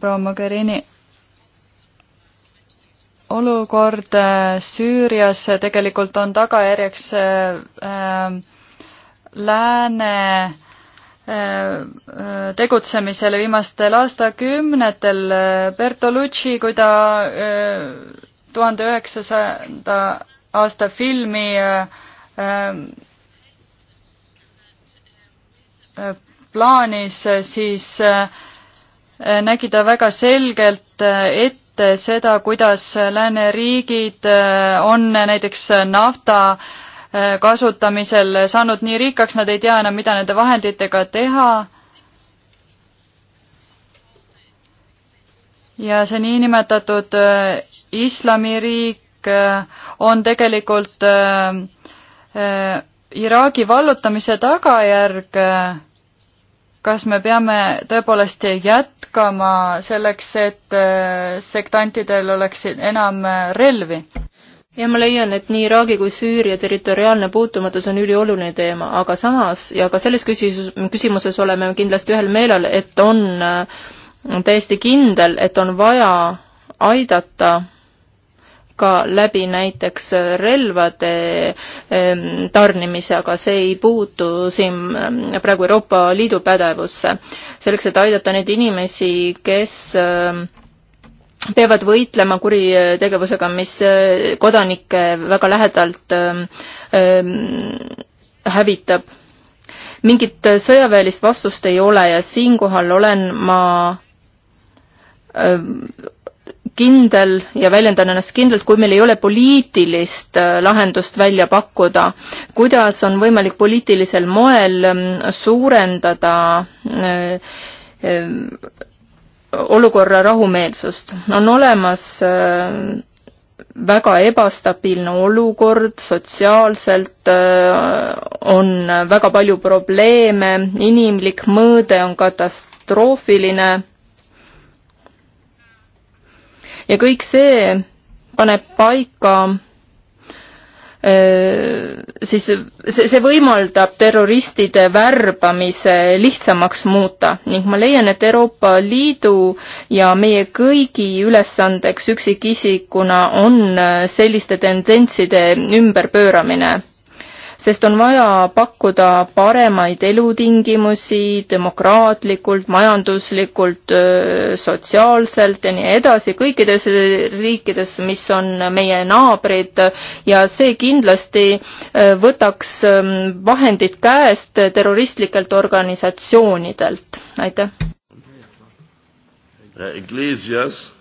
proua Mogherini, olukord äh, Süürias tegelikult on tagajärjeks äh, äh, lääne tegutsemisele viimastel aastakümnetel. Bertolucci, kui ta tuhande üheksasada aasta filmi plaanis, siis nägi ta väga selgelt ette vaatate seda, kuidas lääneriigid äh, on näiteks nafta äh, kasutamisel saanud nii rikkaks, nad ei tea enam, mida nende vahenditega teha. ja see niinimetatud äh, islamiriik on tegelikult Iraagi vallutamise tagajärg kas me peame tõepoolest jätkama selleks, et äh, sektantidel oleks enam äh, relvi? ja ma leian, et nii Iraagi kui Süüria territoriaalne puutumatus on ülioluline teema, aga samas ja ka selles küsimus, küsimuses oleme kindlasti ühel meelel, et on, on äh, täiesti kindel, et on vaja aidata ka läbi näiteks relvade ehm, tarnimise, aga see ei puutu siin ehm, praegu Euroopa Liidu pädevusse. selleks, et aidata neid inimesi, kes ehm, peavad võitlema kuritegevusega, mis eh, kodanikke väga lähedalt hävitab. mingit sõjaväelist vastust ei ole ja siinkohal olen ma kindel ja väljendan ennast kindlalt, kui meil ei ole poliitilist äh, lahendust välja pakkuda, kuidas on võimalik poliitilisel moel ähm, suurendada äh, äh, olukorra rahumeelsust. on olemas väga ebastabiilne olukord, sotsiaalselt on väga palju probleeme, inimlik mõõde on katastroofiline ja kõik see paneb paika äh, siis see, see võimaldab terroristide värbamise lihtsamaks muuta ning ma leian, et Euroopa Liidu ja meie kõigi ülesandeks üksikisikuna on äh, selliste tendentside ümberpööramine sest on vaja pakkuda paremaid elutingimusi demokraatlikult, majanduslikult, sotsiaalselt ja nii edasi kõikides riikides, mis on meie naabrid ja see kindlasti võtaks vahendid käest terroristlikelt organisatsioonidelt. aitäh. Iglesias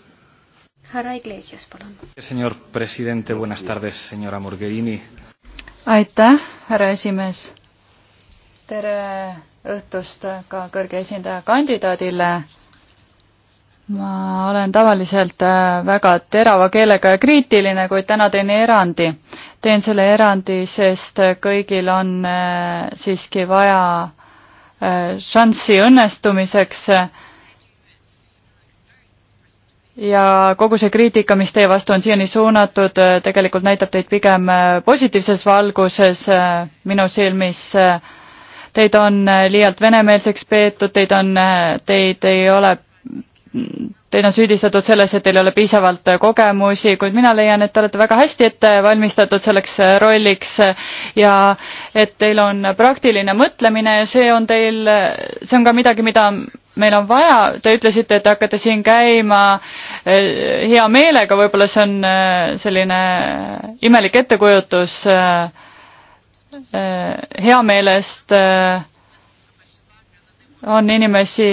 Jara Iglesias, palun. Señor presidente, buenas tardes, señora Morgherini aitäh, härra esimees. tere õhtust ka kõrge esindaja kandidaadile. ma olen tavaliselt äh, väga terava keelega ja kriitiline, kuid täna teen erandi. teen selle erandi, sest kõigil on äh, siiski vaja äh, šanssi õnnestumiseks ja kogu see kriitika, mis teie vastu on siiani suunatud, äh, tegelikult näitab teid pigem äh, positiivses valguses äh, minu silmis. Teid on liialt venemeelseks peetud, teid on, teid ei ole, teid on süüdistatud selles, et teil ei ole piisavalt kogemusi, kuid mina leian, et te olete väga hästi ette valmistatud selleks rolliks ja et teil on praktiline mõtlemine ja see on teil, see on ka midagi, mida meil on vaja, te ütlesite, et hakkate siin käima eh, hea meelega, võib-olla see on eh, selline imelik ettekujutus eh, hea meelest on inimesi,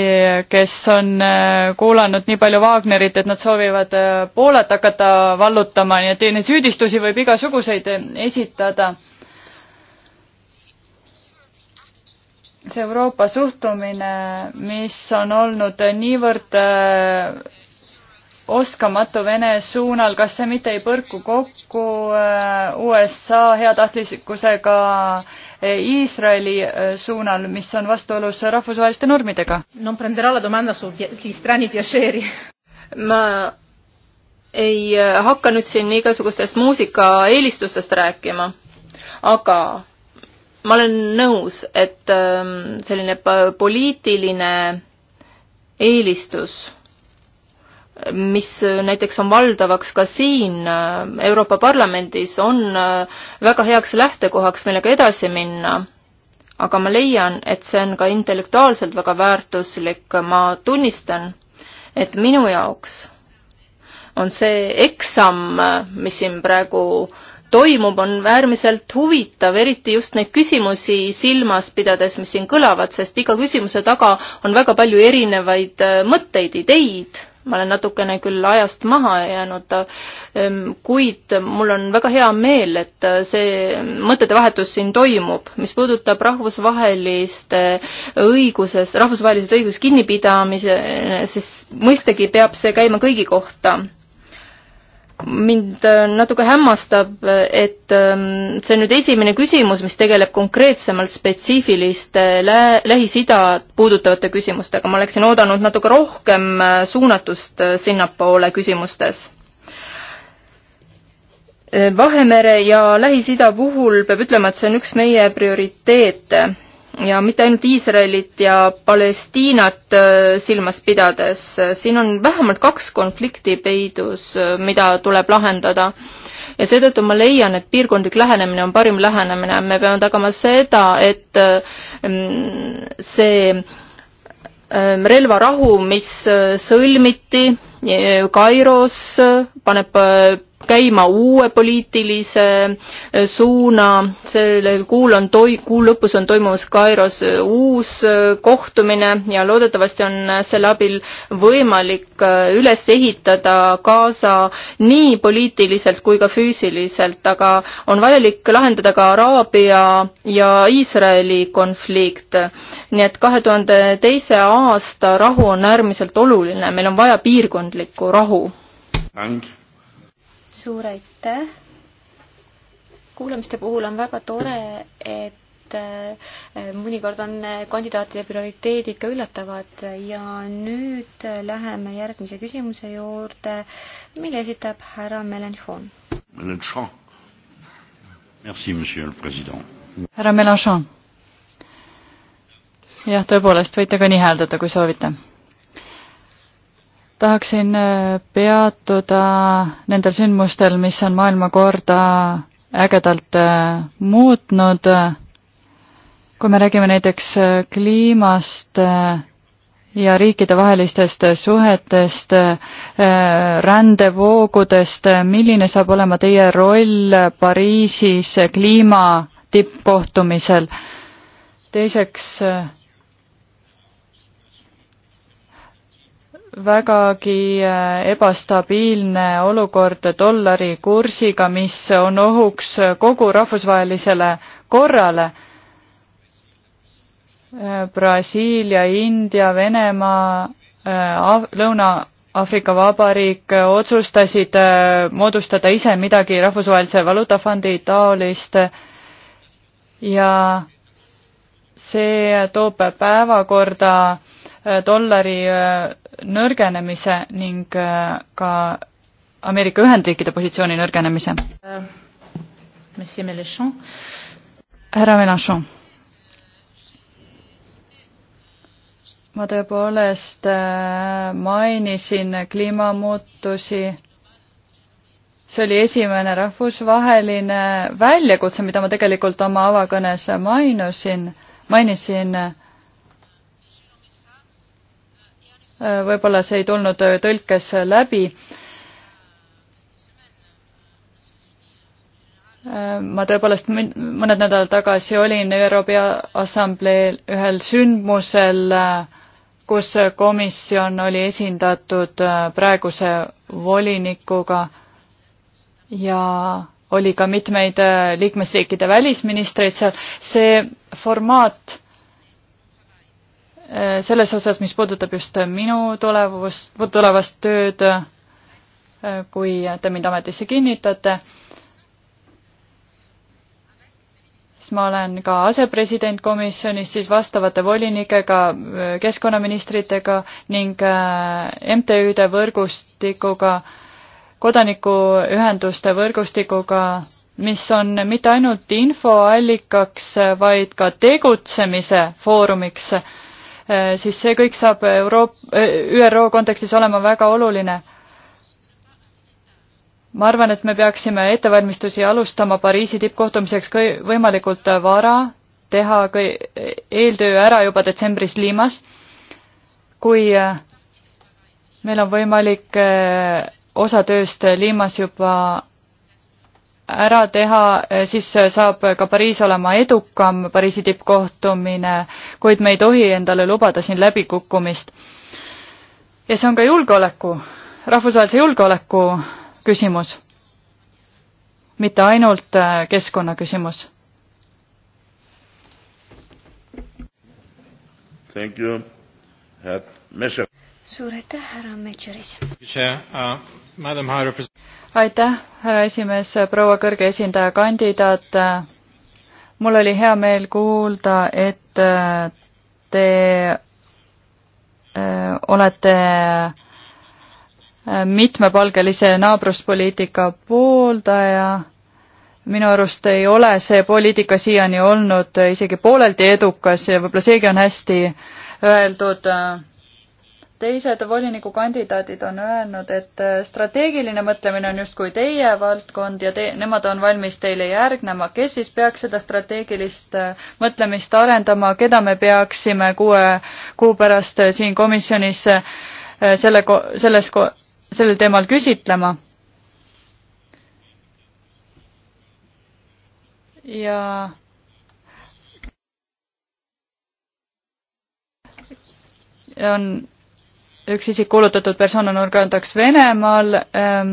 kes on kuulanud nii palju Wagnerit, et nad soovivad Poolat hakata vallutama, nii et neid süüdistusi võib igasuguseid esitada see Euroopa suhtumine, mis on olnud niivõrd äh, oskamatu Vene suunal, kas see mitte ei põrku kokku äh, USA heatahtlikkusega äh, Iisraeli suunal, mis on vastuolus rahvusvaheliste normidega? ma ei hakka nüüd siin igasugustest muusikaeelistustest rääkima, aga ma olen nõus, et ähm, selline poliitiline eelistus, mis näiteks on valdavaks ka siin äh, Euroopa Parlamendis, on äh, väga heaks lähtekohaks, millega edasi minna. aga ma leian, et see on ka intellektuaalselt väga väärtuslik, ma tunnistan, et minu jaoks on see eksam, äh, mis siin praegu äh, toimub, on äärmiselt huvitav, eriti just neid küsimusi silmas pidades, mis siin kõlavad, sest iga küsimuse taga on väga palju erinevaid äh, mõtteid, ideid. ma olen natukene küll ajast maha jäänud, äh, kuid mul on väga hea meel, et äh, see mõtete vahetus siin toimub. mis puudutab rahvusvahelist õiguses, rahvusvahelisest õigusest kinnipidamise, siis mõistagi peab see käima kõigi kohta mind äh, natuke hämmastab, et ähm, see on nüüd esimene küsimus, mis tegeleb konkreetsemalt spetsiifiliste lä-, Lähis-Ida puudutavate küsimustega, ma oleksin oodanud natuke rohkem äh, suunatust äh, sinnapoole küsimustes. Vahemere ja Lähis-Ida puhul peab ütlema, et see on üks meie prioriteete ja mitte ainult Iisraelit ja Palestiinat äh, silmas pidades, siin on vähemalt kaks konflikti peidus, äh, mida tuleb lahendada. ja seetõttu ma leian, et piirkondlik lähenemine on parim lähenemine, me peame tagama seda, et äh, mm, see ähm, relvarahu, mis sõlmiti Kairos, paneb käima uue poliitilise eh, suuna, sellel kuul on toi-, kuu lõpus on toimumas Kairos eh, uus eh, kohtumine ja loodetavasti on selle abil võimalik üles ehitada Gaza nii poliitiliselt kui ka füüsiliselt, aga on vajalik lahendada ka Araabia ja Iisraeli konflikt. nii et kahe tuhande teise aasta rahu on äärmiselt oluline, meil on vaja piirkondlikku rahu suur aitäh. kuulamiste puhul on väga tore, et äh, mõnikord on äh, kandidaatide prioriteedid ka üllatavad ja nüüd äh, läheme järgmise küsimuse juurde, mille esitab härra Melenchon. Melenchon. Merci, monsieur le president. härra Melenchon. jah, tõepoolest, võite ka nii hääldada, kui soovite tahaksin äh, peatuda nendel sündmustel, mis on maailmakorda ägedalt äh, muutnud. kui me räägime näiteks äh, kliimast ja riikidevahelistest suhetest, rändevoogudest, milline saab olema teie roll Pariisis kliima tippkohtumisel? teiseks vägagi äh, ebastabiilne olukord dollari kursiga, mis on ohuks kogu rahvusvahelisele korrale. Äh, Brasiilia, India, Venemaa, äh, Lõuna-Aafrika Vabariik otsustasid moodustada ise midagi Rahvusvahelise Valuutafondi taolist ja see toob päevakorda dollari nõrgenemise ning äh, ka Ameerika Ühendriikide positsiooni nõrgenemise. härra Mélenchon. ma tõepoolest äh, mainisin kliimamuutusi. see oli esimene rahvusvaheline väljakutse, mida ma tegelikult oma avakõnes mainusin, mainisin, mainisin võib-olla see ei tulnud äh, tõlkes läbi. Äh, ma tõepoolest mõned nädalad tagasi olin ÜRO Peaassambleel ühel sündmusel, äh, kus komisjon oli esindatud praeguse volinikuga ja oli ka mitmeid liikmesriikide välisministreid seal. see formaat Äh, selles osas, mis puudutab just minu tulevust, tulevast tööd, äh, kui te mind ametisse kinnitate, siis ma olen ka asepresident komisjonis, siis vastavate volinikega, äh, keskkonnaministritega ning MTÜ-de võrgustikuga, kodanikuühenduste võrgustikuga, mis on mitte ainult infoallikaks, vaid ka tegutsemise foorumiks Äh, siis see kõik saab Euroop-, äh, ÜRO kontekstis olema väga oluline. ma arvan, et me peaksime ettevalmistusi alustama Pariisi tippkohtumiseks kõi-, võimalikult vara, teha kõi-, eeltöö ära juba detsembris Liimas, kui äh, meil on võimalik osa tööst Liimas juba ära teha, eh, siis eh, saab ka Pariis olema edukam, Pariisi tippkohtumine, kuid me ei tohi endale lubada siin läbikukkumist. ja see on ka julgeoleku, rahvusvahelise julgeoleku küsimus, mitte ainult eh, keskkonna küsimus. suur aitäh, härra Metšeris! Uh, aitäh, härra esimees, proua kõrge esindaja kandidaat. mul oli hea meel kuulda, et äh, te äh, olete äh, mitmepalgelise naabruspoliitika pooldaja. minu arust ei ole see poliitika siiani olnud isegi pooleldi edukas ja võib-olla seegi on hästi öeldud teised volinikukandidaadid on öelnud, et äh, strateegiline mõtlemine on justkui teie valdkond ja te, nemad on valmis teile järgnema. kes siis peaks seda strateegilist äh, mõtlemist arendama, keda me peaksime kuue kuu pärast äh, siin komisjonis selle, selles, sellel teemal küsitlema? ja on üks isik kuulutatud persoon on organdaks Venemaal ähm,,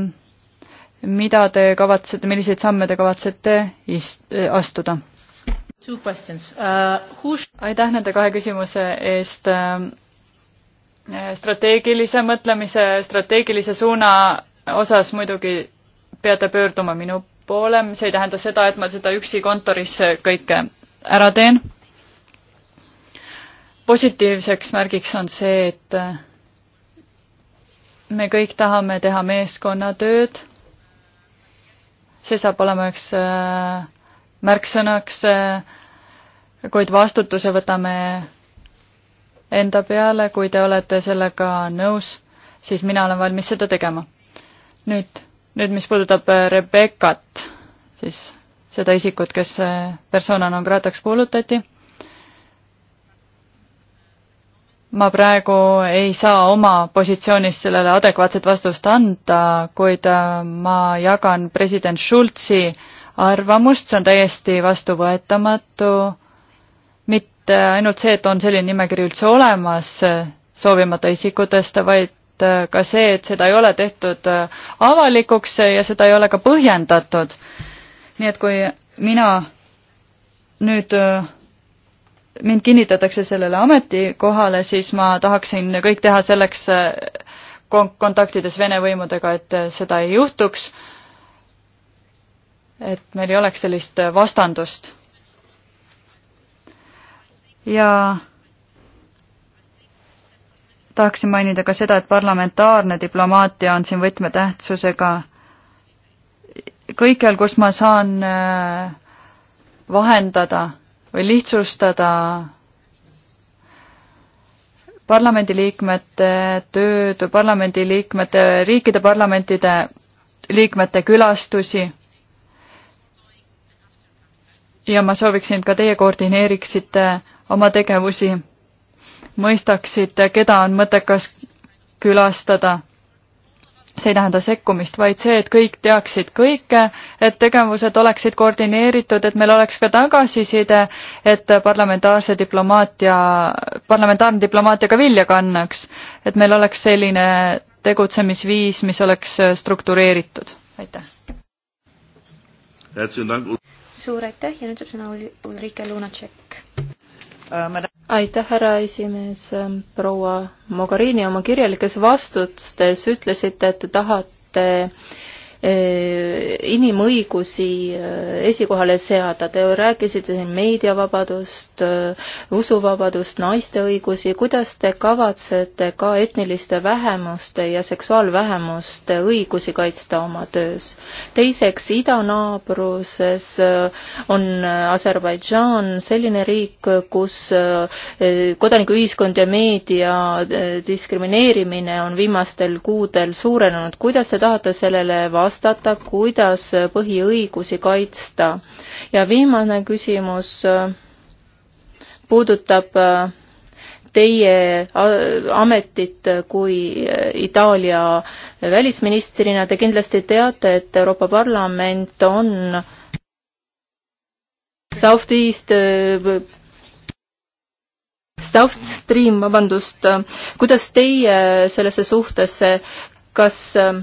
mida te kavatsete, milliseid samme te kavatsete ist-, astuda? Uh, who... aitäh nende kahe küsimuse eest äh,. strateegilise mõtlemise, strateegilise suuna osas muidugi peate pöörduma minu poole, see ei tähenda seda, et ma seda üksi kontoris kõike ära teen. positiivseks märgiks on see, et äh, me kõik tahame teha meeskonnatööd. see saab olema üks äh, märksõnaks, äh, kuid vastutuse võtame enda peale, kui te olete sellega nõus, siis mina olen valmis seda tegema. nüüd, nüüd mis puudutab äh, Rebekat, siis seda isikut, kes persona non grata'ks kuulutati ma praegu ei saa oma positsioonist sellele adekvaatset vastust anda, kuid äh, ma jagan president Schulzi arvamust, see on täiesti vastuvõetamatu. mitte ainult see, et on selline nimekiri üldse olemas äh, soovimata isikutest, vaid äh, ka see, et seda ei ole tehtud avalikuks ja seda ei ole ka põhjendatud. nii et kui mina nüüd mind kinnitatakse sellele ametikohale, siis ma tahaksin kõik teha selleks eh, kontaktides Vene võimudega, et eh, seda ei juhtuks. et meil ei oleks sellist eh, vastandust. ja tahaksin mainida ka seda, et parlamentaarne diplomaatia on siin võtmetähtsusega kõikjal, kus ma saan vahendada või lihtsustada parlamendiliikmete tööd, parlamendiliikmete, riikide parlamentide liikmete külastusi. ja ma sooviksin, et ka teie koordineeriksite oma tegevusi, mõistaksite, keda on mõttekas külastada see ei tähenda sekkumist, vaid see, et kõik teaksid kõike, et tegevused oleksid koordineeritud, et meil oleks ka tagasiside, et parlamentaarse diplomaatia, parlamentaarne diplomaatia ka vilja kannaks. et meil oleks selline tegutsemisviis, mis oleks struktureeritud. aitäh! suur aitäh ja nüüd saab sõna Ulrike Lunatšek aitäh, härra esimees, proua Mogherini, oma kirjalikes vastustes ütlesite, et tahate Äh, inimõigusi äh, esikohale seada. Te rääkisite siin meediavabadust, äh, usuvabadust, naiste õigusi. kuidas te kavatsete ka etniliste vähemuste ja seksuaalvähemuste õigusi kaitsta oma töös? teiseks, idanaabruses on Aserbaidžaan selline riik, kus kodanikuühiskond ja meedia diskrimineerimine on viimastel kuudel suurenenud. kuidas te tahate sellele vastu sõnastada, kuidas põhiõigusi kaitsta. ja viimane küsimus äh, puudutab äh, teie äh, ametit kui Itaalia välisministrina. Te kindlasti teate, et Euroopa Parlament on South East South Stream, vabandust, kuidas teie sellesse suhtesse, kas äh,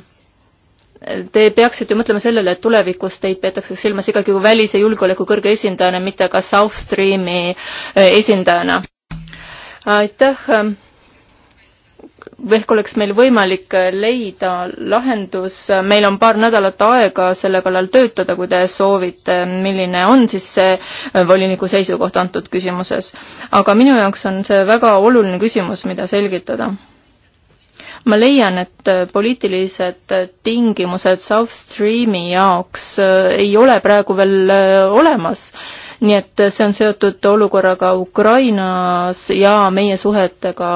Te peaksite mõtlema sellele, et tulevikus teid peetakse silmas ikkagi kui välise julgeoleku kõrge esindajana, mitte ka South Streami äh, esindajana. aitäh. ehk oleks meil võimalik leida lahendus, meil on paar nädalat aega selle kallal töötada, kui te soovite, milline on siis see äh, voliniku seisukoht antud küsimuses. aga minu jaoks on see väga oluline küsimus, mida selgitada ma leian, et äh, poliitilised äh, tingimused South Streami jaoks äh, ei ole praegu veel olemas. nii et see on seotud olukorraga Ukrainas ja meie suhetega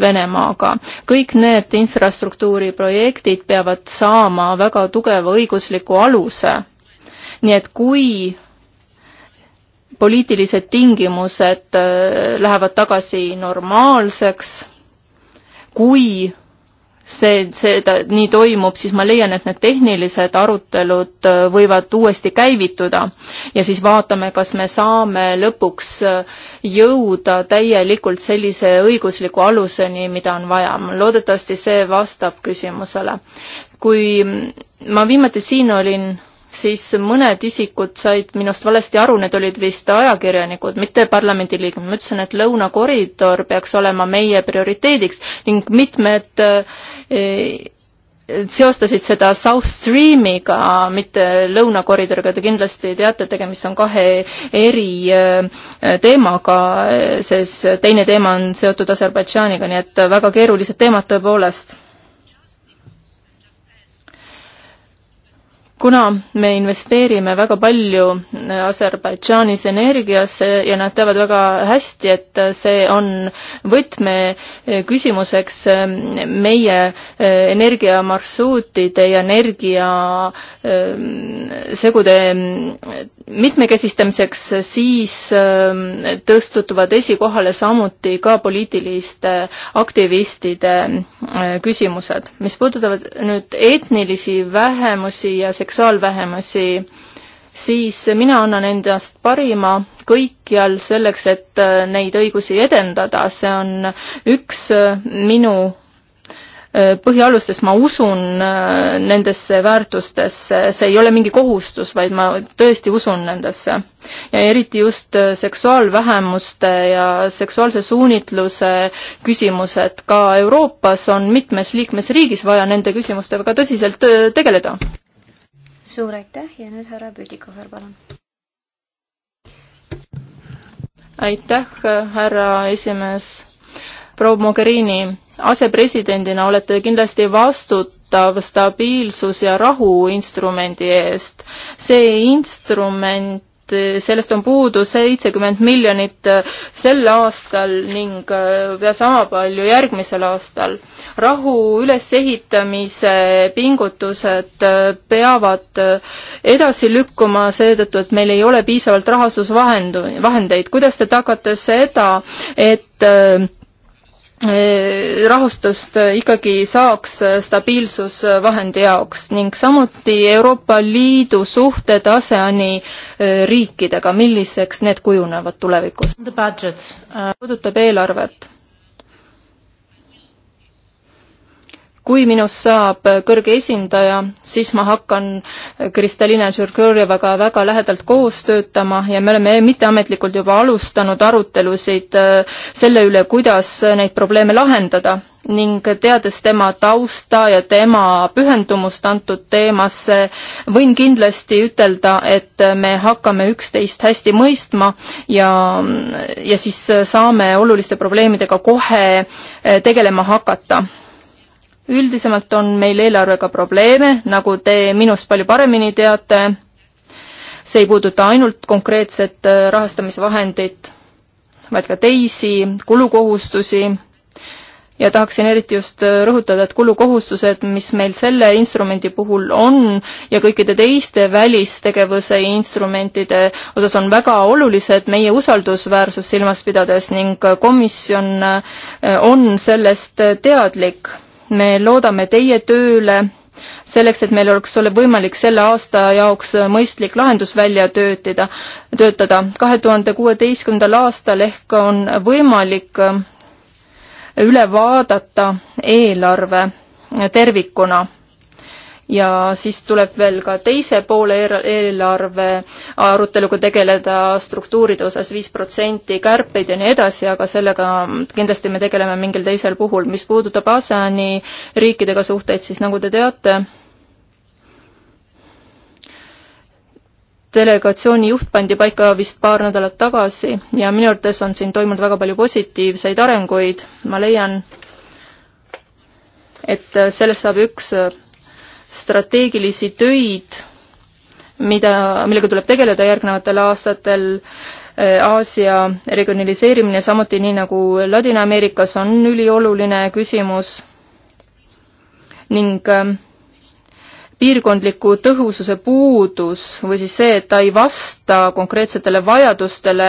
Venemaaga. kõik need infrastruktuuriprojektid peavad saama väga tugeva õigusliku aluse. nii et kui poliitilised tingimused lähevad tagasi normaalseks, kui see, see ta, nii toimub, siis ma leian, et need tehnilised arutelud äh, võivad uuesti käivituda ja siis vaatame, kas me saame lõpuks äh, jõuda täielikult sellise õigusliku aluseni, mida on vaja. loodetavasti see vastab küsimusele. kui mm, ma viimati siin olin, siis mõned isikud said minust valesti aru, need olid vist ajakirjanikud, mitte parlamendiliikmed. ma ütlesin, et lõunakoridor peaks olema meie prioriteediks ning mitmed eh, eh, seostasid seda South Streamiga, mitte lõunakoridoriga, te kindlasti teate, tegemist on kahe eri eh, teemaga, sest teine teema on seotud Aserbaidžaaniga, nii et väga keerulised teemad tõepoolest kuna me investeerime väga palju äh, Aserbaidžaanis energiasse ja nad teavad väga hästi, et äh, see on võtmeküsimuseks äh, meie energiamarsruutide ja energiasegude mitmekesistamiseks, siis tõstutuvad esikohale samuti ka poliitiliste aktivistide küsimused. mis puudutavad nüüd etnilisi vähemusi ja sek-, seksuaalvähemusi, siis mina annan endast parima kõikjal selleks, et äh, neid õigusi edendada, see on üks äh, minu äh, põhialustest ma usun nendesse väärtustesse, see ei ole mingi kohustus, vaid ma tõesti usun nendesse. ja eriti just seksuaalvähemuste ja seksuaalse suunitluse küsimused, ka Euroopas on mitmes liikmesriigis vaja nende küsimustega tõsiselt tegeleda suur aitäh ja nüüd härra Püdikofer, palun. aitäh, härra esimees. proua Mogherini, asepresidendina olete kindlasti vastut-, vastutab stabiilsus ja rahu instrumendi eest. see instrument Eh, sellest on puudu seitsekümmend miljonit eh, sel aastal ning eh, pea sama palju järgmisel aastal. rahu ülesehitamise pingutused peavad edasi lükkuma seetõttu, et meil ei ole piisavalt rahastusvahendu, vahendeid. kuidas te tagate seda, et Äh, rahastust ikkagi saaks stabiilsusvahendi jaoks ning samuti Euroopa Liidu suhted ASEAN-i äh, riikidega, milliseks need kujunevad tulevikus? Äh, puudutab eelarvet kui minust saab kõrge esindaja, siis ma hakkan Kristalina Tšurkõrjevaga väga lähedalt koos töötama ja me oleme mitteametlikult juba alustanud arutelusid äh, selle üle, kuidas neid probleeme lahendada ning teades tema tausta ja tema pühendumust antud teemasse, võin kindlasti ütelda, et me hakkame üksteist hästi mõistma ja, ja siis saame oluliste probleemidega kohe äh, tegelema hakata üldisemalt on meil eelarvega probleeme, nagu te minust palju paremini teate. see ei puuduta ainult konkreetset äh, rahastamisvahendit, vaid ka teisi kulukohustusi ja tahaksin eriti just äh, rõhutada, et kulukohustused, mis meil selle instrumendi puhul on ja kõikide teiste välistegevuse instrumentide osas on väga olulised meie usaldusväärsust silmas pidades ning äh, komisjon on sellest teadlik me loodame teie tööle selleks, et meil oleks ole võimalik selle aasta jaoks mõistlik lahendus välja töötada, töötada. kahe tuhande kuueteistkümnendal aastal ehk on võimalik äh, üle vaadata eelarve tervikuna ja siis tuleb veel ka teise poole eelarve aruteluga tegeleda struktuuride osas viis protsenti kärpeid ja nii edasi, aga sellega kindlasti me tegeleme mingil teisel puhul. mis puudutab ASEAN-i riikidega suhteid, siis nagu te teate, delegatsiooni juht pandi paika vist paar nädalat tagasi ja minu arvates on siin toimunud väga palju positiivseid arenguid, ma leian, et sellest saab üks strateegilisi töid, mida, millega tuleb tegeleda järgnevatel aastatel, äh, Aasia regionaliseerimine, samuti nii nagu Ladina-Ameerikas, on ülioluline küsimus ning äh, piirkondliku tõhususe puudus või siis see, et ta ei vasta konkreetsetele vajadustele,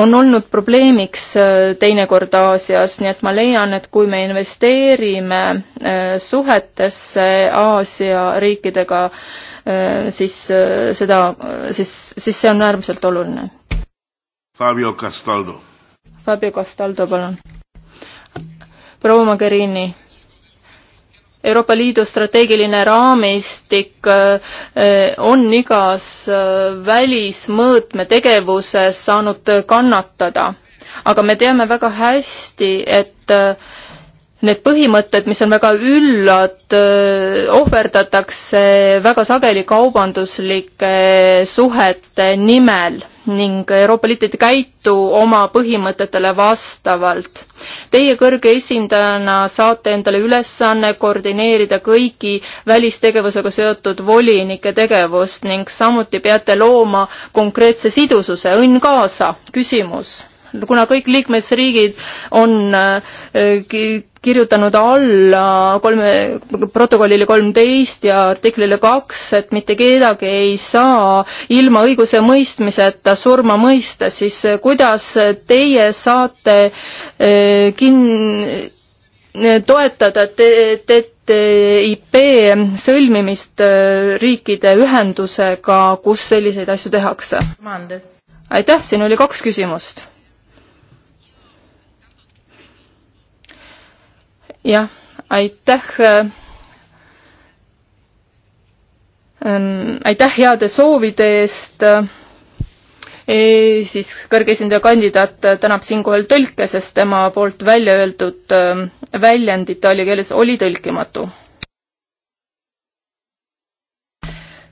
on olnud probleemiks äh, teinekord Aasias, nii et ma leian, et kui me investeerime äh, suhetesse Aasia riikidega, äh, siis seda, siis, siis see on äärmiselt oluline. Fabio Castaldo. Fabio Castaldo, palun. proua Mogherini Euroopa Liidu strateegiline raamistik eh, on igas eh, välismõõtme tegevuses saanud kannatada. aga me teame väga hästi, et eh, need põhimõtted, mis on väga üllad, ohverdatakse väga sageli kaubanduslike suhete nimel ning Euroopa Liit ei käitu oma põhimõtetele vastavalt. Teie kõrge esindajana saate endale ülesanne koordineerida kõigi välistegevusega seotud volinike tegevust ning samuti peate looma konkreetse sidususe. õnn kaasa, küsimus kuna kõik liikmesriigid on äh, kirjutanud alla kolme, protokollile kolmteist ja artiklile kaks, et mitte kedagi ei saa ilma õigusemõistmiseta surma mõista, siis äh, kuidas teie saate äh, kin-, toetada TTIP sõlmimist riikide ühendusega, kus selliseid asju tehakse? aitäh, siin oli kaks küsimust jah, aitäh. Äh, ähm, aitäh heade soovide eest e,. siis kõrge esindaja kandidaat tänab siinkohal tõlke, sest tema poolt välja öeldud ähm, väljend itaalia keeles oli tõlkimatu.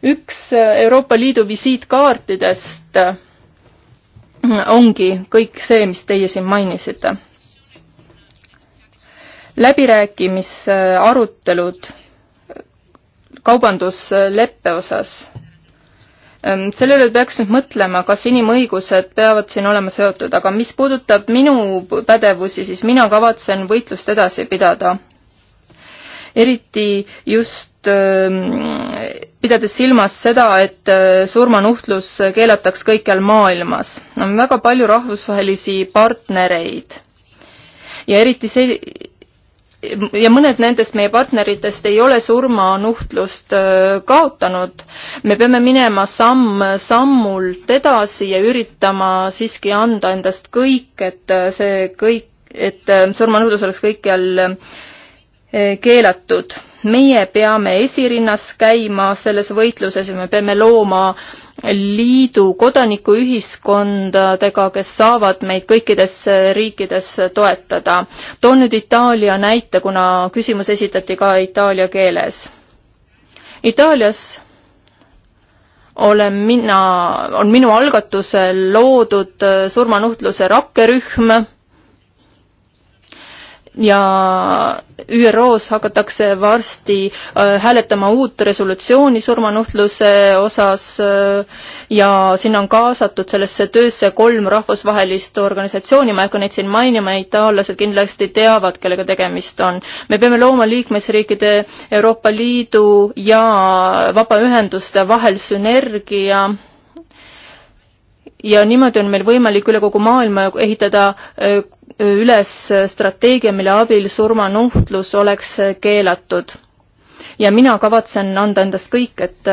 üks Euroopa Liidu visiitkaartidest ongi kõik see, mis teie siin mainisite läbirääkimisarutelud kaubandusleppe osas. Ehm, selle üle peaks nüüd mõtlema, kas inimõigused peavad siin olema seotud, aga mis puudutab minu pädevusi, siis mina kavatsen võitlust edasi pidada. eriti just ehm, pidades silmas seda, et eh, surmanuhtlus keelataks kõikjal maailmas. on väga palju rahvusvahelisi partnereid ja eriti see, ja mõned nendest meie partneritest ei ole surmanuhtlust äh, kaotanud. me peame minema samm-sammult edasi ja üritama siiski anda endast kõik, et äh, see kõik, et äh, surmanuhtlus oleks kõikjal keelatud. meie peame esirinnas käima selles võitluses ja me peame looma liidu kodanikuühiskondadega, kes saavad meid kõikides riikides toetada. toon nüüd Itaalia näite, kuna küsimus esitati ka itaalia keeles. Itaalias olen mina, on minu algatusel loodud surmanuhtluse rakkerühm ja ÜRO-s hakatakse varsti äh, hääletama uut resolutsiooni surmanuhtluse osas äh, ja sinna on kaasatud sellesse töösse kolm rahvusvahelist organisatsiooni, ma ei hakka neid siin mainima, itaallased kindlasti teavad, kellega tegemist on. me peame looma liikmesriikide, Euroopa Liidu ja vabaühenduste vahel sünergia ja niimoodi on meil võimalik üle kogu maailma ehitada üles strateegia, mille abil surmanuhtlus oleks keelatud. ja mina kavatsen anda endast kõik, et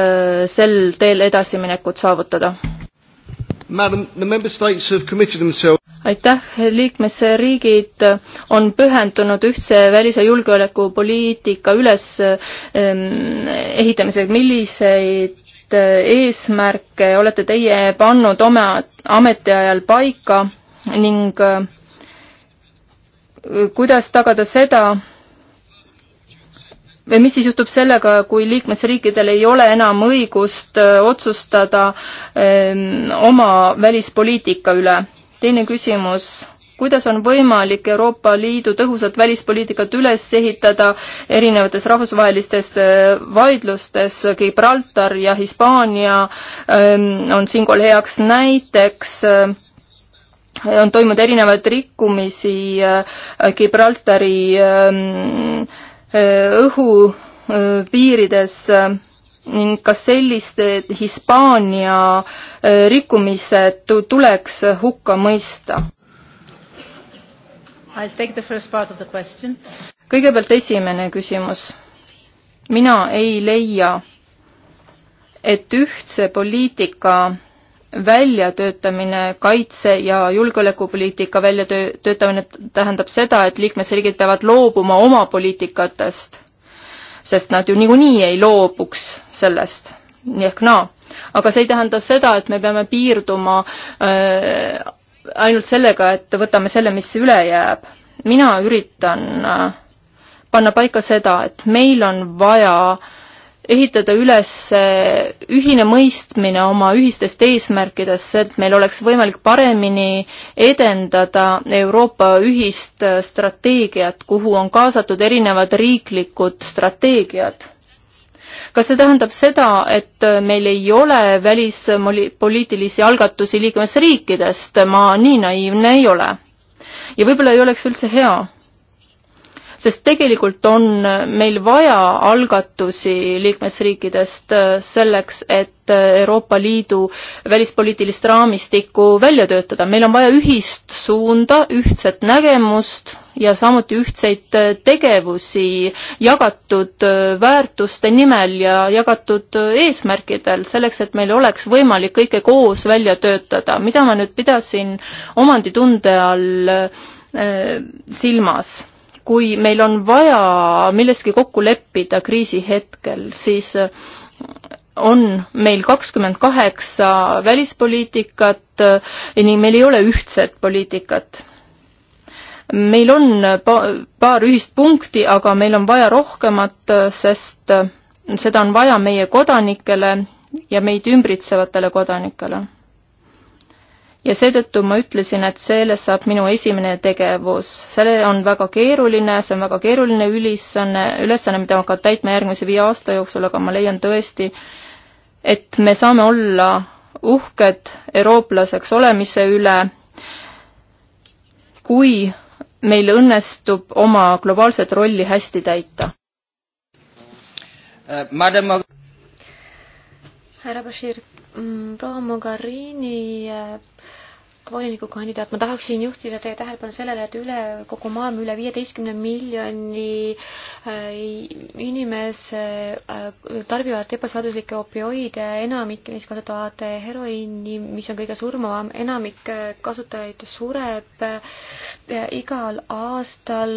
sel teel edasiminekut saavutada. Madam, the member states have committed themselves aitäh, liikmesriigid on pühendunud ühtse välis- ja julgeolekupoliitika üles ehitamisega, milliseid milliseid äh, eesmärke olete teie pannud oma ametiajal paika ning äh, kuidas tagada seda, või mis siis juhtub sellega, kui liikmesriikidel ei ole enam õigust äh, otsustada öö, ähm, oma välispoliitika üle? teine küsimus kuidas on võimalik Euroopa Liidu tõhusat välispoliitikat üles ehitada erinevates rahvusvahelistes äh, vaidlustes, Gibraltar ja Hispaania ähm, on siinkohal heaks näiteks äh, on toimunud erinevaid rikkumisi äh, Gibraltari ähm, õhupiirides ning kas selliste Hispaania rikkumised tuleks hukka mõista? kõigepealt esimene küsimus. mina ei leia, et ühtse poliitika väljatöötamine, kaitse- ja julgeolekupoliitika väljatöötamine tähendab seda, et liikmesriigid peavad loobuma oma poliitikatest, sest nad ju niikuinii ei loobuks sellest, nii ehk naa. aga see ei tähenda seda, et me peame piirduma öö, äh, ainult sellega, et võtame selle, mis üle jääb. mina üritan äh, panna paika seda, et meil on vaja ehitada üles äh, ühine mõistmine oma ühistest eesmärkidest, et meil oleks võimalik paremini edendada Euroopa ühist äh, strateegiat, kuhu on kaasatud erinevad riiklikud strateegiad kas see tähendab seda, et meil ei ole välispoliitilisi algatusi liikmesriikidest? ma nii naiivne ei ole. ja võib-olla ei oleks üldse hea sest tegelikult on meil vaja algatusi liikmesriikidest äh, selleks, et äh, Euroopa Liidu välispoliitilist raamistikku välja töötada. meil on vaja ühist suunda, ühtset nägemust ja samuti ühtseid äh, tegevusi jagatud väärtuste nimel ja jagatud eesmärkidel, selleks et meil oleks võimalik kõike koos välja töötada. mida ma nüüd pidasin omanditunde all silmas kui meil on vaja milleski kokku leppida kriisi hetkel, siis on meil kakskümmend kaheksa välispoliitikat, nii meil ei ole ühtset poliitikat. meil on paar ühist punkti, aga meil on vaja rohkemat, sest seda on vaja meie kodanikele ja meid ümbritsevatele kodanikele ja seetõttu ma ütlesin, et sellest saab minu esimene tegevus. see on väga keeruline, see on väga keeruline ülisanne, ülesanne, mida ma hakkan täitma järgmise viie aasta jooksul, aga ma leian tõesti, et me saame olla uhked eurooplaseks olemise üle, kui meil õnnestub oma globaalset rolli hästi täita. Äh, härra Bashir, mm, proua Mogherini äh, volinikukandidaat, ma tahaksin juhtida teie tähelepanu sellele, et üle kogu maailma üle viieteistkümne miljoni äh, inimese äh, tarbivad ebaseaduslikke opioide, enamik neist kasutavad heroiini, mis on kõige surmavam, enamik äh, kasutajaid sureb igal aastal,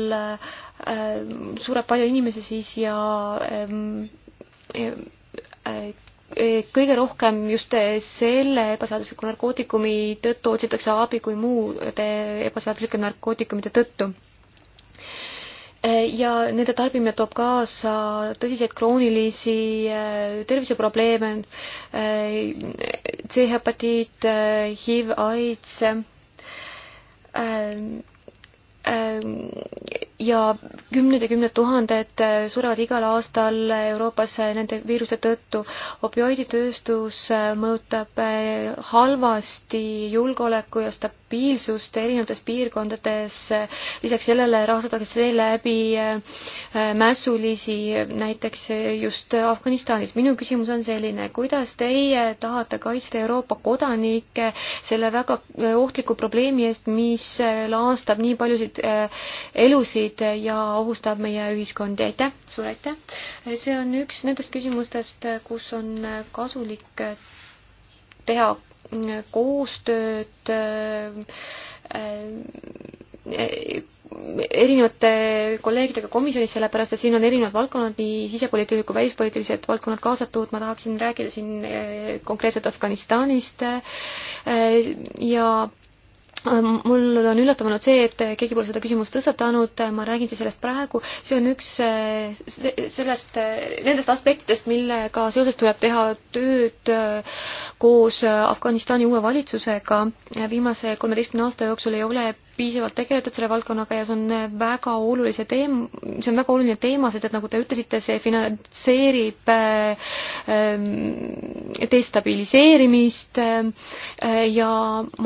sureb palju inimesi siis ja ähm, kõige rohkem just selle ebaseadusliku narkootikumi tõttu otsitakse abi kui muude ebaseaduslike narkootikumide tõttu. ja nende tarbimine toob kaasa tõsiseid kroonilisi äh, terviseprobleeme, äh, C-hepatiit, äh, HIV, AIDS ja kümned ja kümned tuhanded äh, surevad igal aastal Euroopas äh, nende viiruste tõttu. opioiditööstus äh, mõjutab halvasti julgeoleku ja stabiilsust erinevates piirkondades. lisaks sellele rahastatakse seeläbi mässulisi, näiteks just Afganistanis. minu küsimus on selline, kuidas teie tahate kaitsta Euroopa kodanikke selle väga ohtliku probleemi eest, mis laastab nii paljusid elusid õiguseid ja ohustab meie ühiskondi. aitäh, suur aitäh! see on üks nendest küsimustest, kus on kasulik teha koostööd äh, erinevate kolleegidega komisjonis, sellepärast et siin on erinevad valdkonnad, nii sisepoliitilised kui välispoliitilised valdkonnad kaasatud, ma tahaksin rääkida siin äh, konkreetselt Afganistanist äh, ja Äh, mul on üllatav olnud see, et keegi pole seda küsimust tõstatanud, ma räägin siis sellest praegu, see on üks äh, sellest, äh, nendest aspektidest, millega seoses tuleb teha tööd koos Afganistani uue valitsusega. viimase kolmeteistkümne aasta jooksul ei ole piisavalt tegeletud selle valdkonnaga ja see on väga olulise teem-, see on väga oluline teema, sest et nagu te ütlesite, see finantseerib ähm, destabiliseerimist ja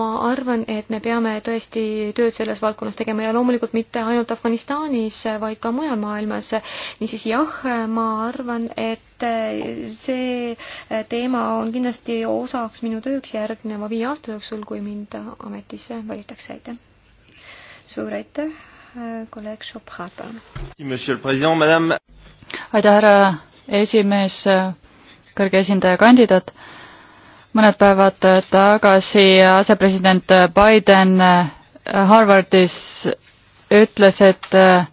ma arvan, et me peame peame tõesti tööd selles valdkonnas tegema ja loomulikult mitte ainult Afganistanis, vaid ka mujal maailmas. niisiis jah, ma arvan, et see teema on kindlasti osaks minu tööks järgneva viie aasta jooksul, kui mind ametisse valitakse, aitäh. suur aitäh, kolleeg Šophata. aitäh, härra esimees, kõrge esindaja kandidaat mõned päevad tagasi asepresident Biden Harvardis ütles, et äh,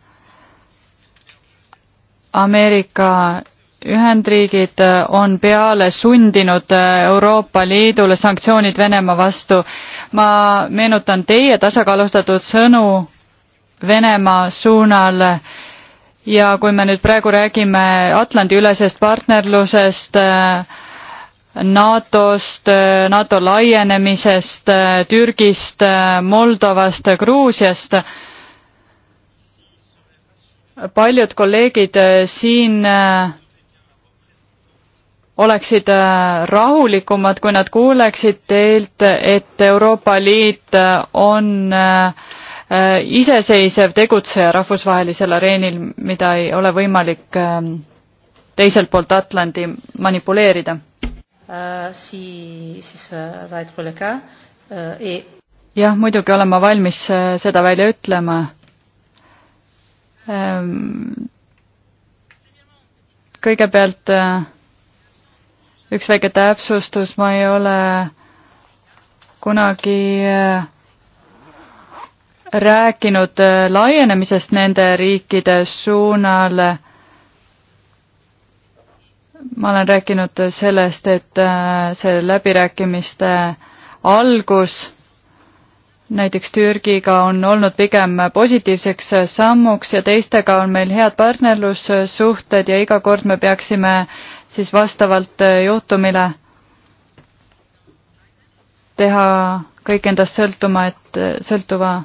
Ameerika Ühendriigid on peale sundinud äh, Euroopa Liidule sanktsioonid Venemaa vastu. ma meenutan teie tasakaalustatud sõnu Venemaa suunal ja kui me nüüd praegu räägime Atlandi-ülesest partnerlusest äh,, NATO-st, NATO laienemisest, Türgist, Moldovast, Gruusiast. paljud kolleegid siin äh, oleksid äh, rahulikumad, kui nad kuuleksid teilt, et Euroopa Liit äh, on iseseisev tegutseja rahvusvahelisel areenil, mida ei ole võimalik teiselt poolt Atlandi manipuleerida Äh, si, siis äh, laetkuleka äh, e. jah, muidugi olen ma valmis seda välja ütlema. Ähm, kõigepealt üks väike täpsustus, ma ei ole kunagi rääkinud laienemisest nende riikide suunal ma olen rääkinud sellest, et äh, see läbirääkimiste algus näiteks Türgiga on olnud pigem positiivseks sammuks ja teistega on meil head partnerlussuhted ja iga kord me peaksime siis vastavalt juhtumile teha kõik endast sõltuma, et, sõltuva,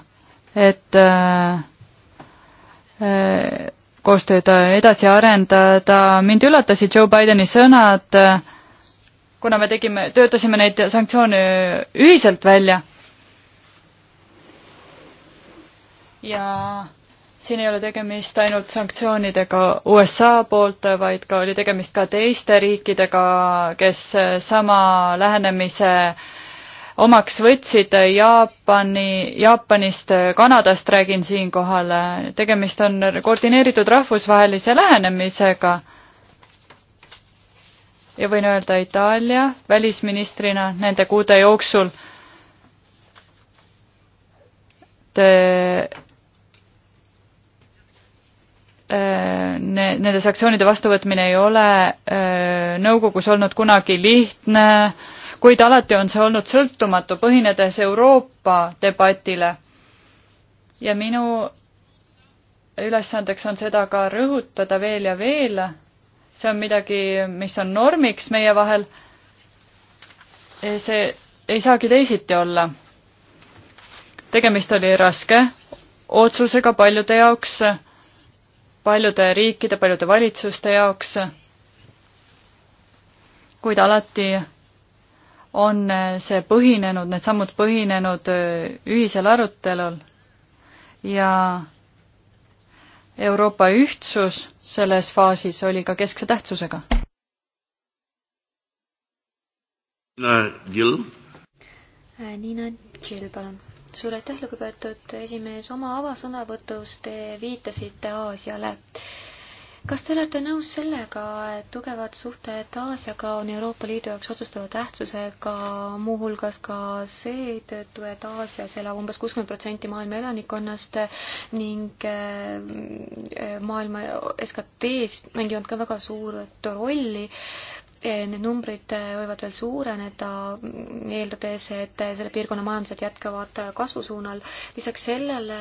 et äh, äh koostööd äh, edasi arendada. mind üllatasid Joe Bideni sõnad, äh, kuna me tegime, töötasime neid sanktsioone ühiselt välja. ja siin ei ole tegemist ainult sanktsioonidega USA poolt, vaid ka oli tegemist ka teiste riikidega, kes äh, sama lähenemise äh, omaks võtsid Jaapani, Jaapanist, Kanadast räägin siinkohal, tegemist on koordineeritud rahvusvahelise lähenemisega. ja võin öelda Itaalia välisministrina nende kuude jooksul. Te ne, nende sanktsioonide vastuvõtmine ei ole öö, nõukogus olnud kunagi lihtne, kuid alati on see olnud sõltumatu, põhinedes Euroopa debatile. ja minu ülesandeks on seda ka rõhutada veel ja veel. see on midagi, mis on normiks meie vahel. see ei saagi teisiti olla. tegemist oli raske otsusega paljude jaoks, paljude riikide, paljude valitsuste jaoks, kuid alati on äh, see põhinenud, need sammud põhinenud äh, ühisel arutelul ja Euroopa ühtsus selles faasis oli ka keskse tähtsusega. Nina Gill. Äh, Nina Gill, palun. suur aitäh, lugupeetud esimees, oma avasõnavõtus te viitasite Aasiale äh, kas te olete nõus sellega, et tugevad suhted Aasiaga on Euroopa Liidu jaoks otsustava tähtsusega, muuhulgas ka seetõttu, et Aasias elab umbes kuuskümmend protsenti maailma elanikkonnast ning äh, maailma SKT-st mängivad ka väga suurt rolli Eh, need numbrid eh, võivad veel suureneda, mm, eeldades, et eh, selle piirkonna majandused jätkavad kasvusuunal. lisaks sellele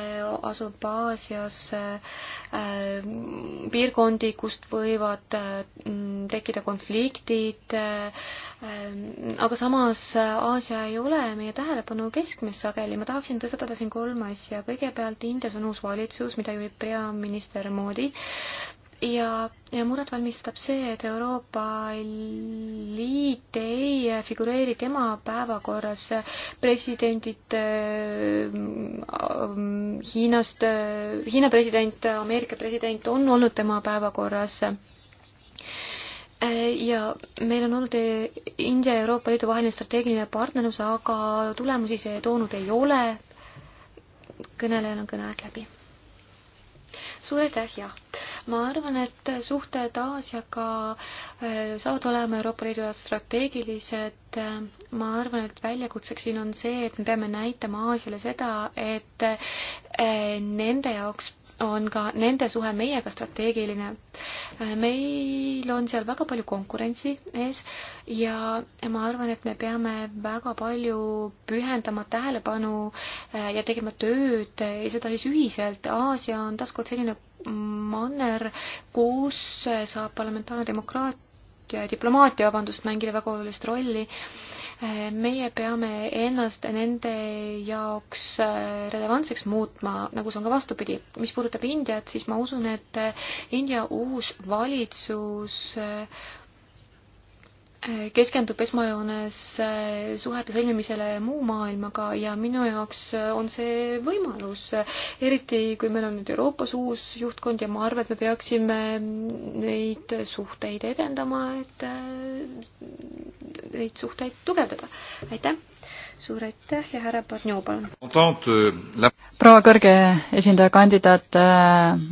asub Aasias piirkondi, kust võivad mm, tekkida konfliktid, aga samas Aasia ei ole meie tähelepanu keskmes sageli. ma tahaksin tõstatada siin kolm asja. kõigepealt Indias on uus valitsus, mida juhib peaminister Moodi ja, ja muret valmistab see, et Euroopa Liit ei figureeri tema päevakorras presidendid äh, Hiinast äh,, Hiina president, Ameerika president on olnud tema päevakorras äh, ja meil on olnud äh, India ja Euroopa Liidu vaheline strateegiline partnerlus, aga tulemusi see toonud ei ole. kõnelejal on kõneaeg läbi. suur aitäh, jah ma arvan, et suhted Aasiaga äh, saavad olema Euroopa Liidu jaoks strateegilised. ma arvan, et väljakutseks siin on see, et me peame näitama Aasiale seda, et äh, nende jaoks on ka nende suhe meiega strateegiline. meil on seal väga palju konkurentsi ees ja ma arvan, et me peame väga palju pühendama tähelepanu eh, ja tegema tööd ja seda siis ühiselt. Aasia on taaskord selline manner, kus saab parlamentaarne demokraatia ja diplomaatia, vabandust, mängida väga olulist rolli meie peame ennast nende jaoks äh, relevantseks muutma, nagu see on ka vastupidi. mis puudutab Indiat, siis ma usun, et India uus valitsus äh, keskendub esmajoones äh, suhete sõlmimisele muu maailmaga ja minu jaoks äh, on see võimalus, eriti kui meil on nüüd Euroopas uus juhtkond ja ma arvan, et me peaksime neid suhteid edendama, et äh, neid suhteid tugevdada. aitäh! suur aitäh ja härra Barnjov, palun! proua kõrge esindaja kandidaat,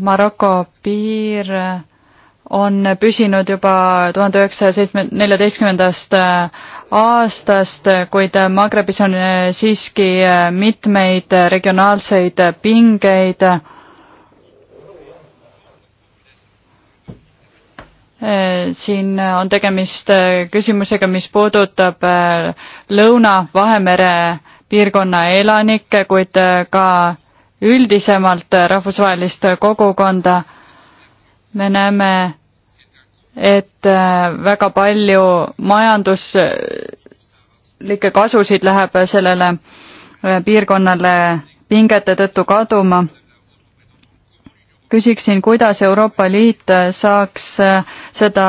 Maroko piir on püsinud juba tuhande üheksasaja seitsme, neljateistkümnendast äh, aastast, kuid Magrebis on äh, siiski äh, mitmeid regionaalseid pingeid. siin on tegemist küsimusega, mis puudutab Lõuna-Vahemere piirkonna elanikke, kuid ka üldisemalt rahvusvahelist kogukonda me näeme, et äh, väga palju majanduslikke kasusid läheb sellele äh, piirkonnale pingete tõttu kaduma. küsiksin, kuidas Euroopa Liit saaks äh, seda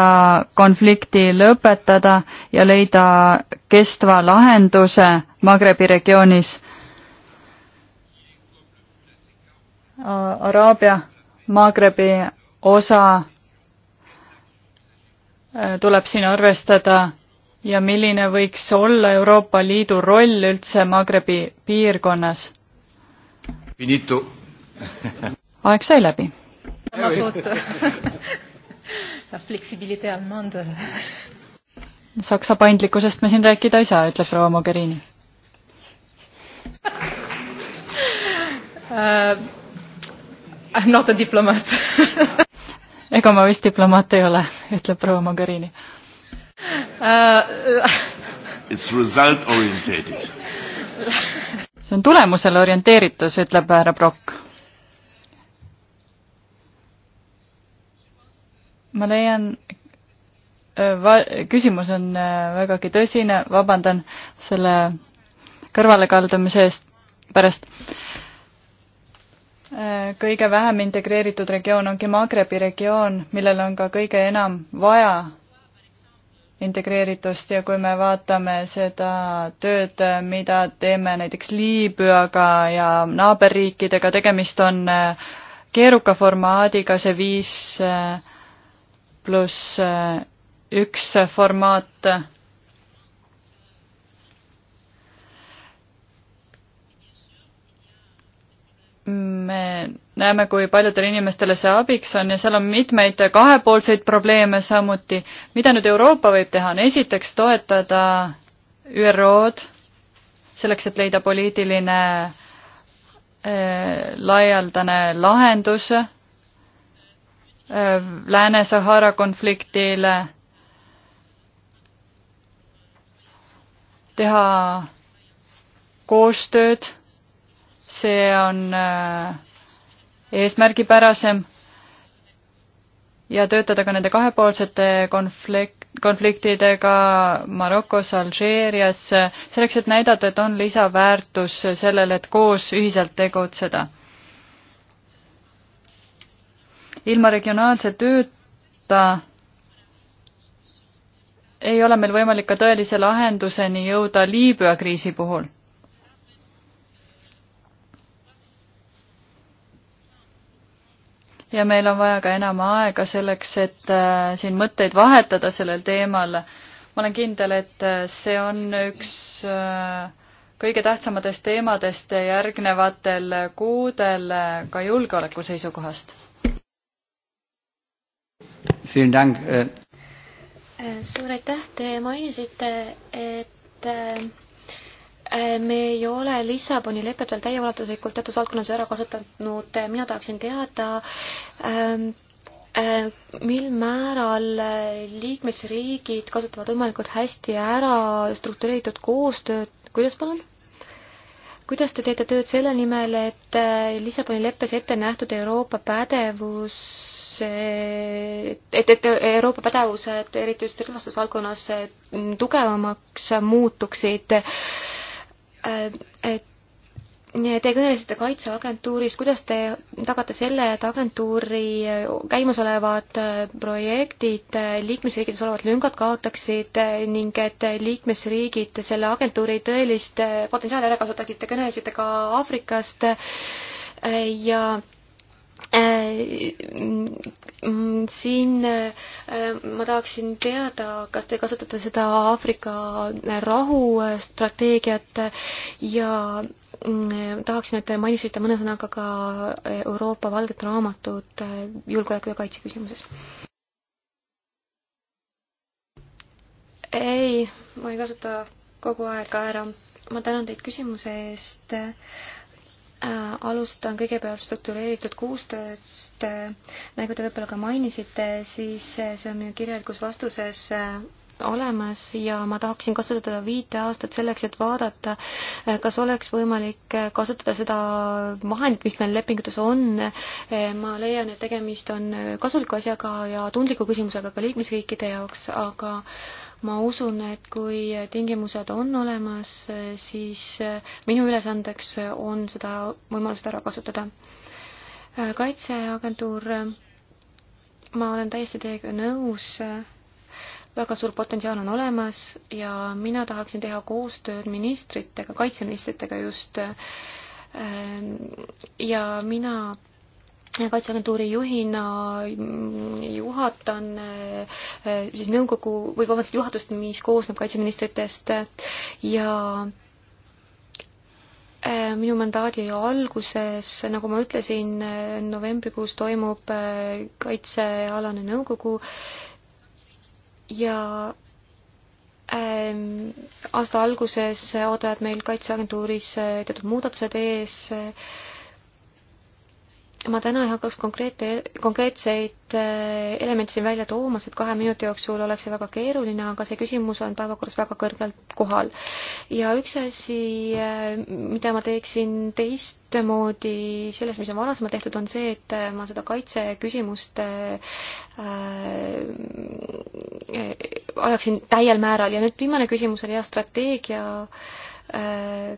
konflikti lõpetada ja leida kestva lahenduse Magrebi regioonis. Araabia Maagrebi osa äh, tuleb siin arvestada ja milline võiks olla Euroopa Liidu roll üldse Magrebi piirkonnas? aeg sai läbi. Saksa paindlikkusest me siin rääkida ei saa, ütleb proua Mogherini uh,. I am not a diplomat ega ma vist diplomaat ei ole, ütleb proua Mogherini uh,. It's result orienteeritud see on tulemusele orienteeritus, ütleb härra Brock. ma leian, äh, küsimus on äh, vägagi tõsine, vabandan selle kõrvalekaldumise eest pärast kõige vähem integreeritud regioon ongi Magrebi regioon, millel on ka kõige enam vaja integreeritust ja kui me vaatame seda tööd, mida teeme näiteks Liibüaga ja naaberriikidega, tegemist on äh, keeruka formaadiga, see viis äh, pluss äh, üks formaat me näeme, kui paljudele inimestele see abiks on ja seal on mitmeid kahepoolseid probleeme samuti. mida nüüd Euroopa võib teha, on esiteks toetada ÜRO-d selleks, et leida poliitiline äh, laialdane lahendus äh, Lääne-Sahara konfliktile, teha koostööd see on äh, eesmärgipärasem ja töötada ka nende kahepoolsete konflikt, konfliktidega Marokos, Alžeerias, selleks, et näidata, et on lisaväärtus sellele, et koos ühiselt tegutseda. ilma regionaalse tööta ei ole meil võimalik ka tõelise lahenduseni jõuda Liibüa kriisi puhul ja meil on vaja ka enam aega selleks, et äh, siin mõtteid vahetada sellel teemal. ma olen kindel, et äh, see on üks äh, kõige tähtsamatest teemadest järgnevatel kuudel ka julgeoleku seisukohast. suur aitäh, te mainisite, et me ei ole Lissaboni lepet veel täieulatuslikult teatud valdkonnas ära kasutanud, mina tahaksin teada ähm,, äh, mil määral liikmesriigid kasutavad võimalikult hästi ära struktureeritud koostööd, kuidas palun? kuidas te teete tööd selle nimel, et äh, Lissaboni leppes ette nähtud Euroopa pädevus et, et Euroopa pädevused, eriti just relvastusvaldkonnas, tugevamaks muutuksid. Äh, et Te kõnelesite Kaitseagentuurist, kuidas te tagate selle, et agentuuri äh, käimasolevad äh, projektid, liikmesriikides olevad lüngad kaotaksid ning et liikmesriigid selle agentuuri tõelist potentsiaali ära kasutaksid, te kõnelesite ka Aafrikast ja Äh, mm, siin äh, ma tahaksin teada, kas te kasutate seda Aafrika rahustrateegiat ja mm, tahaksin, et mainisite mõne sõnaga ka äh, Euroopa valget raamatut julgeoleku ja kaitse küsimuses. ei, ma ei kasuta kogu aega ära. ma tänan teid küsimuse eest äh, Äh, alustan kõigepealt struktureeritud koostööst, äh, nagu te võib-olla ka mainisite, siis äh, see on minu kirjalikus vastuses olemas ja ma tahaksin kasutada viite aastat selleks, et vaadata, kas oleks võimalik kasutada seda vahendit, mis meil lepingutes on. ma leian, et tegemist on kasuliku asjaga ja tundliku küsimusega ka liikmesriikide jaoks, aga ma usun, et kui tingimused on olemas, siis minu ülesandeks on seda võimalust ära kasutada. kaitseagentuur, ma olen täiesti teiega nõus, väga suur potentsiaal on olemas ja mina tahaksin teha koostööd ministritega, kaitseministritega just, ja mina kaitseagentuuri juhina juhatan eh, siis nõukogu või vabandust, juhatust, mis koosneb kaitseministritest ja eh, minu mandaadi alguses, nagu ma ütlesin, novembrikuus toimub eh, kaitsealane nõukogu ja ehm, aasta alguses ootavad meil kaitseagentuuris teatud muudatused ees ma täna ei hakkaks konkreete, konkreetseid eh, elemente siin välja tooma, sest kahe minuti jooksul oleks see väga keeruline, aga see küsimus on päevakorras väga kõrgelt kohal. ja üks asi, eh, mida ma teeksin teistmoodi selles, mis on varasemalt tehtud, on see, et eh, ma seda kaitseküsimust ajaksin täiel määral ja nüüd viimane küsimus oli jah, strateegia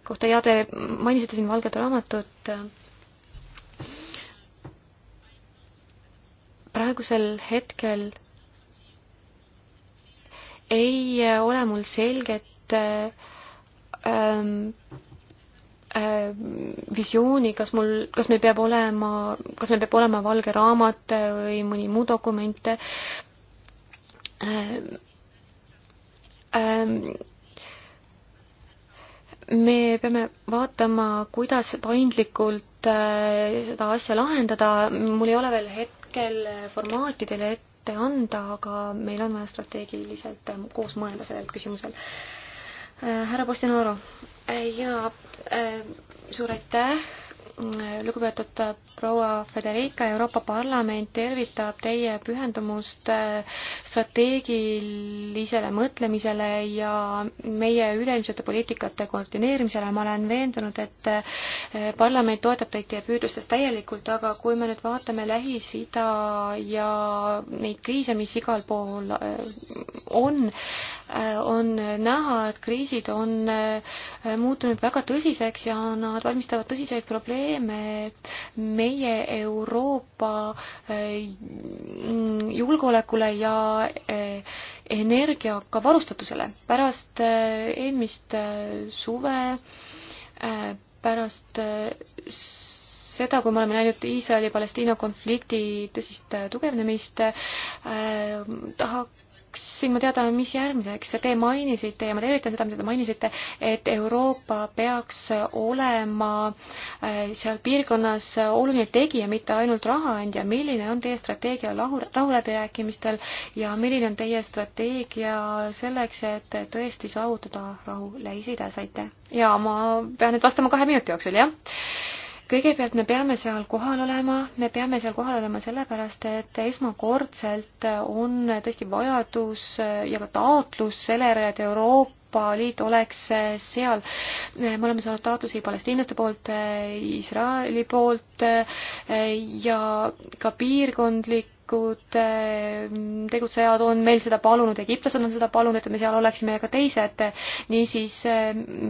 kohta ja te mainisite siin valget raamatut praegusel hetkel ei äh, ole mul selget äh, ähm, äh, visiooni, kas mul, kas meil peab olema, kas meil peab olema valge raamat või mõni muu dokument ähm,. Ähm, me peame vaatama, kuidas paindlikult äh, seda asja lahendada, mul ei ole veel het-, hetkel formaati teile ette anda, aga meil on vaja strateegiliselt koos mõelda sellel küsimusel. Äh, härra Postinaro, äh, jaa, äh, suur aitäh lugupeetud proua Federica, Euroopa Parlament tervitab teie pühendumust äh, strateegilisele mõtlemisele ja meie üleilmsete poliitikate koordineerimisele. ma olen veendunud, et äh, parlament toetab teid teie püüdlustes täielikult, aga kui me nüüd vaatame Lähis-Ida ja neid kriise, mis igal pool äh, on, on näha, et kriisid on muutunud väga tõsiseks ja nad valmistavad tõsiseid probleeme probleeme meie Euroopa eh, julgeolekule ja eh, energiaga varustatusele. pärast eh, eelmist suve, pärast seda, kui me oleme näinud Iisraeli-Palestiina konflikti tõsist tugevnemist, tahaks tahaksin ma teada, mis järgmiseks, te mainisite ja ma tervitan seda, mida te mainisite, et Euroopa peaks olema äh, seal piirkonnas oluline tegija, mitte ainult rahaandja. milline on teie strateegia rahu, rahuläbirääkimistel ja milline on teie strateegia selleks, et tõesti saavutada rahu Lähis-Idas, aitäh! ja ma pean nüüd vastama kahe minuti jooksul, jah? kõigepealt me peame seal kohal olema, me peame seal kohal olema sellepärast, et esmakordselt on tõesti vajadus ja ka taotlus selle järele, et Euroopa Euroopa Liit oleks eh, seal. me oleme saanud taotlusi palestiinlaste poolt, eh, Iisraeli poolt eh, ja ka piirkondlik kiriklikud tegutsejad on meil seda palunud, egiptlased on seda palunud, et me seal oleksime ja ka teised. niisiis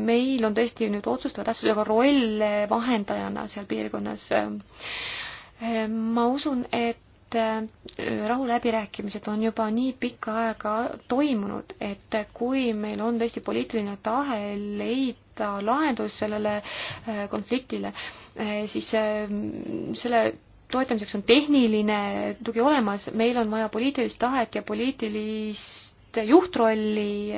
meil on tõesti nüüd otsustava tähtsusega roll vahendajana seal piirkonnas. ma usun, et et äh, rahuläbirääkimised on juba nii pikka aega toimunud, et kui meil on tõesti poliitiline tahe leida lahendus sellele äh, konfliktile, äh, siis selle toetamiseks on tehniline tugi olemas, meil on vaja poliitilist tahet ja poliitilist juhtrolli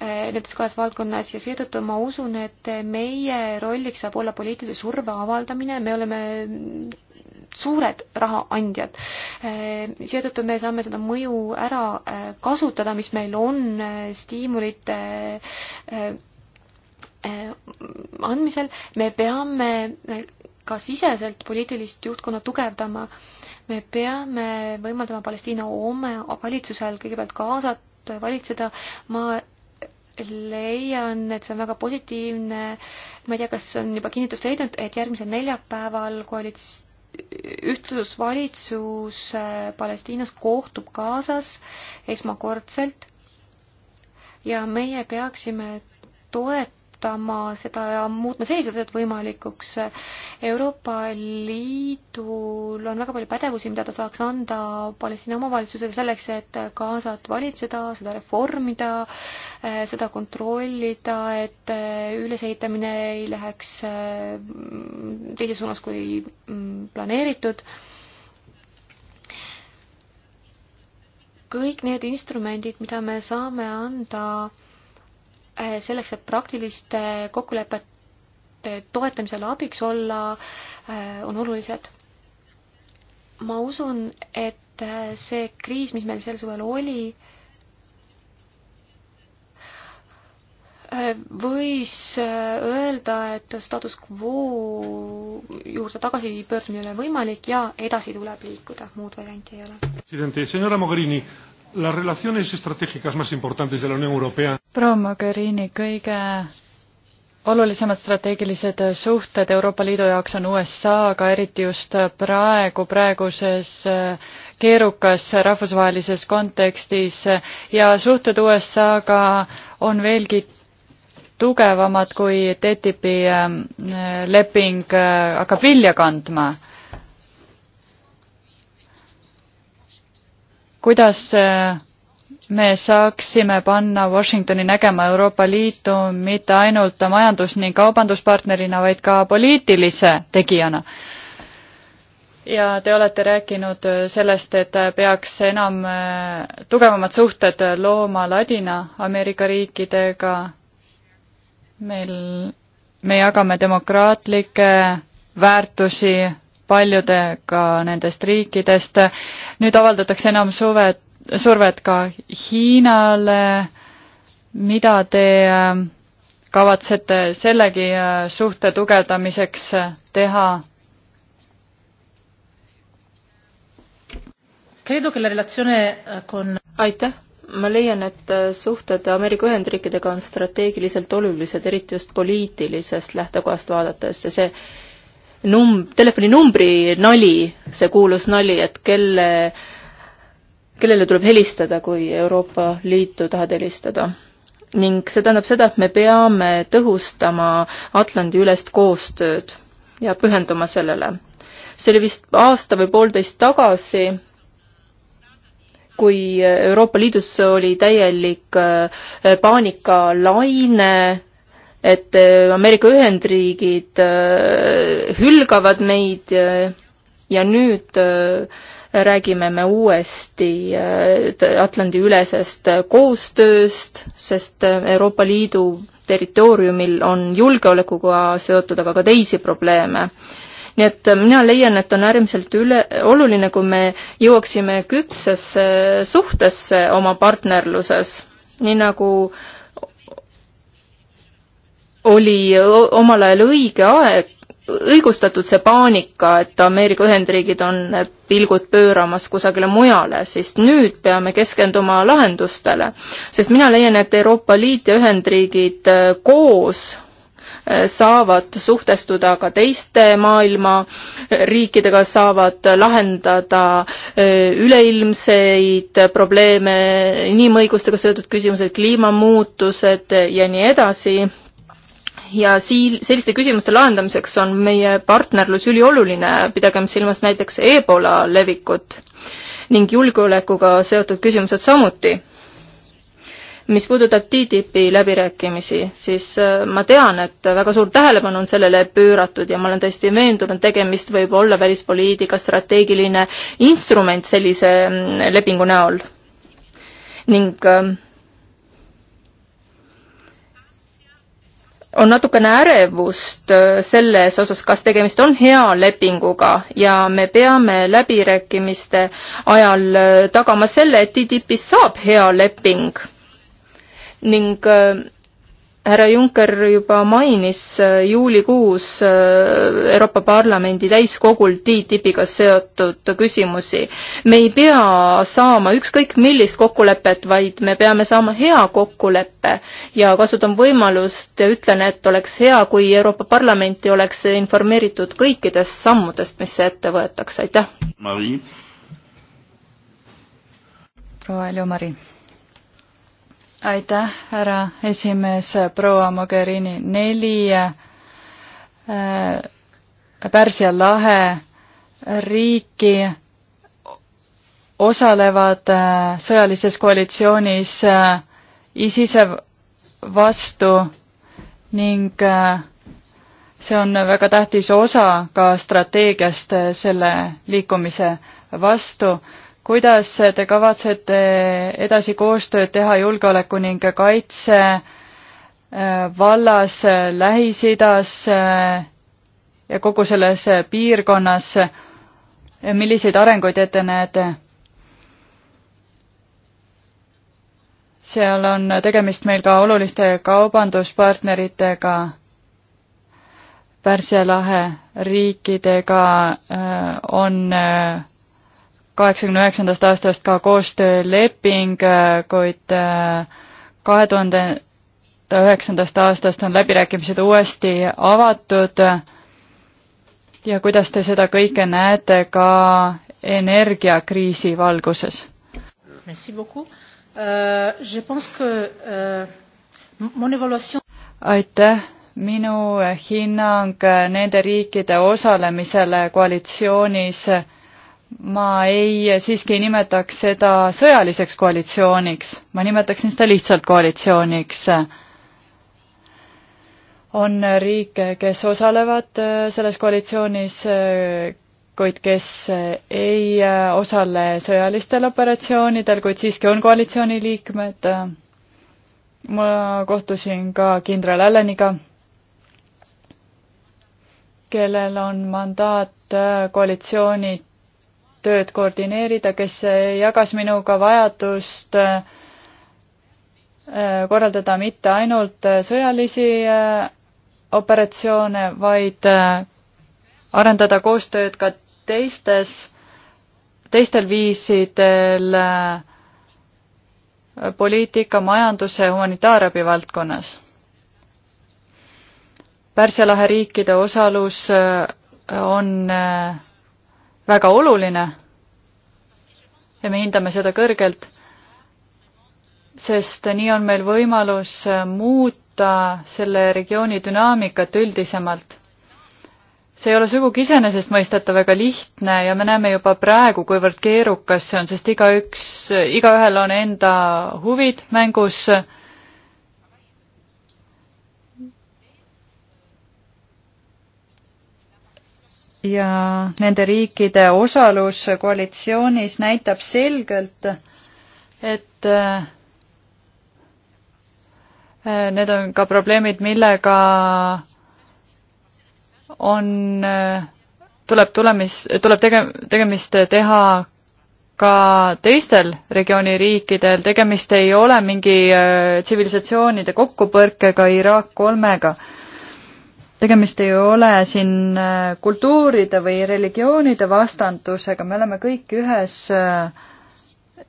nendes kahes valdkonnas ja seetõttu ma usun, et meie rolliks saab olla poliitilise surve avaldamine, me oleme suured rahaandjad. seetõttu me saame seda mõju ära äh, kasutada, mis meil on äh, stiimulite äh, andmisel, me peame ka siseselt poliitilist juhtkonda tugevdama. me peame võimaldama Palestiina oma valitsusel kõigepealt kaasata, valitseda. ma leian, et see on väga positiivne. ma ei tea, kas on juba kinnitust leidnud, et järgmisel neljapäeval koalits-, ühtlusvalitsus Palestiinas kohtub Gazas esmakordselt ja meie peaksime toetama muutma seda ja muutma sellised asjad võimalikuks. Euroopa Liidul on väga palju pädevusi, mida ta saaks anda Palestiina omavalitsusele selleks, et Gazat valitseda, seda reformida, seda kontrollida, et ülesehitamine ei läheks mm, teises suunas kui mm, planeeritud kõik need instrumendid, mida me saame anda Äh, selleks, et praktiliste kokkulepete toetamisele abiks olla, äh, on olulised. ma usun, et äh, see kriis, mis meil sel suvel oli, võis öelda, et status quo juurde tagasipöördumine ei ole võimalik ja edasi tuleb liikuda, muud varianti ei ole. Las relaciones estratégicas más importantes de la Unión Europea. proua Mogherini, kõige olulisemad strateegilised suhted Euroopa Liidu jaoks on USA-ga, eriti just praegu, praeguses äh, keerukas rahvusvahelises kontekstis ja suhted USA-ga on veelgi tugevamad, kui TTIP-i ähm, äh, leping äh, hakkab vilja kandma kuidas äh, me saaksime panna Washingtoni nägema Euroopa Liitu mitte ainult majandus- ning kaubanduspartnerina, vaid ka poliitilise tegijana. ja te olete rääkinud äh, sellest, et peaks enam äh, tugevamad suhted looma Ladina-Ameerika riikidega. meil, me jagame demokraatlikke väärtusi paljudega nendest riikidest. nüüd avaldatakse enam suve, survet ka Hiinale. mida te ähm, kavatsete sellegi äh, suhte tugevdamiseks äh, teha? Äh, aitäh, ma leian, et suhted Ameerika Ühendriikidega on strateegiliselt olulised, eriti just poliitilisest lähtekohast vaadates ja see num-, telefoninumbri nali, see kuulus nali, et kelle, kellele tuleb helistada, kui Euroopa Liitu tahad helistada. ning see tähendab seda, et me peame tõhustama Atlandi-ülest koostööd ja pühenduma sellele. see oli vist aasta või poolteist tagasi, kui Euroopa Liidus oli täielik äh, paanikalaine et äh, Ameerika Ühendriigid äh, hülgavad meid äh, ja nüüd räägime me uuesti Atlandi-ülesest koostööst, sest Euroopa Liidu territooriumil on julgeolekuga seotud aga ka teisi probleeme nii et mina leian, et on äärmiselt üle, oluline, kui me jõuaksime küpsesse suhtesse oma partnerluses. nii nagu oli omal ajal õige aeg, õigustatud see paanika, et Ameerika Ühendriigid on pilgud pööramas kusagile mujale, sest nüüd peame keskenduma lahendustele. sest mina leian, et Euroopa Liit ja Ühendriigid äh, koos äh, saavad suhtestuda ka teiste maailma äh, riikidega, saavad lahendada üleilmseid probleeme, inimõigustega seotud küsimused, kliimamuutused ja nii edasi ja siil-, selliste küsimuste lahendamiseks on meie partnerlus ülioluline, pidagem silmas näiteks Ebola levikut ning julgeolekuga seotud küsimused samuti. mis puudutab TTIP-i läbirääkimisi, siis äh, ma tean, et väga suur tähelepanu on sellele pööratud ja ma olen täiesti veendunud, tegemist võib olla välispoliitika strateegiline instrument sellise mm, lepingu näol. ning äh, on natukene ärevust äh, selles osas, kas tegemist on hea lepinguga ja me peame läbirääkimiste ajal äh, tagama selle, et TTIP-ist saab hea leping. ning äh, härra Juncker juba mainis äh, juulikuus äh, Euroopa Parlamendi täiskogul TTIP-iga seotud küsimusi. me ei pea saama ükskõik millist kokkulepet, vaid me peame saama hea kokkuleppe ja kasutan võimalust ja ütlen, et oleks hea, kui Euroopa Parlamenti oleks informeeritud kõikidest sammudest, mis ette võetakse, aitäh! proua Eljo-Mari aitäh, härra esimees, proua Mogherini, neli äh, Pärsia lahe riiki osalevad äh, sõjalises koalitsioonis äh, ISISe vastu ning äh, see on väga tähtis osa ka strateegiast äh, selle liikumise vastu äh, kuidas te kavatsete edasi koostööd teha julgeoleku ning kaitse äh, vallas Lähis-Idas äh, ja kogu selles äh, piirkonnas, milliseid arenguid ette näete? seal on tegemist meil ka oluliste kaubanduspartneritega, Pärsia lahe riikidega on kaheksakümne üheksandast aastast ka koostööleping, äh, kuid äh, kahe tuhande üheksandast aastast on läbirääkimised uuesti avatud ja kuidas te seda kõike näete ka energiakriisi valguses? Euh, euh, aitäh, minu hinnang äh, nende riikide osalemisele koalitsioonis ma ei, siiski ei nimetaks seda sõjaliseks koalitsiooniks, ma nimetaksin seda lihtsalt koalitsiooniks. on riike, kes osalevad äh, selles koalitsioonis, äh, kuid kes äh, ei osale sõjalistel operatsioonidel, kuid siiski on koalitsiooni liikmed. ma kohtusin ka kindral Alleniga kellel on mandaat koalitsioonid tööd koordineerida, kes jagas minuga vajadust äh, korraldada mitte ainult äh, sõjalisi äh, operatsioone, vaid arendada koostööd ka teistes, teistel viisidel poliitika, majanduse, humanitaarabi valdkonnas. Pärsia lahe riikide osalus on äh, väga oluline ja me hindame seda kõrgelt, sest nii on meil võimalus muuta selle regiooni dünaamikat üldisemalt. see ei ole sugugi iseenesestmõistetav ega lihtne ja me näeme juba praegu, kuivõrd keerukas see on, sest igaüks, igaühel on enda huvid mängus ja nende riikide osalus koalitsioonis näitab selgelt, et äh, need on ka probleemid, millega on, äh, tuleb tulemis, tuleb tege-, tegemist teha ka teistel regiooni riikidel, tegemist ei ole mingi äh, tsivilisatsioonide kokkupõrkega Iraak kolmega tegemist ei ole siin äh, kultuuride või religioonide vastandusega, me oleme kõik ühes, äh,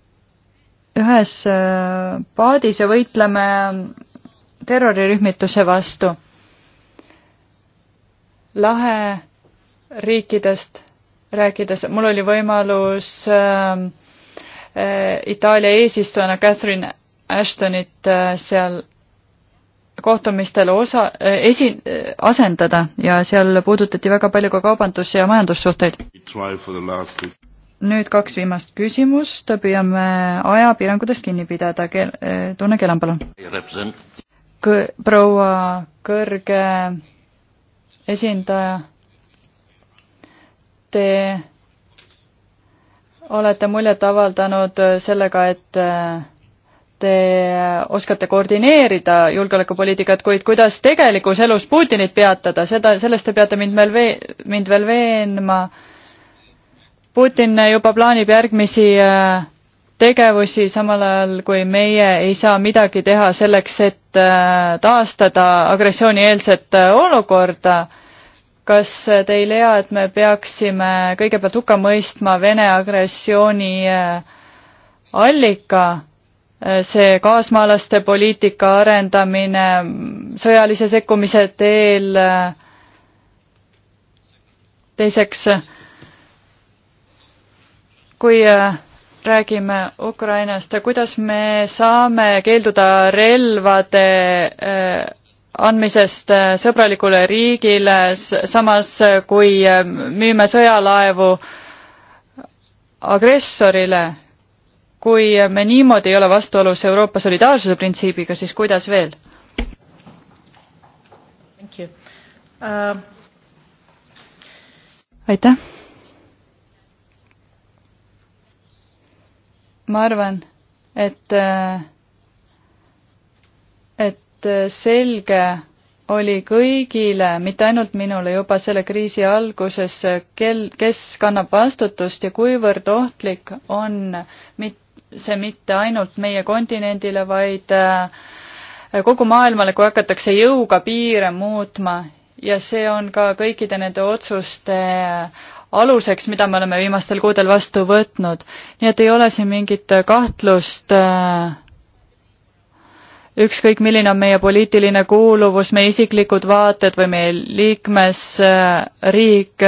ühes äh, paadis ja võitleme terrorirühmituse vastu. lahe riikidest rääkides, mul oli võimalus äh, Itaalia eesistujana Catherine Ashtonit seal kohtumistel osa, eh, esi-, eh, asendada ja seal puudutati väga palju ka kaubandus- ja majandussuhteid. nüüd kaks viimast küsimust, püüame ajapiirangutest kinni pidada, kel-, eh, Tunne Kelam, palun. Kõ-, proua kõrge esindaja, te olete muljet avaldanud sellega, et te oskate koordineerida julgeolekupoliitikat, kuid kuidas tegelikus elus Putinit peatada, seda, sellest te peate mind veel vee-, mind veel veenma. Putin juba plaanib järgmisi äh, tegevusi, samal ajal kui meie ei saa midagi teha selleks, et äh, taastada agressioonieelset äh, olukorda kas te ei leia, et me peaksime kõigepealt hukka mõistma Vene agressiooni allika Äh, see kaasmaalaste poliitika arendamine mm, sõjalise sekkumise teel. Äh, teiseks, kui äh, räägime Ukrainast, kuidas me saame keelduda relvade andmisest sõbralikule riigile, samas kui müüme sõjalaevu agressorile kui me niimoodi ei ole vastuolus Euroopa solidaarsuse printsiibiga, siis kuidas veel? Uh... aitäh. ma arvan, et, uh, et selge oli kõigile, mitte ainult minule, juba selle kriisi alguses, kel, kes kannab vastutust ja kuivõrd ohtlik on mit-, see mitte ainult meie kontinendile, vaid äh, kogu maailmale, kui hakatakse jõuga piire muutma ja see on ka kõikide nende otsuste äh, aluseks, mida me oleme viimastel kuudel vastu võtnud. nii et ei ole siin mingit kahtlust äh, ükskõik, milline on meie poliitiline kuuluvus, meie isiklikud vaated või meie liikmesriik,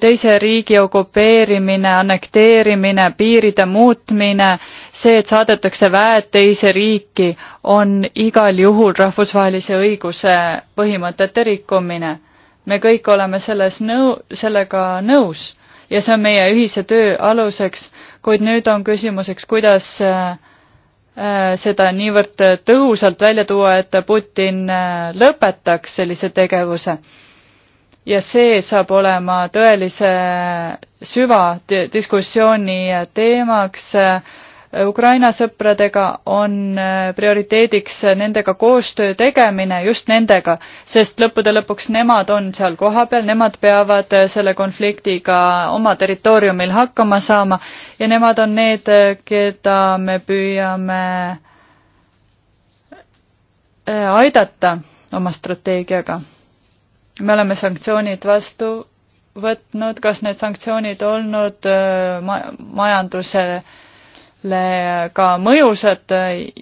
teise riigi okupeerimine, annekteerimine, piiride muutmine, see, et saadetakse väed teise riiki, on igal juhul rahvusvahelise õiguse põhimõtete rikkumine. me kõik oleme selles nõu-, sellega nõus ja see on meie ühise töö aluseks, kuid nüüd on küsimuseks, kuidas äh, seda niivõrd tõhusalt välja tuua, et Putin äh, lõpetaks sellise tegevuse ja see saab olema tõelise süvadiskussiooni teemaks. Ukraina sõpradega on äh, prioriteediks nendega koostöö tegemine, just nendega, sest lõppude lõpuks nemad on seal kohapeal, nemad peavad äh, selle konfliktiga oma territooriumil hakkama saama ja nemad on need, äh, keda me püüame aidata oma strateegiaga me oleme sanktsioonid vastu võtnud, kas need sanktsioonid olnud äh, ma-, majandusele ka mõjusad,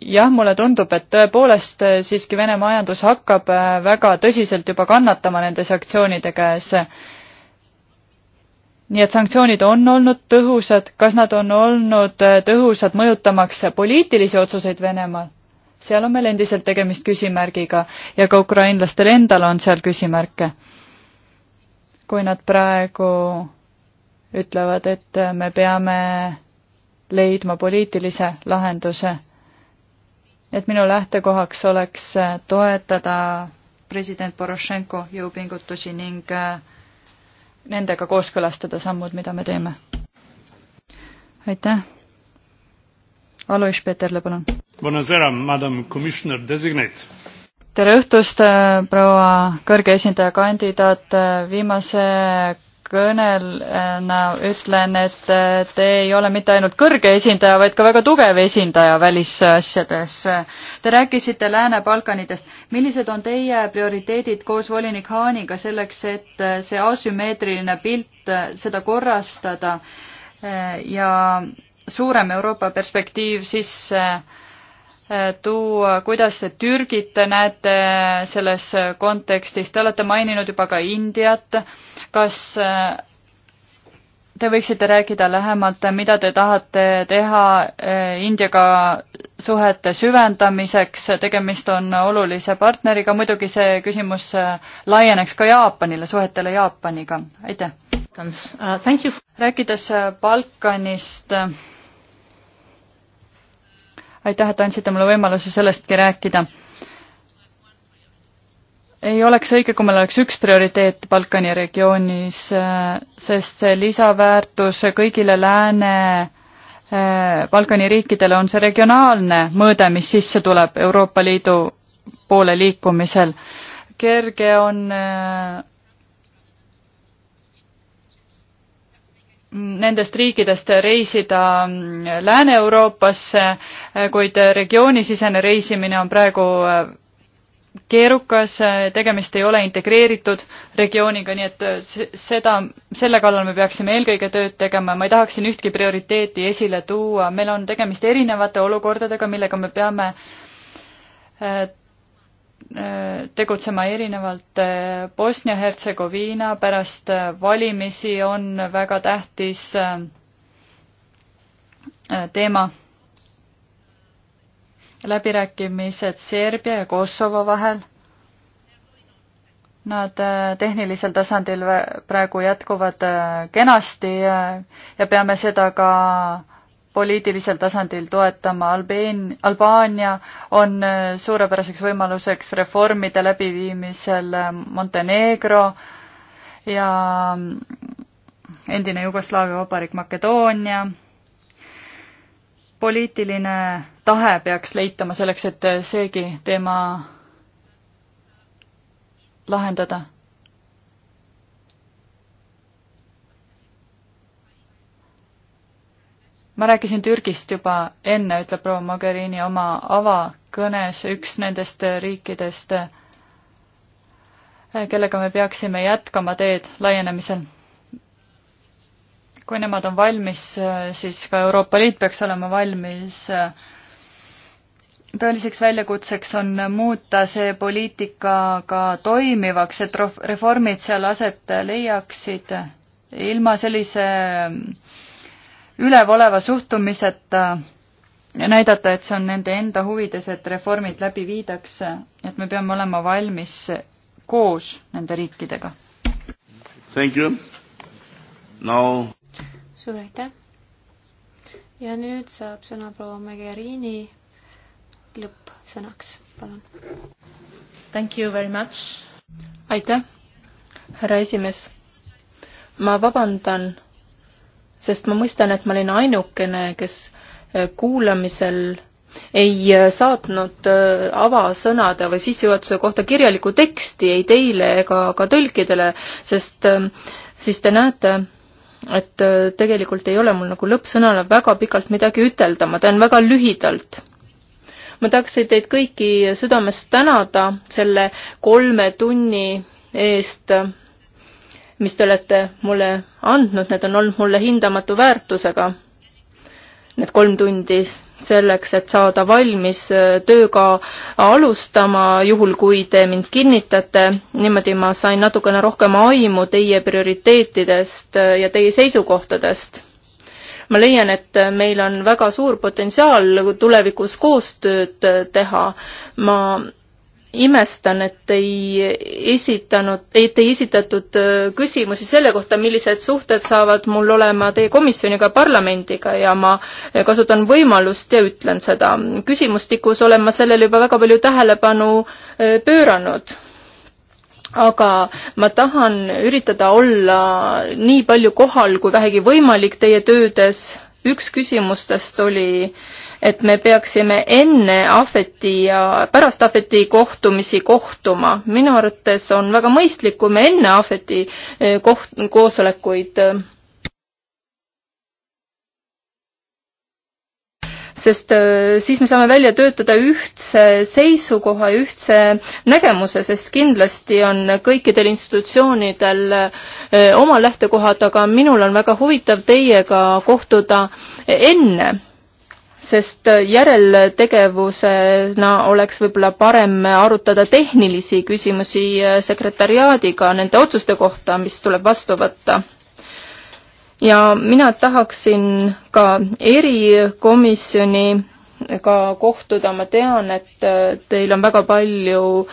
jah, mulle tundub, et tõepoolest äh, siiski Vene majandus hakkab äh, väga tõsiselt juba kannatama nende sanktsioonide käes. nii et sanktsioonid on olnud tõhusad, kas nad on olnud tõhusad mõjutamaks poliitilisi otsuseid Venemaal? seal on meil endiselt tegemist küsimärgiga ja ka ukrainlastel endal on seal küsimärke. kui nad praegu ütlevad, et me peame leidma poliitilise lahenduse, et minu lähtekohaks oleks toetada president Porošenko jõupingutusi ning äh, nendega kooskõlastada sammud, mida me teeme. aitäh. Alois Peterle, palun tere õhtust, äh, proua kõrge esindaja kandidaat, äh, viimase kõnelena ütlen, et äh, te ei ole mitte ainult kõrge esindaja, vaid ka väga tugev esindaja välisasjades. Te rääkisite Lääne-Balkanitest. millised on teie prioriteedid koos volinik Haaniga selleks, et see asümmeetriline pilt, seda korrastada ja suurem Euroopa perspektiiv sisse Äh, tuua, kuidas Türgit näete selles kontekstis, te olete maininud juba ka Indiat, kas äh, te võiksite rääkida lähemalt, mida te tahate teha äh, Indiaga suhete süvendamiseks, tegemist on olulise partneriga, muidugi see küsimus laieneks ka Jaapanile, suhetele Jaapaniga, aitäh! Uh, rääkides Balkanist, aitäh, et andsite mulle võimaluse sellestki rääkida. ei oleks õige, kui meil oleks üks prioriteet Balkani regioonis, sest see lisaväärtus kõigile lääne eh, Balkani riikidele on see regionaalne mõõde, mis sisse tuleb Euroopa Liidu poole liikumisel. kerge on äh, nendest riikidest reisida Lääne-Euroopasse, kuid regioonisisene reisimine on praegu keerukas, tegemist ei ole integreeritud regiooniga, nii et seda, selle kallal me peaksime eelkõige tööd tegema, ma ei tahaks siin ühtki prioriteeti esile tuua, meil on tegemist erinevate olukordadega, millega me peame äh, tegutsema erinevalt eh, Bosnia-Hertsegoviina, pärast eh, valimisi on väga tähtis eh, teema läbirääkimised Serbia ja Kosovo vahel. Nad tehnilisel tasandil praegu jätkuvad kenasti ja peame seda ka poliitilisel tasandil toetama. Albeen-, Albaania on äh, suurepäraseks võimaluseks reformide läbiviimisel äh, Montenegro ja mm, endine Jugoslaavia vabariik Makedoonia. poliitiline tahe peaks leitama selleks, et äh, seegi teema lahendada ma rääkisin Türgist juba enne, ütleb proua Mogherini oma avakõnes, üks nendest riikidest, eh, kellega me peaksime jätkama teed laienemisel. kui nemad on valmis, eh, siis ka Euroopa Liit peaks olema valmis. Eh. tõeliseks väljakutseks on muuta see poliitika ka toimivaks, et reformid seal aset leiaksid ilma sellise mm, ülevoleva suhtumiseta ja näidata, et see on nende enda huvides, et reformid läbi viidakse, et me peame olema valmis koos nende riikidega. Thank you. no. suur aitäh. ja nüüd saab sõna proua Megeriini lõppsõnaks, palun. Thank you very much. aitäh, härra esimees. ma vabandan sest ma mõistan, et ma olin ainukene, kes äh, kuulamisel ei äh, saatnud äh, avasõnade või sissejuhatuse kohta kirjalikku teksti ei teile ega ka tõlkidele, sest ähm, siis te näete, et tegelikult ei ole mul nagu lõppsõnale väga pikalt midagi ütelda, ma teen väga lühidalt. ma tahaksin teid kõiki südamest tänada selle kolme tunni eest mis te olete mulle andnud, need on olnud mulle hindamatu väärtusega. Need kolm tundi selleks, et saada valmis äh, tööga alustama, juhul kui te mind kinnitate. niimoodi ma sain natukene rohkem aimu teie prioriteetidest äh, ja teie seisukohtadest. ma leian, et äh, meil on väga suur potentsiaal tulevikus koostööd teha. ma imestan, et ei esitanud, et ei esitatud äh, küsimusi selle kohta, millised suhted saavad mul olema teie komisjoniga, parlamendiga ja ma kasutan võimalust ja ütlen seda. küsimustikus olen ma sellele juba väga palju tähelepanu äh, pööranud. aga ma tahan üritada olla nii palju kohal kui vähegi võimalik teie töödes. üks küsimustest oli äh, et me peaksime enne ahveti ja pärast ahveti kohtumisi kohtuma. minu arvates on väga mõistlik, kui me enne ahveti eh, koht-, koosolekuid eh, sest eh, siis me saame välja töötada ühtse seisukoha, ühtse nägemuse, sest kindlasti on kõikidel institutsioonidel oma lähtekohad, aga minul on väga huvitav teiega kohtuda enne sest järeltegevusena oleks võib-olla parem arutada tehnilisi küsimusi sekretariaadiga nende otsuste kohta, mis tuleb vastu võtta. ja mina tahaksin ka erikomisjoni ka kohtuda, ma tean, et äh, teil on väga palju,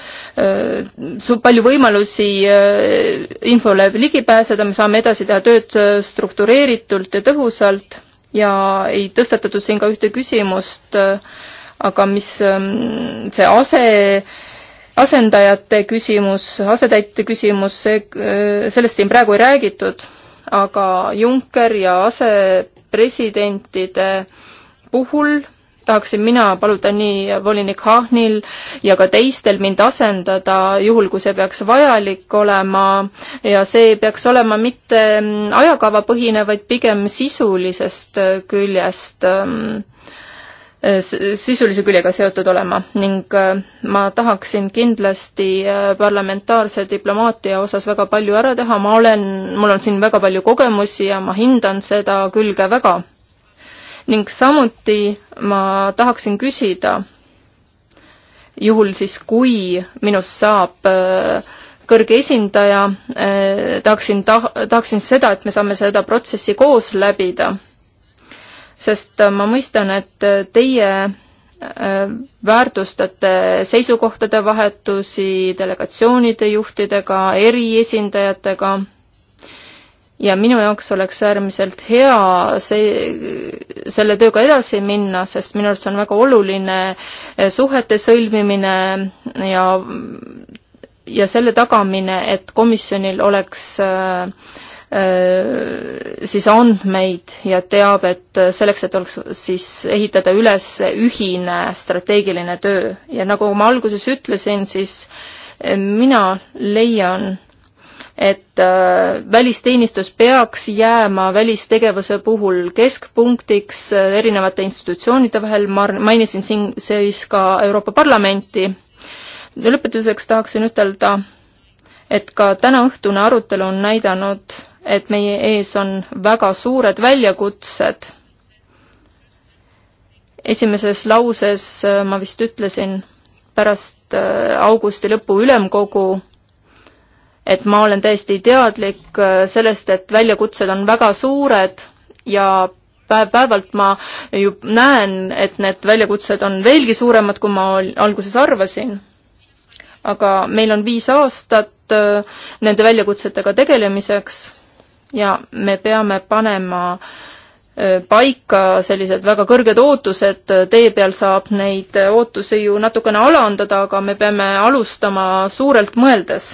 äh, palju võimalusi äh, infole ligi pääseda, me saame edasi teha tööd struktureeritult ja tõhusalt ja ei tõstatatud siin ka ühte küsimust, aga mis ähm, see ase, asendajate küsimus, asetäitjate küsimus, see, äh, sellest siin praegu ei räägitud, aga Juncker ja asepresidentide puhul tahaksin mina paluda nii volinik Hahnil ja ka teistel mind asendada, juhul kui see peaks vajalik olema ja see peaks olema mitte ajakavapõhine, vaid pigem sisulisest küljest, ähm, sisulise küljega seotud olema ning äh, ma tahaksin kindlasti äh, parlamentaarse diplomaatia osas väga palju ära teha, ma olen, mul on siin väga palju kogemusi ja ma hindan seda külge väga ning samuti ma tahaksin küsida, juhul siis, kui minust saab äh, kõrge esindaja, äh, tahaksin ta-, tahaksin seda, et me saame seda protsessi koos läbida. sest äh, ma mõistan, et teie väärtustate seisukohtade vahetusi delegatsioonide juhtidega, eriesindajatega ja minu jaoks oleks äärmiselt hea see, selle tööga edasi minna, sest minu arust on väga oluline eh, suhete sõlmimine ja, ja selle tagamine, et komisjonil oleks äh, siis andmeid ja teavet selleks, et oleks siis ehitada üles ühine strateegiline töö ja nagu ma alguses ütlesin, siis mina leian, et äh, välisteenistus peaks jääma välistegevuse puhul keskpunktiks äh, erinevate institutsioonide vahel, ma mainisin siin siis ka Euroopa Parlamenti. lõpetuseks tahaksin ütelda, et ka tänaõhtune arutelu on näidanud, et meie ees on väga suured väljakutsed. esimeses lauses äh, ma vist ütlesin, pärast augusti lõpu ülemkogu et ma olen täiesti teadlik äh, sellest, et väljakutsed on väga suured ja päev-päevalt ma ju näen, et need väljakutsed on veelgi suuremad, kui ma alguses arvasin. aga meil on viis aastat äh, nende väljakutsetega tegelemiseks ja me peame panema äh, paika sellised väga kõrged ootused, tee peal saab neid ootusi ju natukene alandada, aga me peame alustama suurelt mõeldes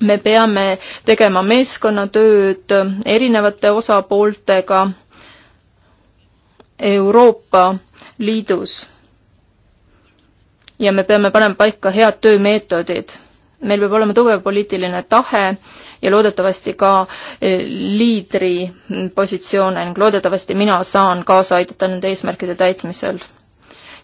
me peame tegema meeskonnatööd erinevate osapooltega Euroopa Liidus. ja me peame panema paika head töömeetodid. meil peab olema tugev poliitiline tahe ja loodetavasti ka e, liidri positsioone ning loodetavasti mina saan kaasa aidata nende eesmärkide täitmisel.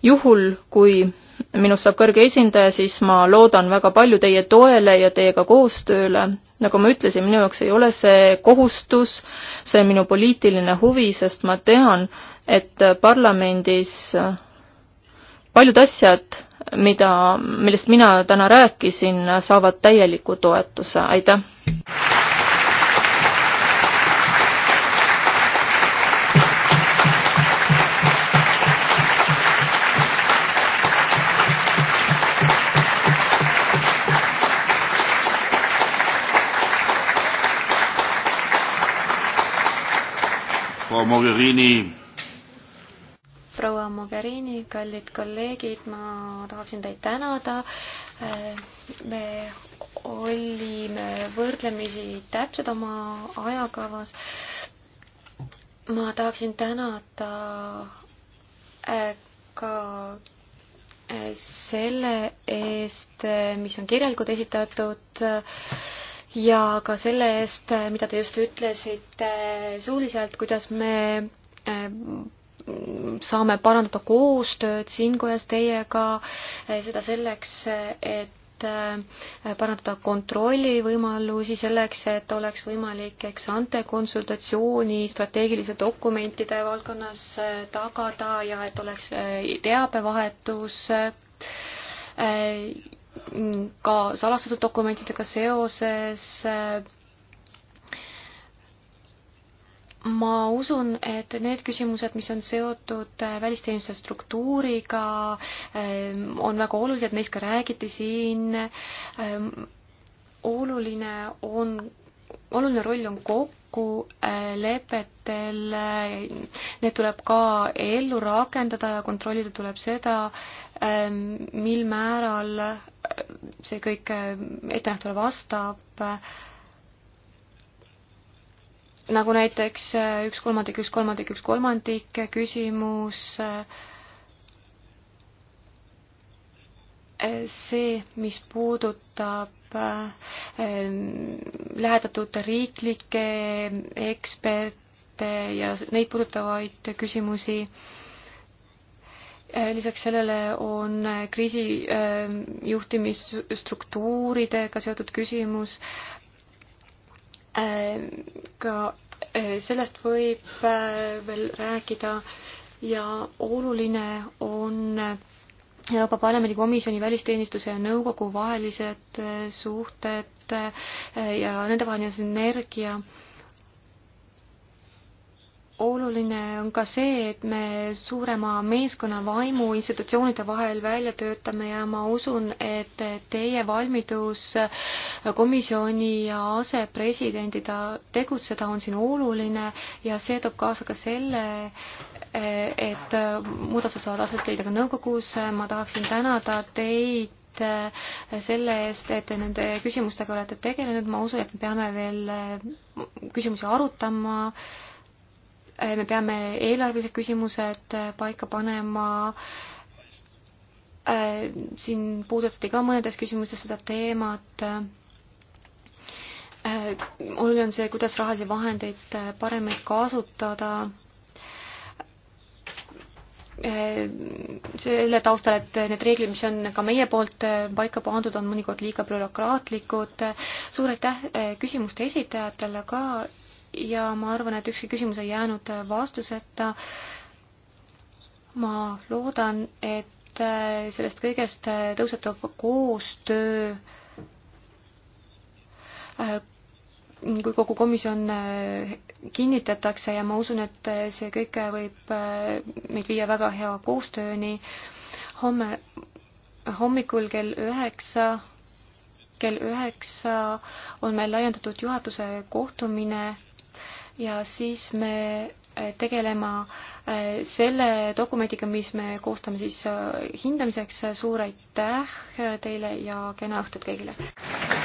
juhul, kui minust saab kõrge esindaja, siis ma loodan väga palju teie toele ja teiega koostööle. nagu ma ütlesin, minu jaoks ei ole see kohustus, see on minu poliitiline huvi, sest ma tean, et parlamendis paljud asjad, mida, millest mina täna rääkisin, saavad täieliku toetuse, aitäh! Mogherini. proua Mogherini, kallid kolleegid, ma tahaksin teid tänada. Äh, me olime võrdlemisi täpsed oma ajakavas. ma tahaksin tänada äh, ka äh, selle eest, mis on kirjalikult esitatud äh, ja ka selle eest, mida te just ütlesite suuliselt, kuidas me äh, saame parandada koostööd siin kojas teiega, äh, seda selleks, et äh, parandada kontrolli võimalusi selleks, et oleks võimalik eksante konsultatsiooni strateegilise dokumentide valdkonnas tagada ja et oleks teabevahetus ka salastatud dokumentidega seoses. Äh, ma usun, et need küsimused, mis on seotud äh, välisteenistuse struktuuriga, äh, on väga olulised, neist ka räägiti siin. oluline on, oluline roll on kokku arengulepetel, äh, äh, need tuleb ka ellu rakendada ja kontrollida tuleb seda, ähm, mil määral äh, see kõik ettenähtule vastab. nagu näiteks üks kolmandik, üks kolmandik, üks kolmandik küsimus see, mis puudutab lähedatud ähm, riiklikke eksperte ja neid puudutavaid küsimusi. Äh, lisaks sellele on äh, kriisijuhtimisstruktuuridega ähm, seotud küsimus. Ähm, ka äh, sellest võib veel rääkida ja oluline on Euroopa Parlamendi komisjoni välisteenistuse ja nõukogu vahelised eh, suhted eh, ja nendevaheline sünergia äh, oluline on ka see, et me suurema meeskonna vaimu institutsioonide vahel välja töötame ja ma usun, et teie valmidus komisjoni ja asepresidendida tegutseda on siin oluline ja see toob kaasa ka selle, et muudatused saavad aset leida ka nõukogus. ma tahaksin tänada teid selle eest, et te nende küsimustega olete tegelenud. ma usun, et me peame veel küsimusi arutama Äh, me peame eelarvelised küsimused äh, paika panema, äh, siin puudutati ka mõnedes küsimustes seda teemat, oluline on see, kuidas rahalisi vahendeid paremini kasutada, selle taustal, et need reeglid, mis on ka meie poolt paika pandud, on mõnikord liiga bürokraatlikud. suur aitäh küsimuste esitajatele ka ja ma arvan, et ükski küsimus ei jäänud vastuseta. ma loodan, et sellest kõigest tõusetub koostöö kui kogu komisjon kinnitatakse ja ma usun, et see kõik võib meid viia väga hea koostööni. homme hommikul kell üheksa, kell üheksa on meil laiendatud juhatuse kohtumine ja siis me äh, tegelema äh, selle dokumendiga, mis me koostame siis äh, hindamiseks. suur aitäh teile ja kena õhtut kõigile!